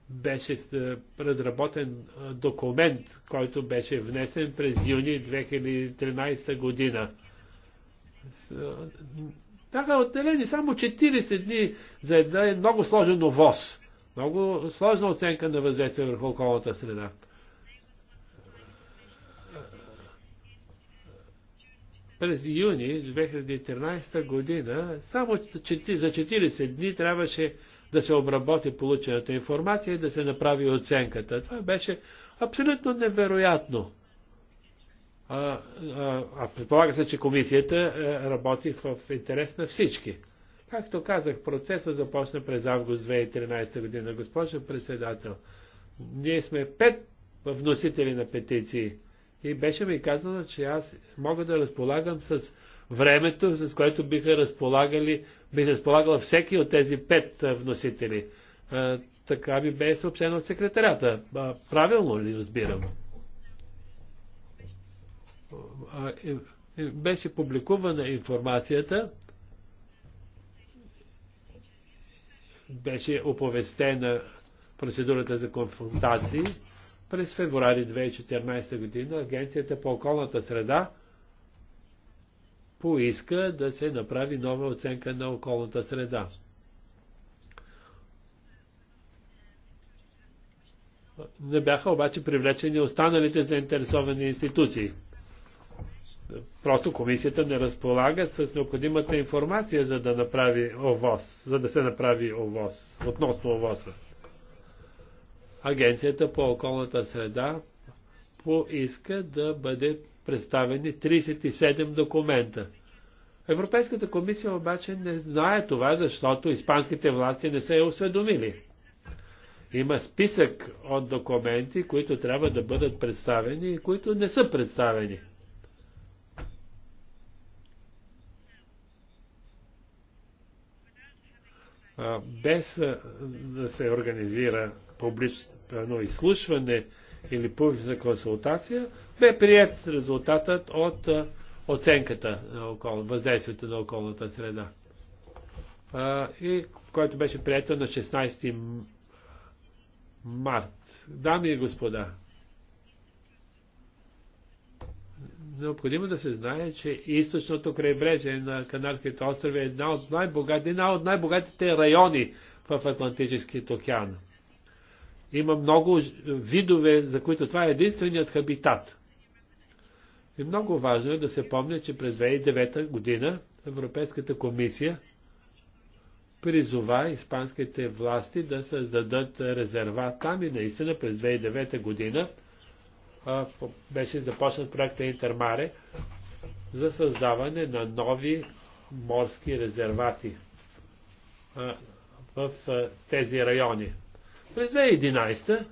Беше а, разработен а, документ, който беше внесен през юни 2013 година. С, а, бяха отделени само 40 дни за един много сложен овоз. Много сложна оценка на въздействие върху околната среда. През юни 2013 година, само за 40 дни трябваше да се обработи получената информация и да се направи оценката. Това беше абсолютно невероятно. А, а, а предполага се, че комисията е, работи в интерес на всички. Както казах, процесът започна през август 2013 година. Госпожо председател, ние сме пет вносители на петиции и беше ми казано, че аз мога да разполагам с времето, с което биха разполагали, бих разполагал всеки от тези пет вносители. А, така ми бе съобщено от секретарята. А, правилно ли разбирам? А, и, и беше публикувана информацията, беше оповестена процедурата за конфронтации. През февруари 2014 година Агенцията по околната среда поиска да се направи нова оценка на околната среда. Не бяха обаче привлечени останалите заинтересовани институции. Просто комисията не разполага с необходимата информация, за да направи ОВОз, за да се направи ОВОз, относно ОВОза. Агенцията по околната среда поиска да бъде представени 37 документа. Европейската комисия обаче не знае това, защото испанските власти не са я осведомили. Има списък от документи, които трябва да бъдат представени и които не са представени. без да се организира публично изслушване или публична консултация, бе прият резултатът от оценката на окол... въздействието на околната среда. И който беше прието на 16 март. Дами и господа, необходимо да се знае, че източното крайбрежие на Канарските острови е една от най-богатите, най-богатите райони в Атлантическият океан. Има много видове, за които това е единственият хабитат. И много важно е да се помня, че през 2009 година Европейската комисия призова испанските власти да създадат резерва там и наистина през 2009 година а, беше започнат проекта Интермаре за създаване на нови морски резервати а, в а, тези райони. През 2011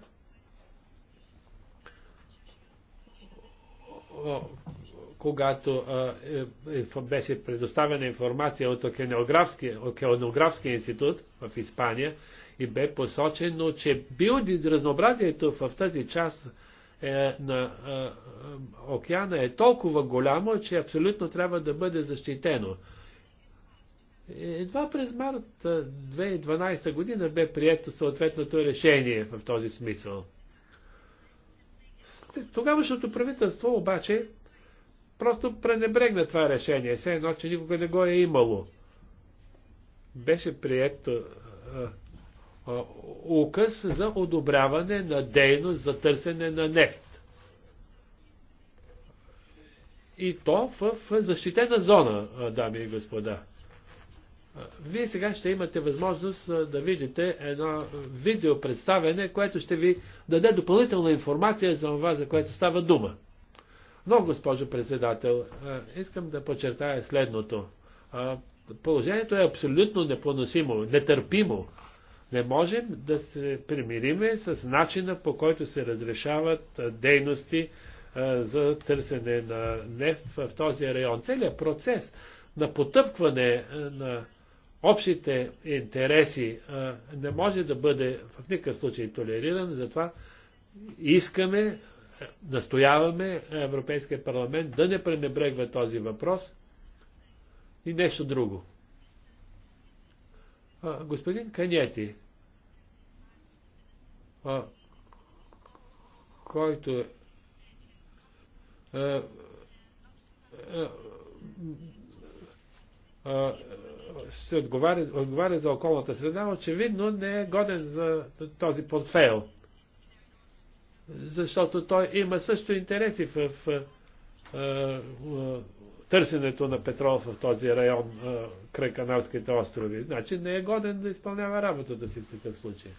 когато е, е, беше предоставена информация от Океанографския институт в Испания и бе посочено, че разнообразието в тази част е, на океана е толкова голямо, че абсолютно трябва да бъде защитено. Едва през март 2012 година бе прието съответното решение в този смисъл. Тогавашното правителство обаче просто пренебрегна това решение, все едно, че никога не го е имало. Беше прието указ за одобряване на дейност за търсене на нефт. И то в защитена зона, дами и господа. Вие сега ще имате възможност да видите едно видео представене, което ще ви даде допълнителна информация за това, за което става дума. Но, госпожо председател, искам да подчертая следното. Положението е абсолютно непоносимо, нетърпимо. Не можем да се примириме с начина по който се разрешават дейности за търсене на нефт в този район. Целият процес на потъпкване на общите интереси не може да бъде в никакъв случай толериран, затова искаме, настояваме Европейския парламент да не пренебрегва този въпрос и нещо друго. господин Канети, който а, а, а, а се отговаря, отговаря за околната среда, очевидно не е годен за този портфейл. Защото той има също интереси в, в, в, в търсенето на петрол в този район край Каналските острови. Значи не е годен да изпълнява работата си в такъв случай.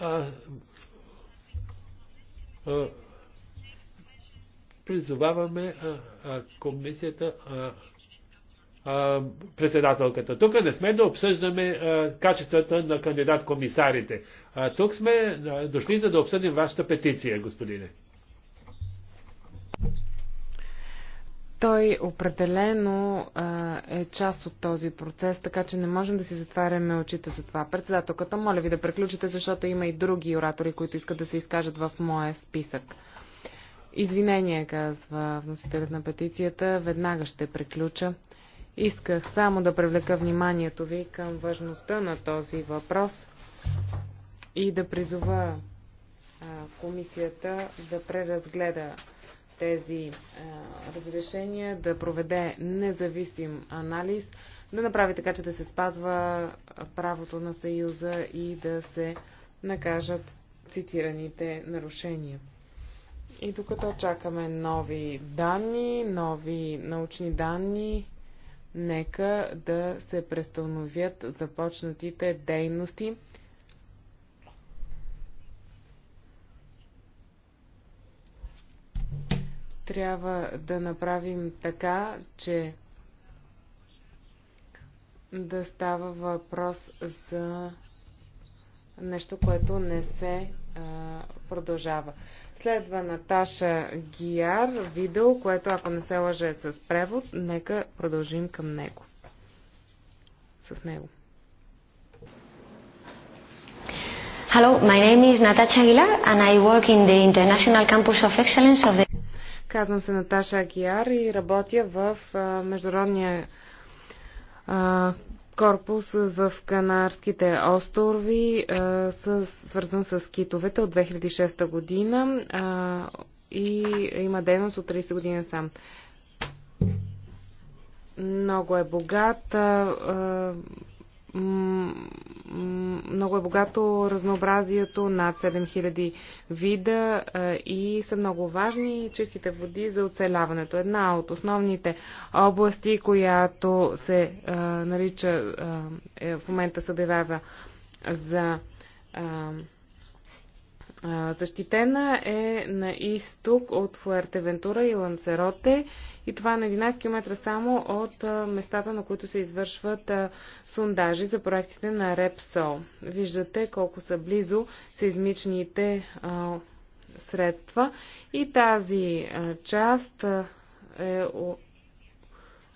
А, а, призоваваме а, а, комисията, а, а, председателката. Тук не сме да обсъждаме а, качествата на кандидат-комисарите. А, тук сме а, дошли за да обсъдим вашата петиция, господине.
Той определено а, е част от този процес, така че не можем да си затваряме очите за това. Председателката, моля ви да преключите, защото има и други оратори, които искат да се изкажат в моя списък. Извинение, казва вносителят на петицията, веднага ще приключа. Исках само да привлека вниманието ви към важността на този въпрос и да призова комисията да преразгледа тези а, разрешения, да проведе независим анализ, да направи така, че да се спазва правото на Съюза и да се накажат цитираните нарушения. И докато чакаме нови данни, нови научни данни, нека да се престановят започнатите дейности. Трябва да направим така, че да става въпрос за нещо, което не се а, продължава. Следва Наташа Гияр, видео, което ако не се лъже е с превод, нека продължим към него. С него.
Hello, my name is Natasha Aguilar and I work in the International Campus of
Excellence of the... Казвам се Наташа Агиар и работя в а, Международния а, корпус в Канарските острови, е, свързан с китовете от 2006 година и има дейност от 30 години сам. Много е богат много е богато разнообразието, над 7000 вида и са много важни чистите води за оцеляването. Една от основните области, която се нарича, е, в момента се обявява за Защитена е на изток от Фуертевентура и Ланцероте и това е на 11 км само от местата, на които се извършват сундажи за проектите на Репсол. Виждате колко са близо сеизмичните средства и тази част е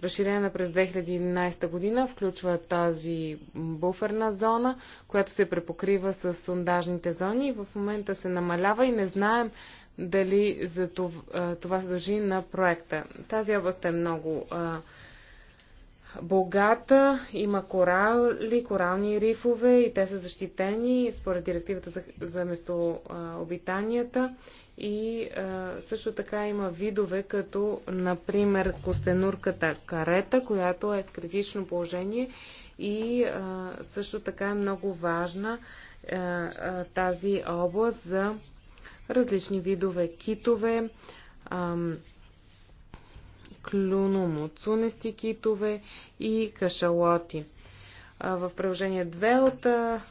разширена през 2011 година, включва тази буферна зона, която се препокрива с сондажните зони и в момента се намалява и не знаем дали за това, това се дължи на проекта. Тази област е много а, богата, има корали, корални рифове и те са защитени според директивата за, за местообитанията и а, също така има видове, като например костенурката карета, която е в критично положение и а, също така е много важна а, а, тази област за различни видове китове, а, клюномоцунести китове и кашалоти. А, в приложение 2 от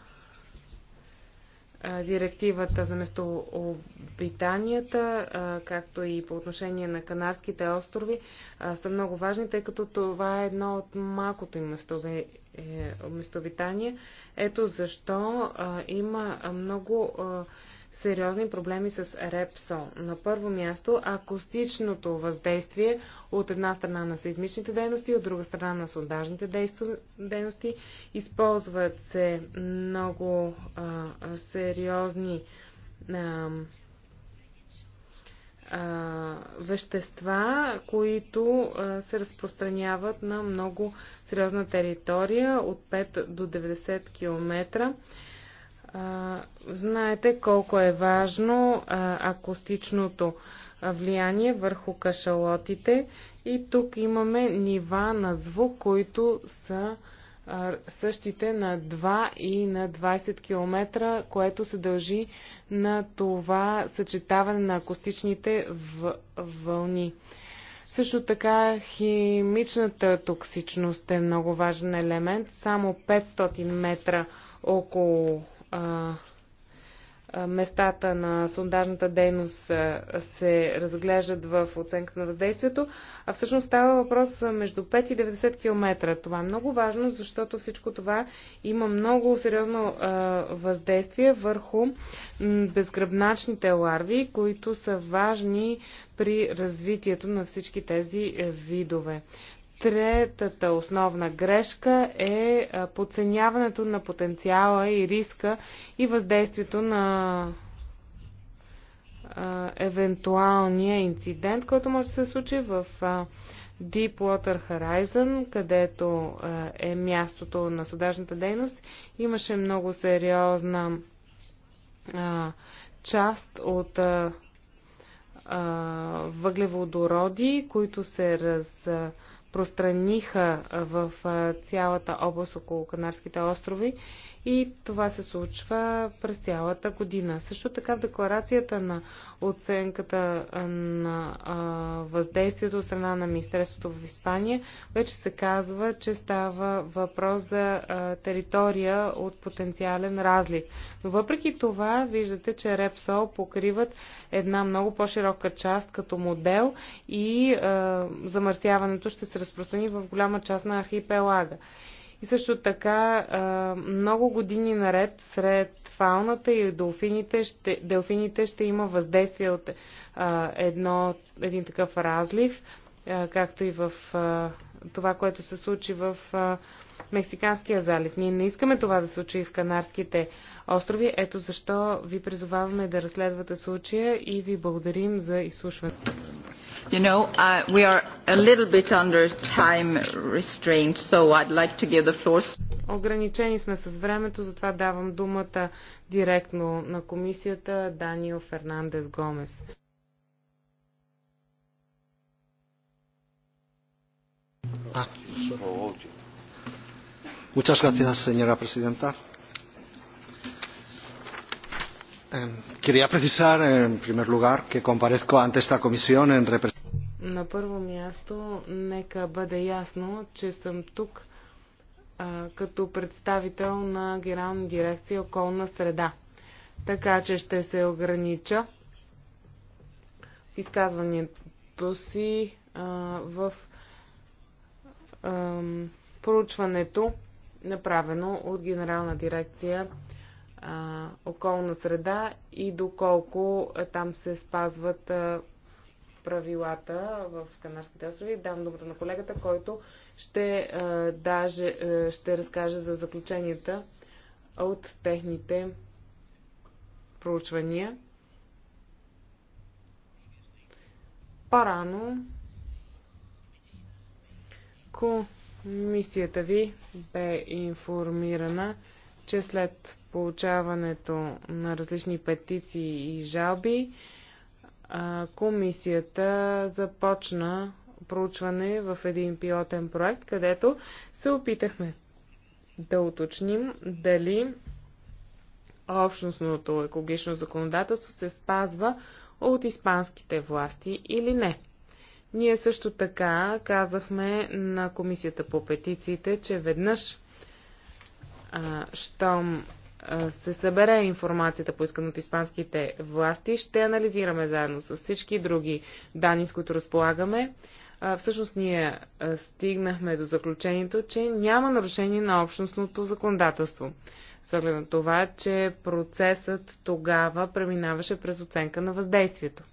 директивата за местообитанията, както и по отношение на Канарските острови, са много важни, тъй като това е едно от малкото им е, местообитание. Ето защо има много сериозни проблеми с Репсол. На първо място акустичното въздействие от една страна на сейзмичните дейности, от друга страна на сондажните дейности. Използват се много а, сериозни а, а, вещества, които а, се разпространяват на много сериозна територия от 5 до 90 км знаете колко е важно акустичното влияние върху кашалотите и тук имаме нива на звук, които са същите на 2 и на 20 км, което се дължи на това съчетаване на акустичните вълни. Също така химичната токсичност е много важен елемент. Само 500 метра около а, местата на сондажната дейност се разглеждат в оценката на въздействието, а всъщност става въпрос между 5 и 90 км. Това е много важно, защото всичко това има много сериозно въздействие върху безгръбначните ларви, които са важни при развитието на всички тези видове. Третата основна грешка е подценяването на потенциала и риска и въздействието на евентуалния инцидент, който може да се случи в Deepwater Horizon, където е мястото на судажната дейност. Имаше много сериозна част от въглеводороди, които се раз разпространиха в цялата област около Канарските острови и това се случва през цялата година. Също така в декларацията на оценката на въздействието от страна на Министерството в Испания вече се казва, че става въпрос за територия от потенциален разлив. Но въпреки това виждате, че Репсол покриват една много по-широка част като модел и замърсяването ще се разпространи в голяма част на архипелага. И също така много години наред сред фауната и делфините ще, делфините ще има въздействие от едно, един такъв разлив, както и в това, което се случи в Мексиканския залив. Ние не искаме това да се случи в Канарските острови. Ето защо ви призоваваме да разследвате случая и ви благодарим за изслушването.
You know, uh, we are a little bit under time restraint, so I'd like to give the floor.
Ограничени сме с времето, затова давам думата директно на комисията Данио Фернандес Гомес.
Ah,
Muchas gracias, señora presidenta. Eh, quería precisar, eh, en primer lugar, que comparezco ante esta comisión en representación.
На първо място, нека бъде ясно, че съм тук а, като представител на Генерална дирекция околна среда. Така че ще се огранича в изказването си а, в а, проучването направено от Генерална дирекция а, околна среда и доколко а, там се спазват а, правилата в Канарските острови. Дам думата на колегата, който ще, а, даже, а, ще разкаже за заключенията от техните проучвания. По-рано Мисията ви бе информирана, че след получаването на различни петиции и жалби, комисията започна проучване в един пилотен проект, където се опитахме да уточним дали общностното екологично законодателство се спазва от испанските власти или не. Ние също така казахме на Комисията по петициите, че веднъж, а, щом а, се събере информацията, поискана от испанските власти, ще анализираме заедно с всички други данни, с които разполагаме. А, всъщност ние а, стигнахме до заключението, че няма нарушение на общностното законодателство. С оглед на това, че процесът тогава преминаваше през оценка на въздействието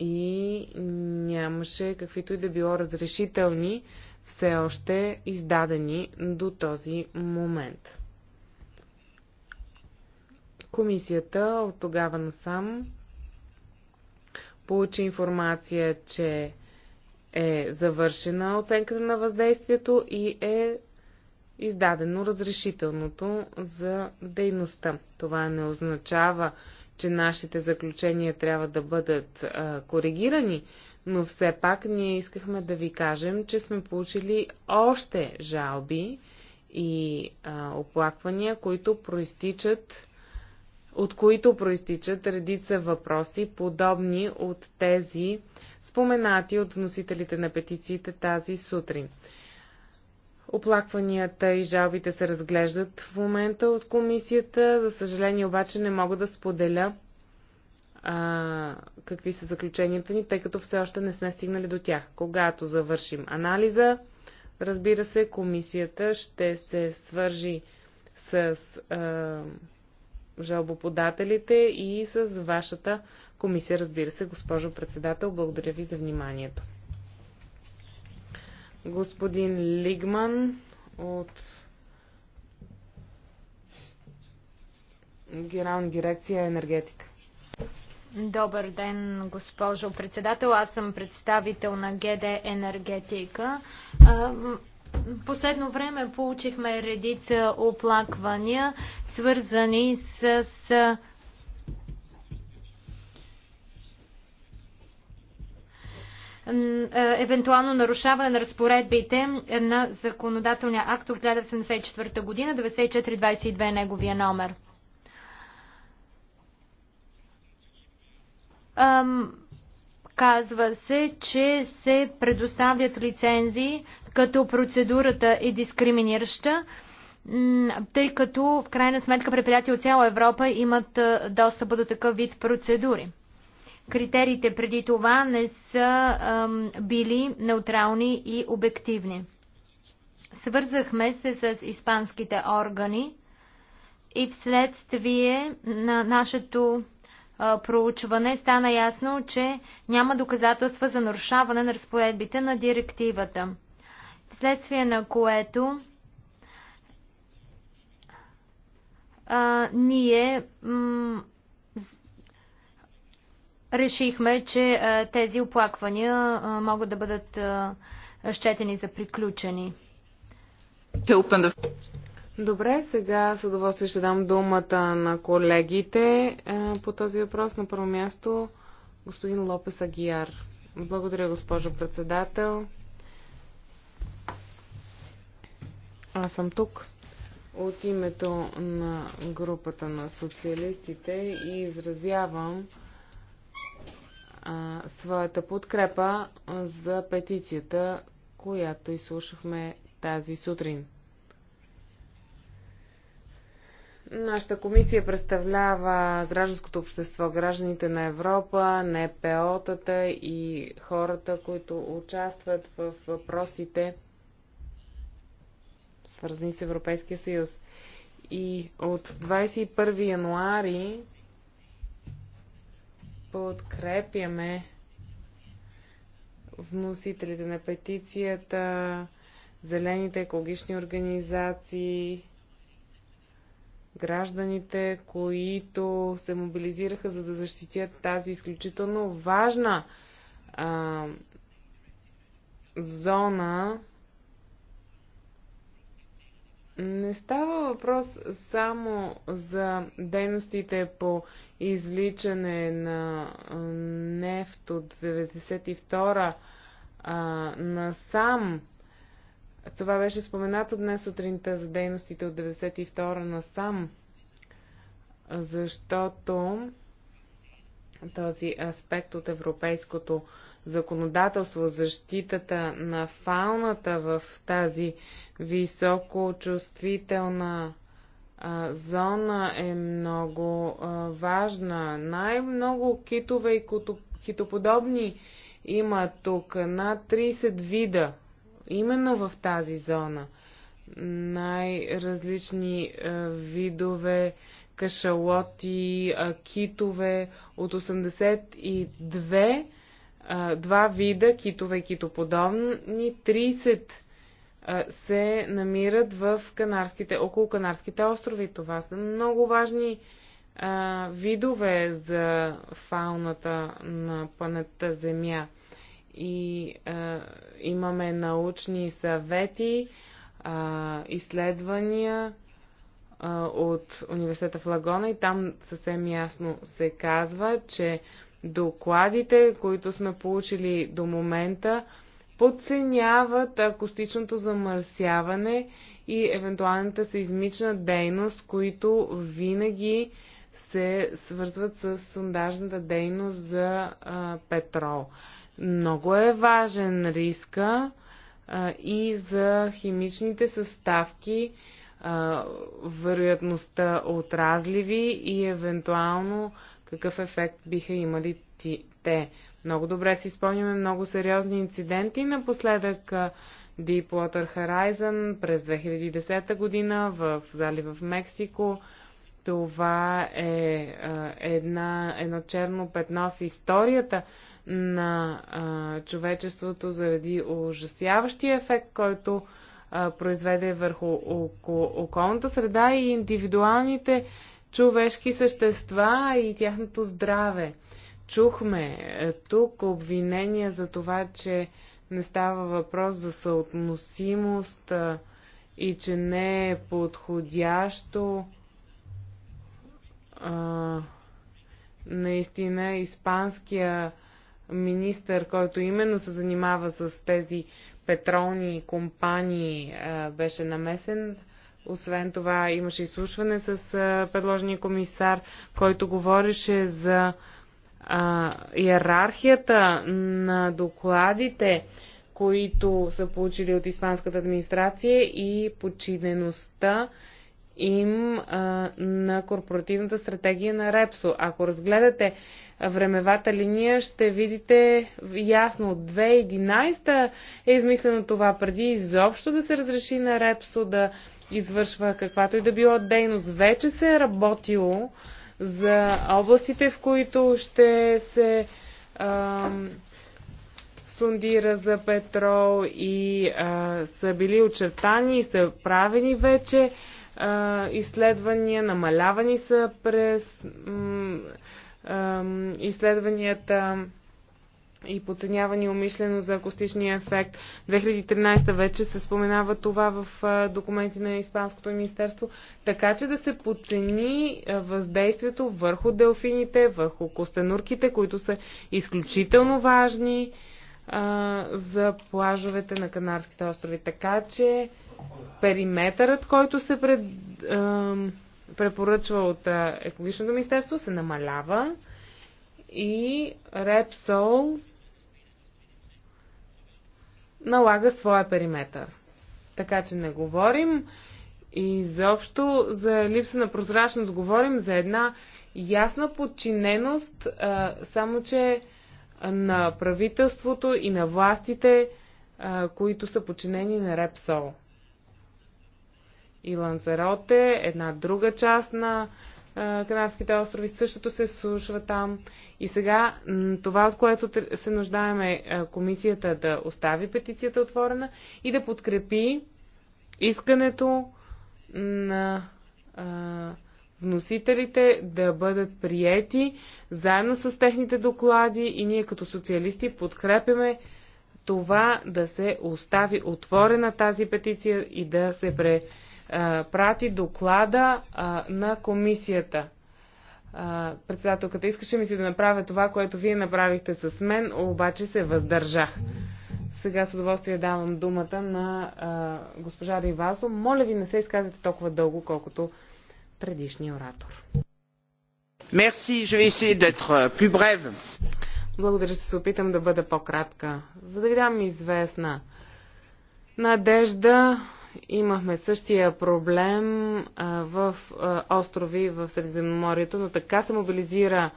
и нямаше каквито и да било разрешителни все още издадени до този момент. Комисията от тогава насам получи информация, че е завършена оценката на въздействието и е издадено разрешителното за дейността. Това не означава, че нашите заключения трябва да бъдат а, коригирани, но все пак ние искахме да ви кажем, че сме получили още жалби и а, оплаквания, които проистичат от които проистичат редица въпроси, подобни от тези, споменати от носителите на петициите тази сутрин. Оплакванията и жалбите се разглеждат в момента от комисията. За съжаление обаче не мога да споделя а, какви са заключенията ни, тъй като все още не сме стигнали до тях. Когато завършим анализа, разбира се, комисията ще се свържи с а, жалбоподателите и с вашата комисия, разбира се, госпожо председател. Благодаря ви за вниманието господин Лигман от Генерална дирекция енергетика.
Добър ден, госпожо председател. Аз съм представител на ГД Енергетика. Последно време получихме редица оплаквания, свързани с Е, евентуално нарушаване на разпоредбите на законодателния акт от 1974 година, 9422 е неговия номер. Казва се, че се предоставят лицензии, като процедурата е дискриминираща, тъй като в крайна сметка предприятия от цяла Европа имат е, достъп до такъв вид процедури критериите преди това не са ам, били неутрални и обективни. Свързахме се с испанските органи и вследствие на нашето а, проучване стана ясно, че няма доказателства за нарушаване на разпоредбите на директивата. Вследствие на което а, ние решихме, че тези оплаквания могат да бъдат щетени за приключени. Добре, сега с удоволствие
ще дам думата на колегите по този въпрос. На първо място господин Лопес Агияр. Благодаря, госпожо председател. Аз съм тук от името на групата на социалистите и изразявам а, своята подкрепа за петицията, която изслушахме тази сутрин. Нашата комисия представлява гражданското общество, гражданите на Европа, НПО-тата и хората, които участват в въпросите, свързани с Европейския съюз. И от 21 януари подкрепяме вносителите на петицията, зелените екологични организации, гражданите, които се мобилизираха за да защитят тази изключително важна а, зона не става въпрос само за дейностите по изличане на нефт от 92-а насам. Това беше споменато днес сутринта за дейностите от 92-а насам, защото този аспект от европейското законодателство, защитата на фауната в тази високо чувствителна а, зона е много а, важна. Най-много китове и кото, китоподобни има тук над 30 вида, именно в тази зона. Най-различни видове кашалоти, а, китове от 82 два вида китове и китоподобни, 30 се намират в Канарските, около Канарските острови. Това са много важни а, видове за фауната на планетата Земя. И а, имаме научни съвети, а, изследвания а, от университета в Лагона и там съвсем ясно се казва, че докладите, които сме получили до момента, подценяват акустичното замърсяване и евентуалната сейзмична дейност, които винаги се свързват с сондажната дейност за а, петрол. Много е важен риска а, и за химичните съставки, а, вероятността от разливи и евентуално какъв ефект биха имали те. Много добре си спомняме много сериозни инциденти напоследък. Deepwater Horizon през 2010 година в залива в Мексико. Това е една, едно черно петно в историята на а, човечеството заради ужасяващия ефект, който а, произведе върху око, околната среда и индивидуалните човешки същества и тяхното здраве. Чухме е, тук обвинения за това, че не става въпрос за съотносимост е, и че не е подходящо. А, е, наистина, испанския министър, който именно се занимава с тези петролни компании, беше намесен. Освен това имаше изслушване с а, предложения комисар, който говореше за а, иерархията на докладите, които са получили от Испанската администрация и подчинеността им а, на корпоративната стратегия на Репсо. Ако разгледате времевата линия, ще видите ясно от 2011 е измислено това преди изобщо да се разреши на Репсо да извършва каквато и да било дейност. Вече се е работило за областите, в които ще се а, сундира за петрол и а, са били очертани и са правени вече изследвания, намалявани са през изследванията и подценявани умишлено за акустичния ефект. 2013 вече се споменава това в документи на Испанското министерство, така че да се подцени въздействието върху делфините, върху костенурките, които са изключително важни за плажовете на Канарските острови. Така че периметърът, който се пред, е, препоръчва от екологичното министерство, се намалява и Репсол налага своя периметър. Така че не говорим и заобщо за липса на прозрачност, говорим за една ясна подчиненост, само че на правителството и на властите, които са подчинени на Репсол и Ланзароте, една друга част на Канарските острови същото се слушва там. И сега това, от което се нуждаем е комисията да остави петицията отворена и да подкрепи искането на вносителите да бъдат приети заедно с техните доклади и ние като социалисти подкрепяме това да се остави отворена тази петиция и да се пре прати доклада а, на комисията. А, председателката искаше ми се да направя това, което вие направихте с мен, обаче се въздържах. Сега с удоволствие давам думата на а, госпожа Ривасо. Моля ви, не се изказвате толкова дълго, колкото предишния оратор. Merci, je vais essayer d'être plus brève. Благодаря, ще се опитам да бъда по-кратка, за да ви дам известна надежда имахме същия проблем в острови в Средиземноморието, но така се мобилизира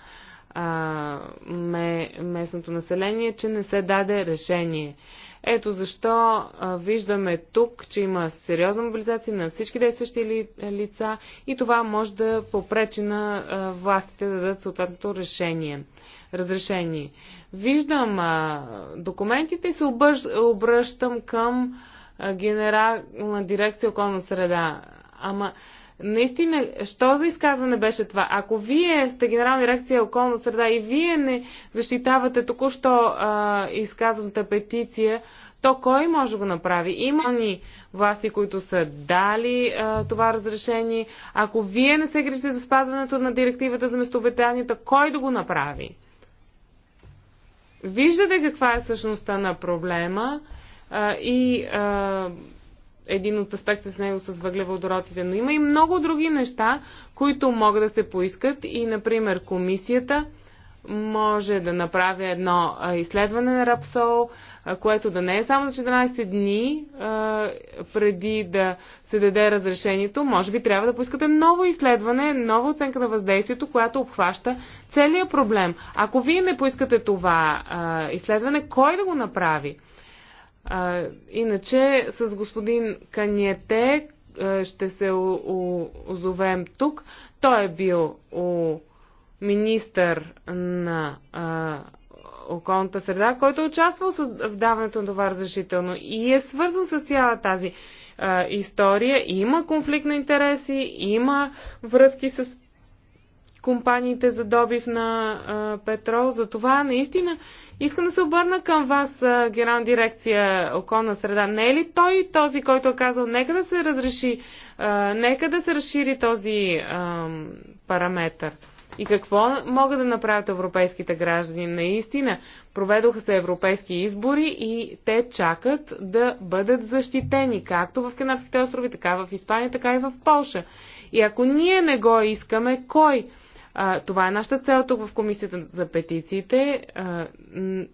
местното население, че не се даде решение. Ето защо виждаме тук, че има сериозна мобилизация на всички действащи лица и това може да попречи на властите да дадат съответното решение. Разрешение. Виждам документите и се обръщам към генерална дирекция околна среда. Ама, наистина, що за изказване беше това? Ако вие сте генерална дирекция околна среда и вие не защитавате току-що изказаната петиция, то кой може да го направи? Има ни власти, които са дали а, това разрешение. Ако вие не се грижите за спазването на директивата за местообитанията, кой да го направи? Виждате каква е същността на проблема а, и а, един от аспектите с него с въглеводородите. Но има и много други неща, които могат да се поискат и, например, комисията може да направи едно изследване на Рапсол, което да не е само за 14 дни преди да се даде разрешението. Може би трябва да поискате ново изследване, нова оценка на въздействието, която обхваща целият проблем. Ако вие не поискате това изследване, кой да го направи? А, иначе с господин Каниете ще се озовем тук. Той е бил у министър на а, околната среда, който е участвал в даването на това разрешително и е свързан с цяла тази а, история. Има конфликт на интереси, има връзки с компаниите за добив на а, петрол. За това наистина искам да се обърна към вас, а, генерална дирекция околна среда. Не е ли той този, който е казал, нека да се разреши, а, нека да се разшири този а, параметр? И какво могат да направят европейските граждани? Наистина, проведоха се европейски избори и те чакат да бъдат защитени, както в Канарските острови, така в Испания, така и в Польша. И ако ние не го искаме, кой? А, това е нашата цел тук в Комисията за петициите. А,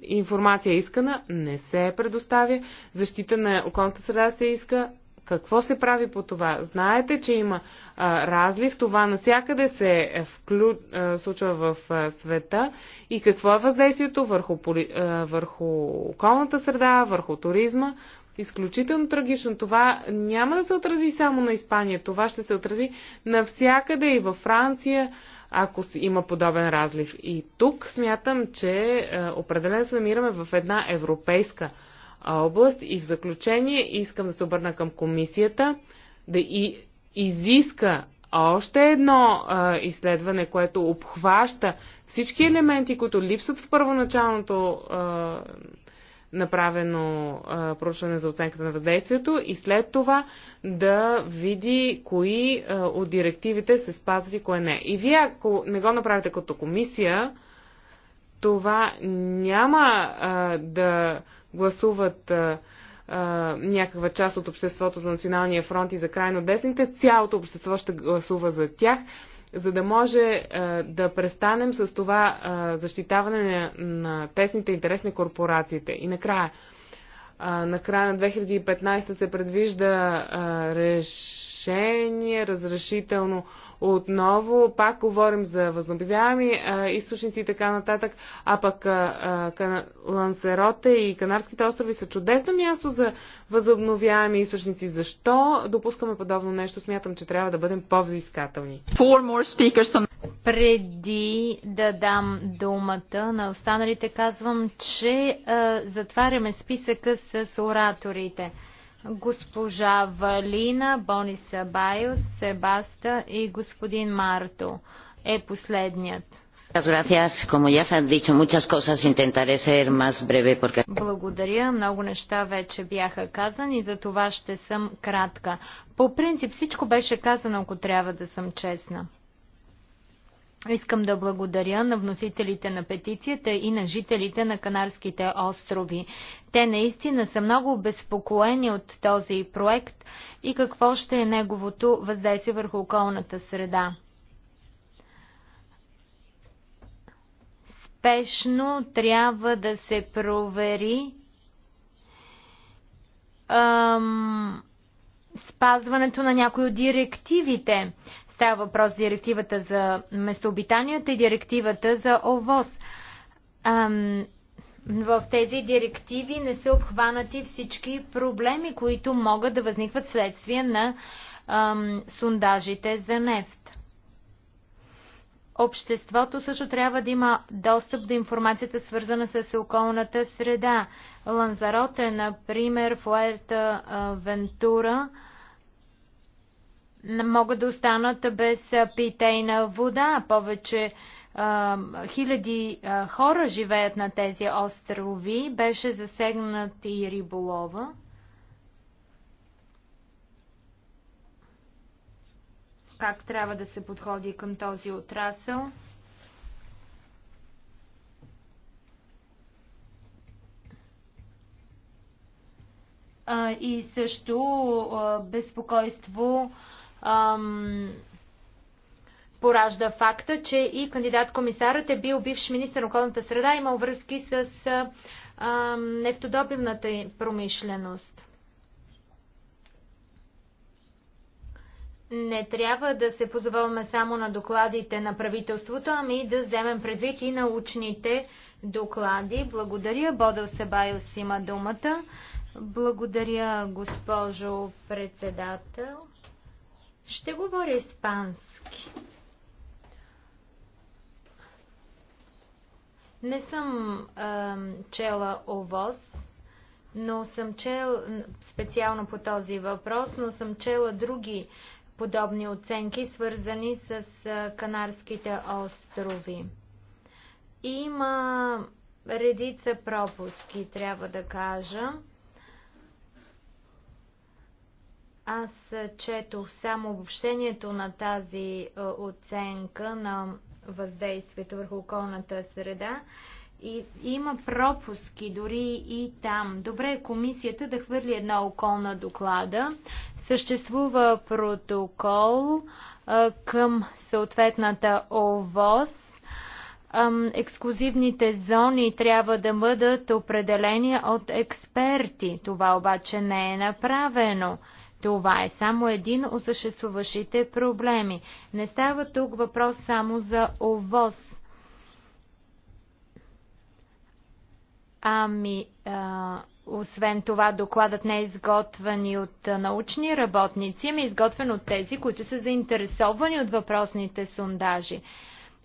информация искана не се предоставя. Защита на околната среда се иска. Какво се прави по това? Знаете, че има а, разлив. Това насякъде се е вклю... а, случва в а, света. И какво е въздействието върху, поли... а, върху околната среда, върху туризма? изключително трагично. Това няма да се отрази само на Испания, това ще се отрази навсякъде и във Франция, ако има подобен разлив. И тук смятам, че е, определено се намираме в една европейска област и в заключение искам да се обърна към комисията да и изиска още едно а, изследване, което обхваща всички елементи, които липсват в първоначалното а, направено а, проучване за оценката на въздействието и след това да види кои а, от директивите се спазват и кое не. И вие, ако не го направите като комисия, това няма а, да гласуват а, а, някаква част от обществото за Националния фронт и за крайно десните. Цялото общество ще гласува за тях за да може а, да престанем с това а, защитаване на, на тесните интересни корпорациите. И накрая, а, на края на 2015 се предвижда а, реш разрешение, разрешително отново. Пак говорим за възнобивяеми източници и така нататък. А пък Лансероте и Канарските острови са чудесно място за възобновяеми източници. Защо допускаме подобно нещо? Смятам, че трябва да бъдем по-взискателни.
Преди да дам думата на останалите, казвам, че затваряме списъка с ораторите госпожа Валина, Бониса Байос, Себаста и господин Марто е последният. Благодаря. Много неща вече бяха казани, за това ще съм кратка. По принцип всичко беше казано, ако трябва да съм честна. Искам да благодаря на вносителите на петицията и на жителите на Канарските острови. Те наистина са много обезпокоени от този проект и какво ще е неговото въздействие върху околната среда. Спешно трябва да се провери ам, спазването на някои от директивите Става въпрос директивата за местообитанията и директивата за ОВОз. Ам, в тези директиви не са обхванати всички проблеми, които могат да възникват следствие на ам, сундажите за нефт. Обществото също трябва да има достъп до информацията, свързана с околната среда. е, например, Фуерта Вентура – могат да останат без питейна вода. Повече а, хиляди а, хора живеят на тези острови. Беше засегнат и риболова. Как трябва да се подходи към този отрасъл? и също безпокойство ам, поражда факта, че и кандидат-комисарът е бил бивш министр на околната среда, имал връзки с ам, нефтодобивната промишленост. не трябва да се позоваваме само на докладите на правителството, ами да вземем предвид и научните доклади. Благодаря. Бодъл Себайос има думата. Благодаря, госпожо председател. Ще говоря испански. Не съм е, чела ОВОз, но съм чел специално по този въпрос, но съм чела други подобни оценки, свързани с Канарските острови. Има редица пропуски, трябва да кажа. Аз четох само обобщението на тази оценка на въздействието върху околната среда и има пропуски дори и там. Добре е комисията да хвърли едно око на доклада. Съществува протокол а, към съответната ОВОС. ексклюзивните зони трябва да бъдат определени от експерти. Това обаче не е направено. Това е само един от съществуващите проблеми. Не става тук въпрос само за овоз. Ами, а, освен това, докладът не е изготвен и от научни работници, ами е изготвен от тези, които са заинтересовани от въпросните сондажи.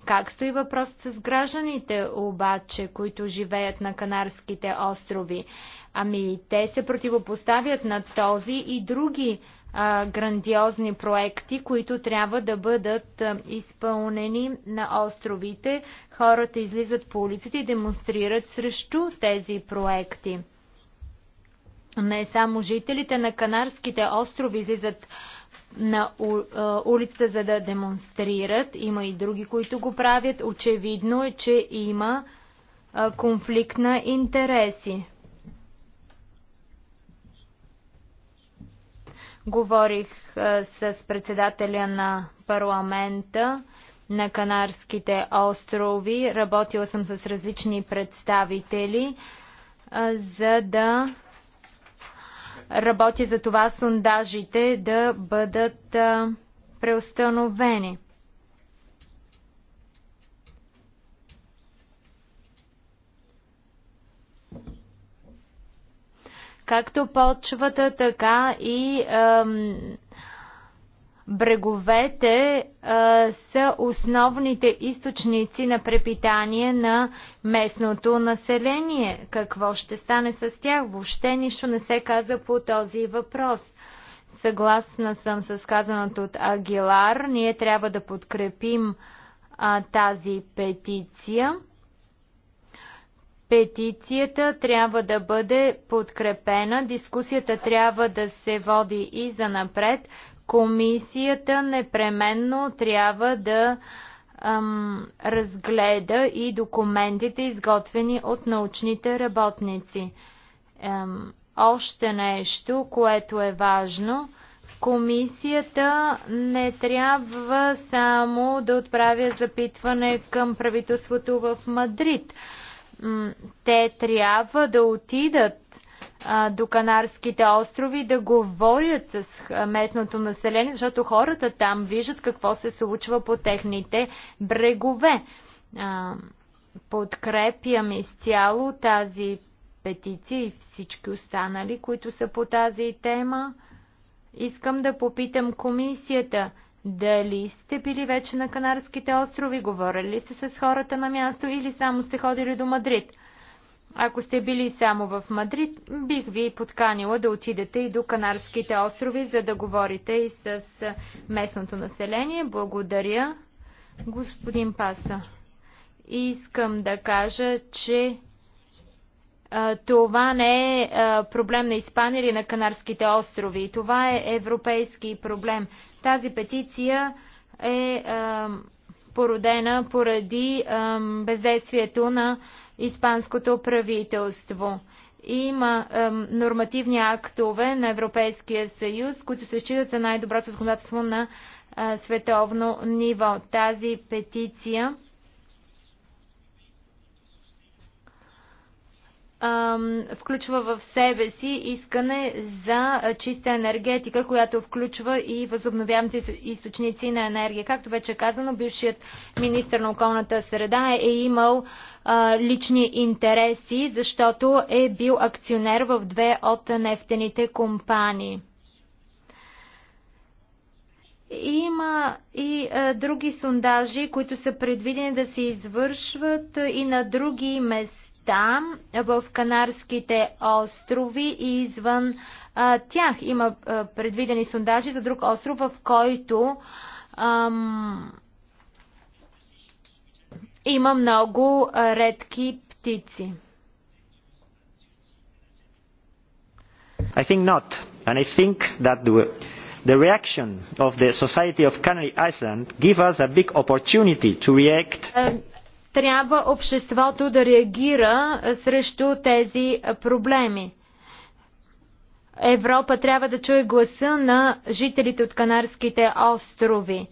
Как стои въпросът с гражданите обаче, които живеят на Канарските острови? Ами те се противопоставят на този и други а, грандиозни проекти, които трябва да бъдат а, изпълнени на островите. Хората излизат по улиците и демонстрират срещу тези проекти. Не само жителите на Канарските острови излизат на улицата, за да демонстрират. Има и други, които го правят. Очевидно е, че има конфликт на интереси. Говорих с председателя на парламента на Канарските острови. Работила съм с различни представители, за да работя за това сондажите да бъдат преустановени. както почвата, така и ам, бреговете а, са основните източници на препитание на местното население. Какво ще стане с тях? Въобще нищо не се каза по този въпрос. Съгласна съм с казаното от Агилар. Ние трябва да подкрепим а, тази петиция. Петицията трябва да бъде подкрепена, дискусията трябва да се води и за напред. Комисията непременно трябва да ам, разгледа и документите, изготвени от научните работници. Ам, още нещо, което е важно. Комисията не трябва само да отправя запитване към правителството в Мадрид те трябва да отидат а, до Канарските острови да говорят с местното население, защото хората там виждат какво се случва по техните брегове. А, подкрепям изцяло тази петиция и всички останали, които са по тази тема. Искам да попитам комисията – дали сте били вече на Канарските острови, говорили ли сте с хората на място или само сте ходили до Мадрид? Ако сте били само в Мадрид, бих ви подканила да отидете и до Канарските острови, за да говорите и с местното население. Благодаря, господин Паса. Искам да кажа, че това не е проблем на Испания или на Канарските острови. Това е европейски проблем. Тази петиция е породена поради бездействието на испанското правителство. Има нормативни актове на Европейския съюз, които се считат за най-доброто законодателство на световно ниво. Тази петиция включва в себе си искане за чиста енергетика, която включва и възобновяемите източници на енергия. Както вече е казано, бившият министр на околната среда е, е имал лични интереси, защото е бил акционер в две от нефтените компании. Има и а, други сондажи, които са предвидени да се извършват и на други места места в Канарските острови и извън а, тях. Има а, предвидени сондажи за друг остров, в който ам, има много а, редки птици.
I think not. And I think that the, the reaction of the Society of Canary Island give us a big opportunity to react.
Um, трябва обществото да реагира срещу тези проблеми. Европа трябва да чуе гласа на жителите от Канарските острови,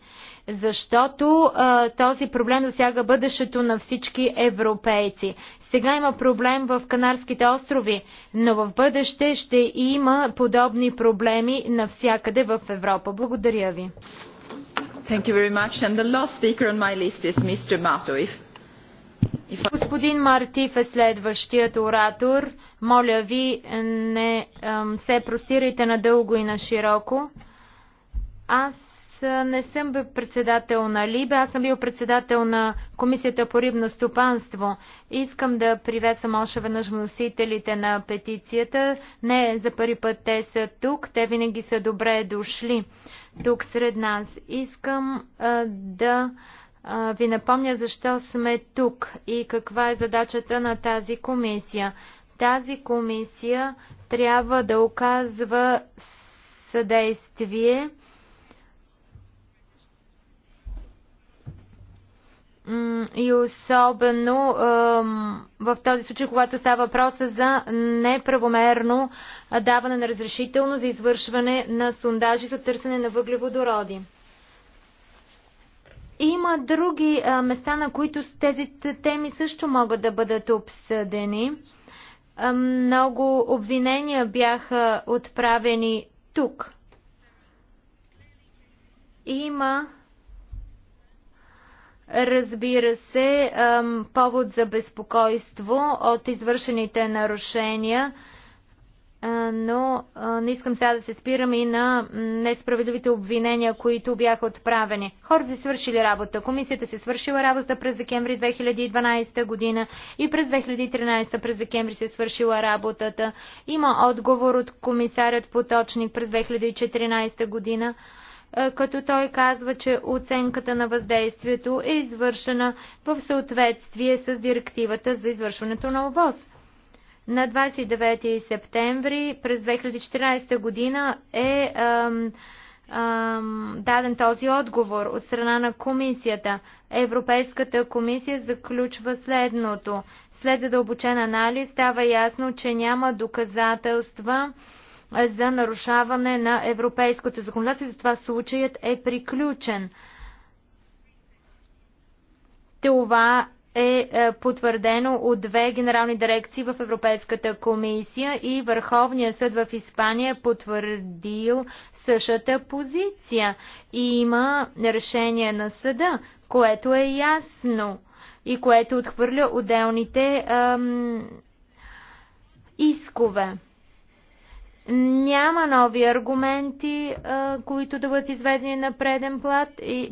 защото а, този проблем засяга бъдещето на всички европейци. Сега има проблем в Канарските острови, но в бъдеще ще има подобни проблеми навсякъде в Европа. Благодаря ви. Thank you very much. And the
last speaker on my list is Mr. Matoif.
Господин Мартив е следващият оратор. Моля ви, не се простирайте надълго и на широко. Аз не съм бил председател на Либе, аз съм бил председател на Комисията по рибно стопанство. Искам да приветствам още веднъж вносителите на петицията. Не, за първи път те са тук, те винаги са добре дошли тук сред нас. Искам а, да ви напомня защо сме тук и каква е задачата на тази комисия. Тази комисия трябва да оказва съдействие и особено в този случай, когато става въпроса за неправомерно даване на разрешително за извършване на сондажи за търсене на въглеводороди. Има други а, места, на които тези теми също могат да бъдат обсъдени. А, много обвинения бяха отправени тук. Има, разбира се, а, повод за безпокойство от извършените нарушения – но не искам сега да се спирам и на несправедливите обвинения, които бяха отправени. Хората се свършили работа. Комисията се свършила работа през декември 2012 година и през 2013 през декември се свършила работата. Има отговор от комисарят Поточник през 2014 година като той казва, че оценката на въздействието е извършена в съответствие с директивата за извършването на ОВОз на 29 септември през 2014 година е ам, ам, даден този отговор от страна на комисията. Европейската комисия заключва следното. След задълбочен анализ става ясно, че няма доказателства за нарушаване на европейското законодателство, затова случаят е приключен. Това е, е потвърдено от две генерални дирекции в Европейската комисия и Върховния съд в Испания е потвърдил същата позиция. И има решение на съда, което е ясно и което отхвърля отделните ам, искове. Няма нови аргументи, които да бъдат изведени на преден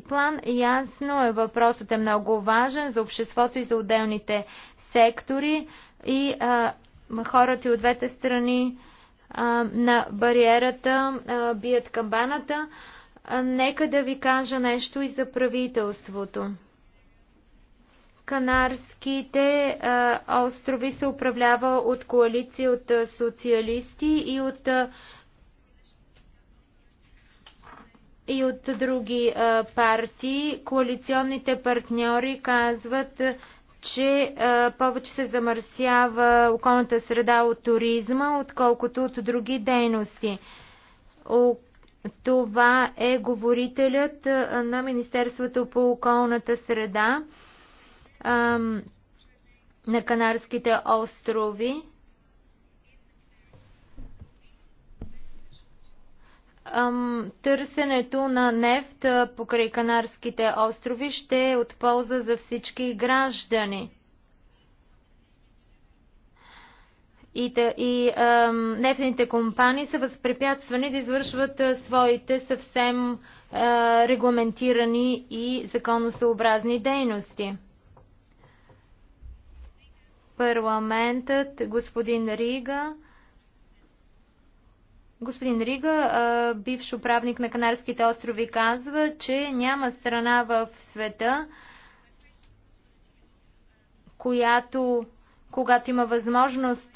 план. Ясно е, въпросът е много важен за обществото и за отделните сектори и а, хората от двете страни а, на бариерата а, бият камбаната. А, нека да ви кажа нещо и за правителството. Канарските а, острови се управлява от коалиция от а, социалисти и от а, и от други а, партии. Коалиционните партньори казват, че а, повече се замърсява околната среда от туризма, отколкото от други дейности. О, това е говорителят а, на Министерството по околната среда ам, на Канарските острови. Ам, търсенето на нефт покрай Канарските острови ще е от полза за всички граждани. и, да, и а, нефтените компании са възпрепятствани да извършват своите съвсем а, регламентирани и законосъобразни дейности парламентът, господин Рига, Господин Рига, бивш управник на Канарските острови, казва, че няма страна в света, която, когато има възможност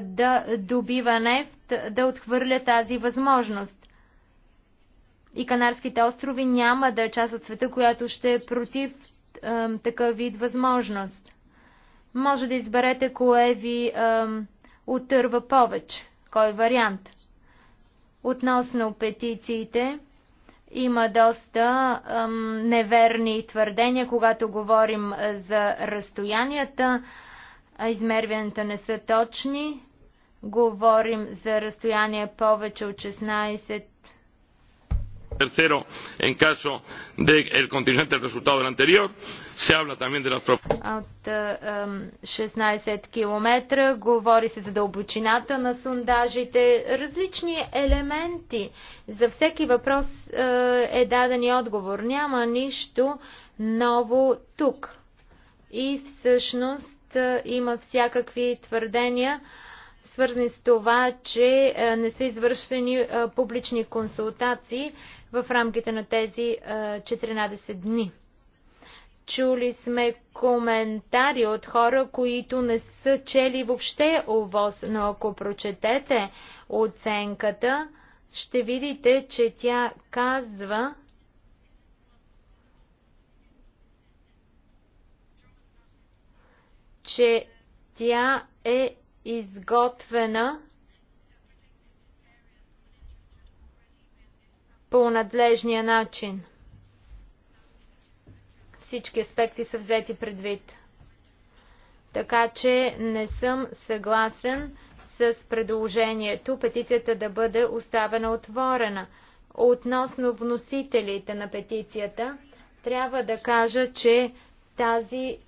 да добива нефт, да отхвърля тази възможност. И Канарските острови няма да е част от света, която ще е против такъв вид възможност. Може да изберете кое ви ам, отърва повече, кой вариант. Относно петициите, има доста ам, неверни твърдения, когато говорим за разстоянията. Измерванията не са точни. Говорим за разстояние повече от 16
tercero en caso del contingente del resultado del anterior. Se habla también de las
От 16 говори се за дълбочината на различни елементи. За всеки въпрос е, е даден отговор. Няма нищо ново тук. И всъщност е, има всякакви твърдения свързани с това, че е, не са извършени публични консултации в рамките на тези 14 дни. Чули сме коментари от хора, които не са чели въобще овоз, но ако прочетете оценката, ще видите, че тя казва, че тя е изготвена по надлежния начин. Всички аспекти са взети предвид. Така че не съм съгласен с предложението петицията да бъде оставена отворена. Относно вносителите на петицията, трябва да кажа, че тази,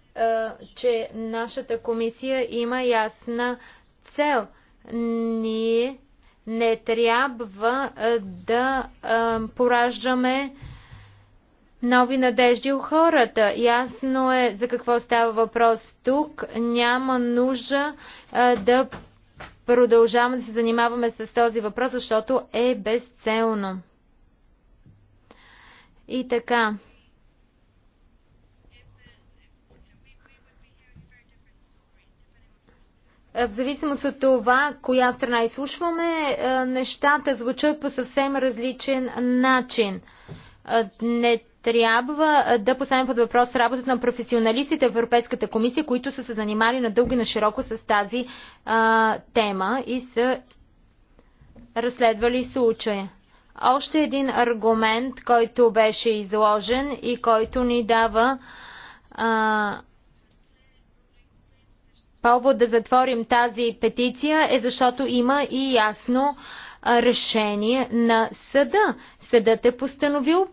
че нашата комисия има ясна цел. Ние не трябва да пораждаме нови надежди у хората. Ясно е за какво става въпрос тук. Няма нужда да продължаваме да се занимаваме с този въпрос, защото е безцелно. И така. Е, в зависимост от това, коя страна изслушваме, е, нещата звучат по съвсем различен начин. Е, не трябва да поставим под въпрос работата на професионалистите в Европейската комисия, които са се занимали надълго и на широко с тази а, тема и са разследвали случая. Още един аргумент, който беше изложен и който ни дава а, Повод да затворим тази петиция е защото има и ясно решение на съда. Съдът е постановил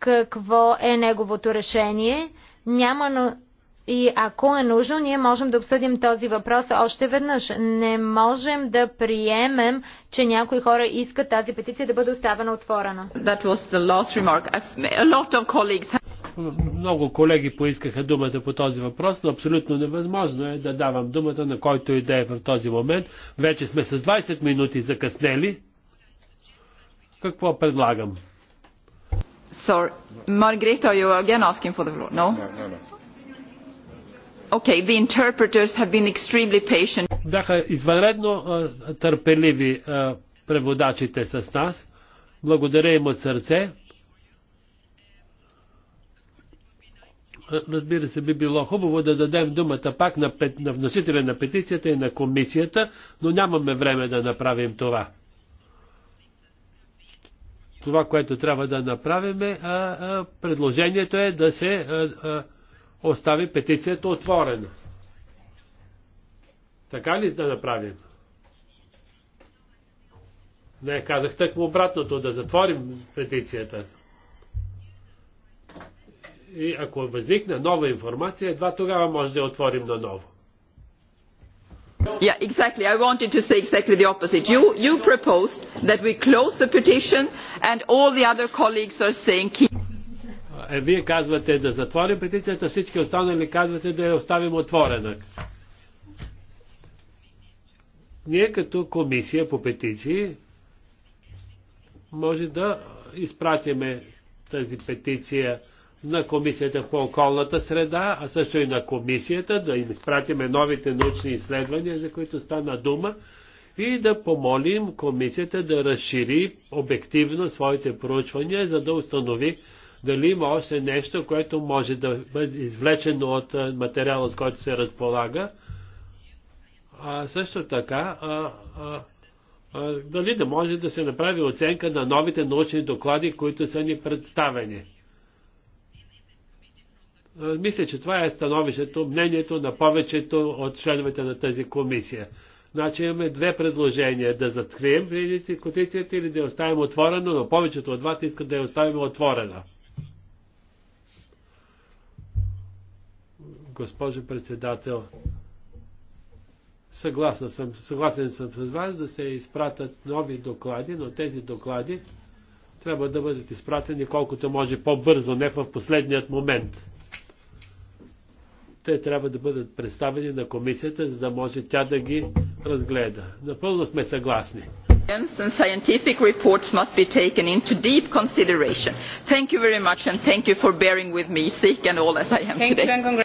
какво е неговото решение. Няма, но и ако е нужно, ние можем да обсъдим този въпрос още веднъж. Не можем да приемем, че някои хора искат тази петиция да бъде оставена отворена.
That was the last remark. A lot of colleagues много колеги поискаха думата по този въпрос, но
абсолютно невъзможно е да давам думата на който и да е в този момент. Вече сме с 20 минути закъснели. Какво предлагам?
Sorry, Margareta, are you again asking for the floor? No? no, no, no. Okay, the interpreters have been extremely patient. Бяха извънредно
търпеливи преводачите с нас. Благодаря им от сърце. разбира се, би било хубаво да дадем думата пак на, пет, на вносителя на петицията и на комисията, но нямаме време да направим това. Това, което трябва да направим, е, предложението е да се а, а, остави петицията отворена. Така ли да направим? Не, казах тъкмо обратното, да затворим петицията. И ако възникне нова информация, едва тогава може да я отворим на ново.
Yeah, exactly. I wanted to say exactly the opposite. You, you proposed that we close the petition and all the other colleagues are saying keep...
Е, вие казвате да затворим петицията, всички останали казвате да я оставим отворена. Ние като комисия по петиции може да изпратиме тази петиция на Комисията по околната среда, а също и на Комисията, да им изпратиме новите научни изследвания, за които стана дума, и да помолим Комисията да разшири обективно своите проучвания, за да установи дали има още нещо, което може да бъде извлечено от материала, с който се разполага. А също така, а, а, а, дали да може да се направи оценка на новите научни доклади, които са ни представени. Е, мисля, че това е становището, мнението на повечето от членовете на тази комисия. Значи имаме две предложения. Да заткрием кутицията или да я оставим отворена, но повечето от двата искат да я оставим отворена. Госпожо председател, съгласен съм, съгласен съм с вас да се изпратят нови доклади, но тези доклади трябва да бъдат изпратени колкото може по-бързо, не в последният момент те трябва да бъдат представени на комисията, за да може тя да ги разгледа. Напълно сме съгласни.
And scientific reports must be taken into deep consideration. Thank you very much and thank you for bearing with me, sick and all as I am today.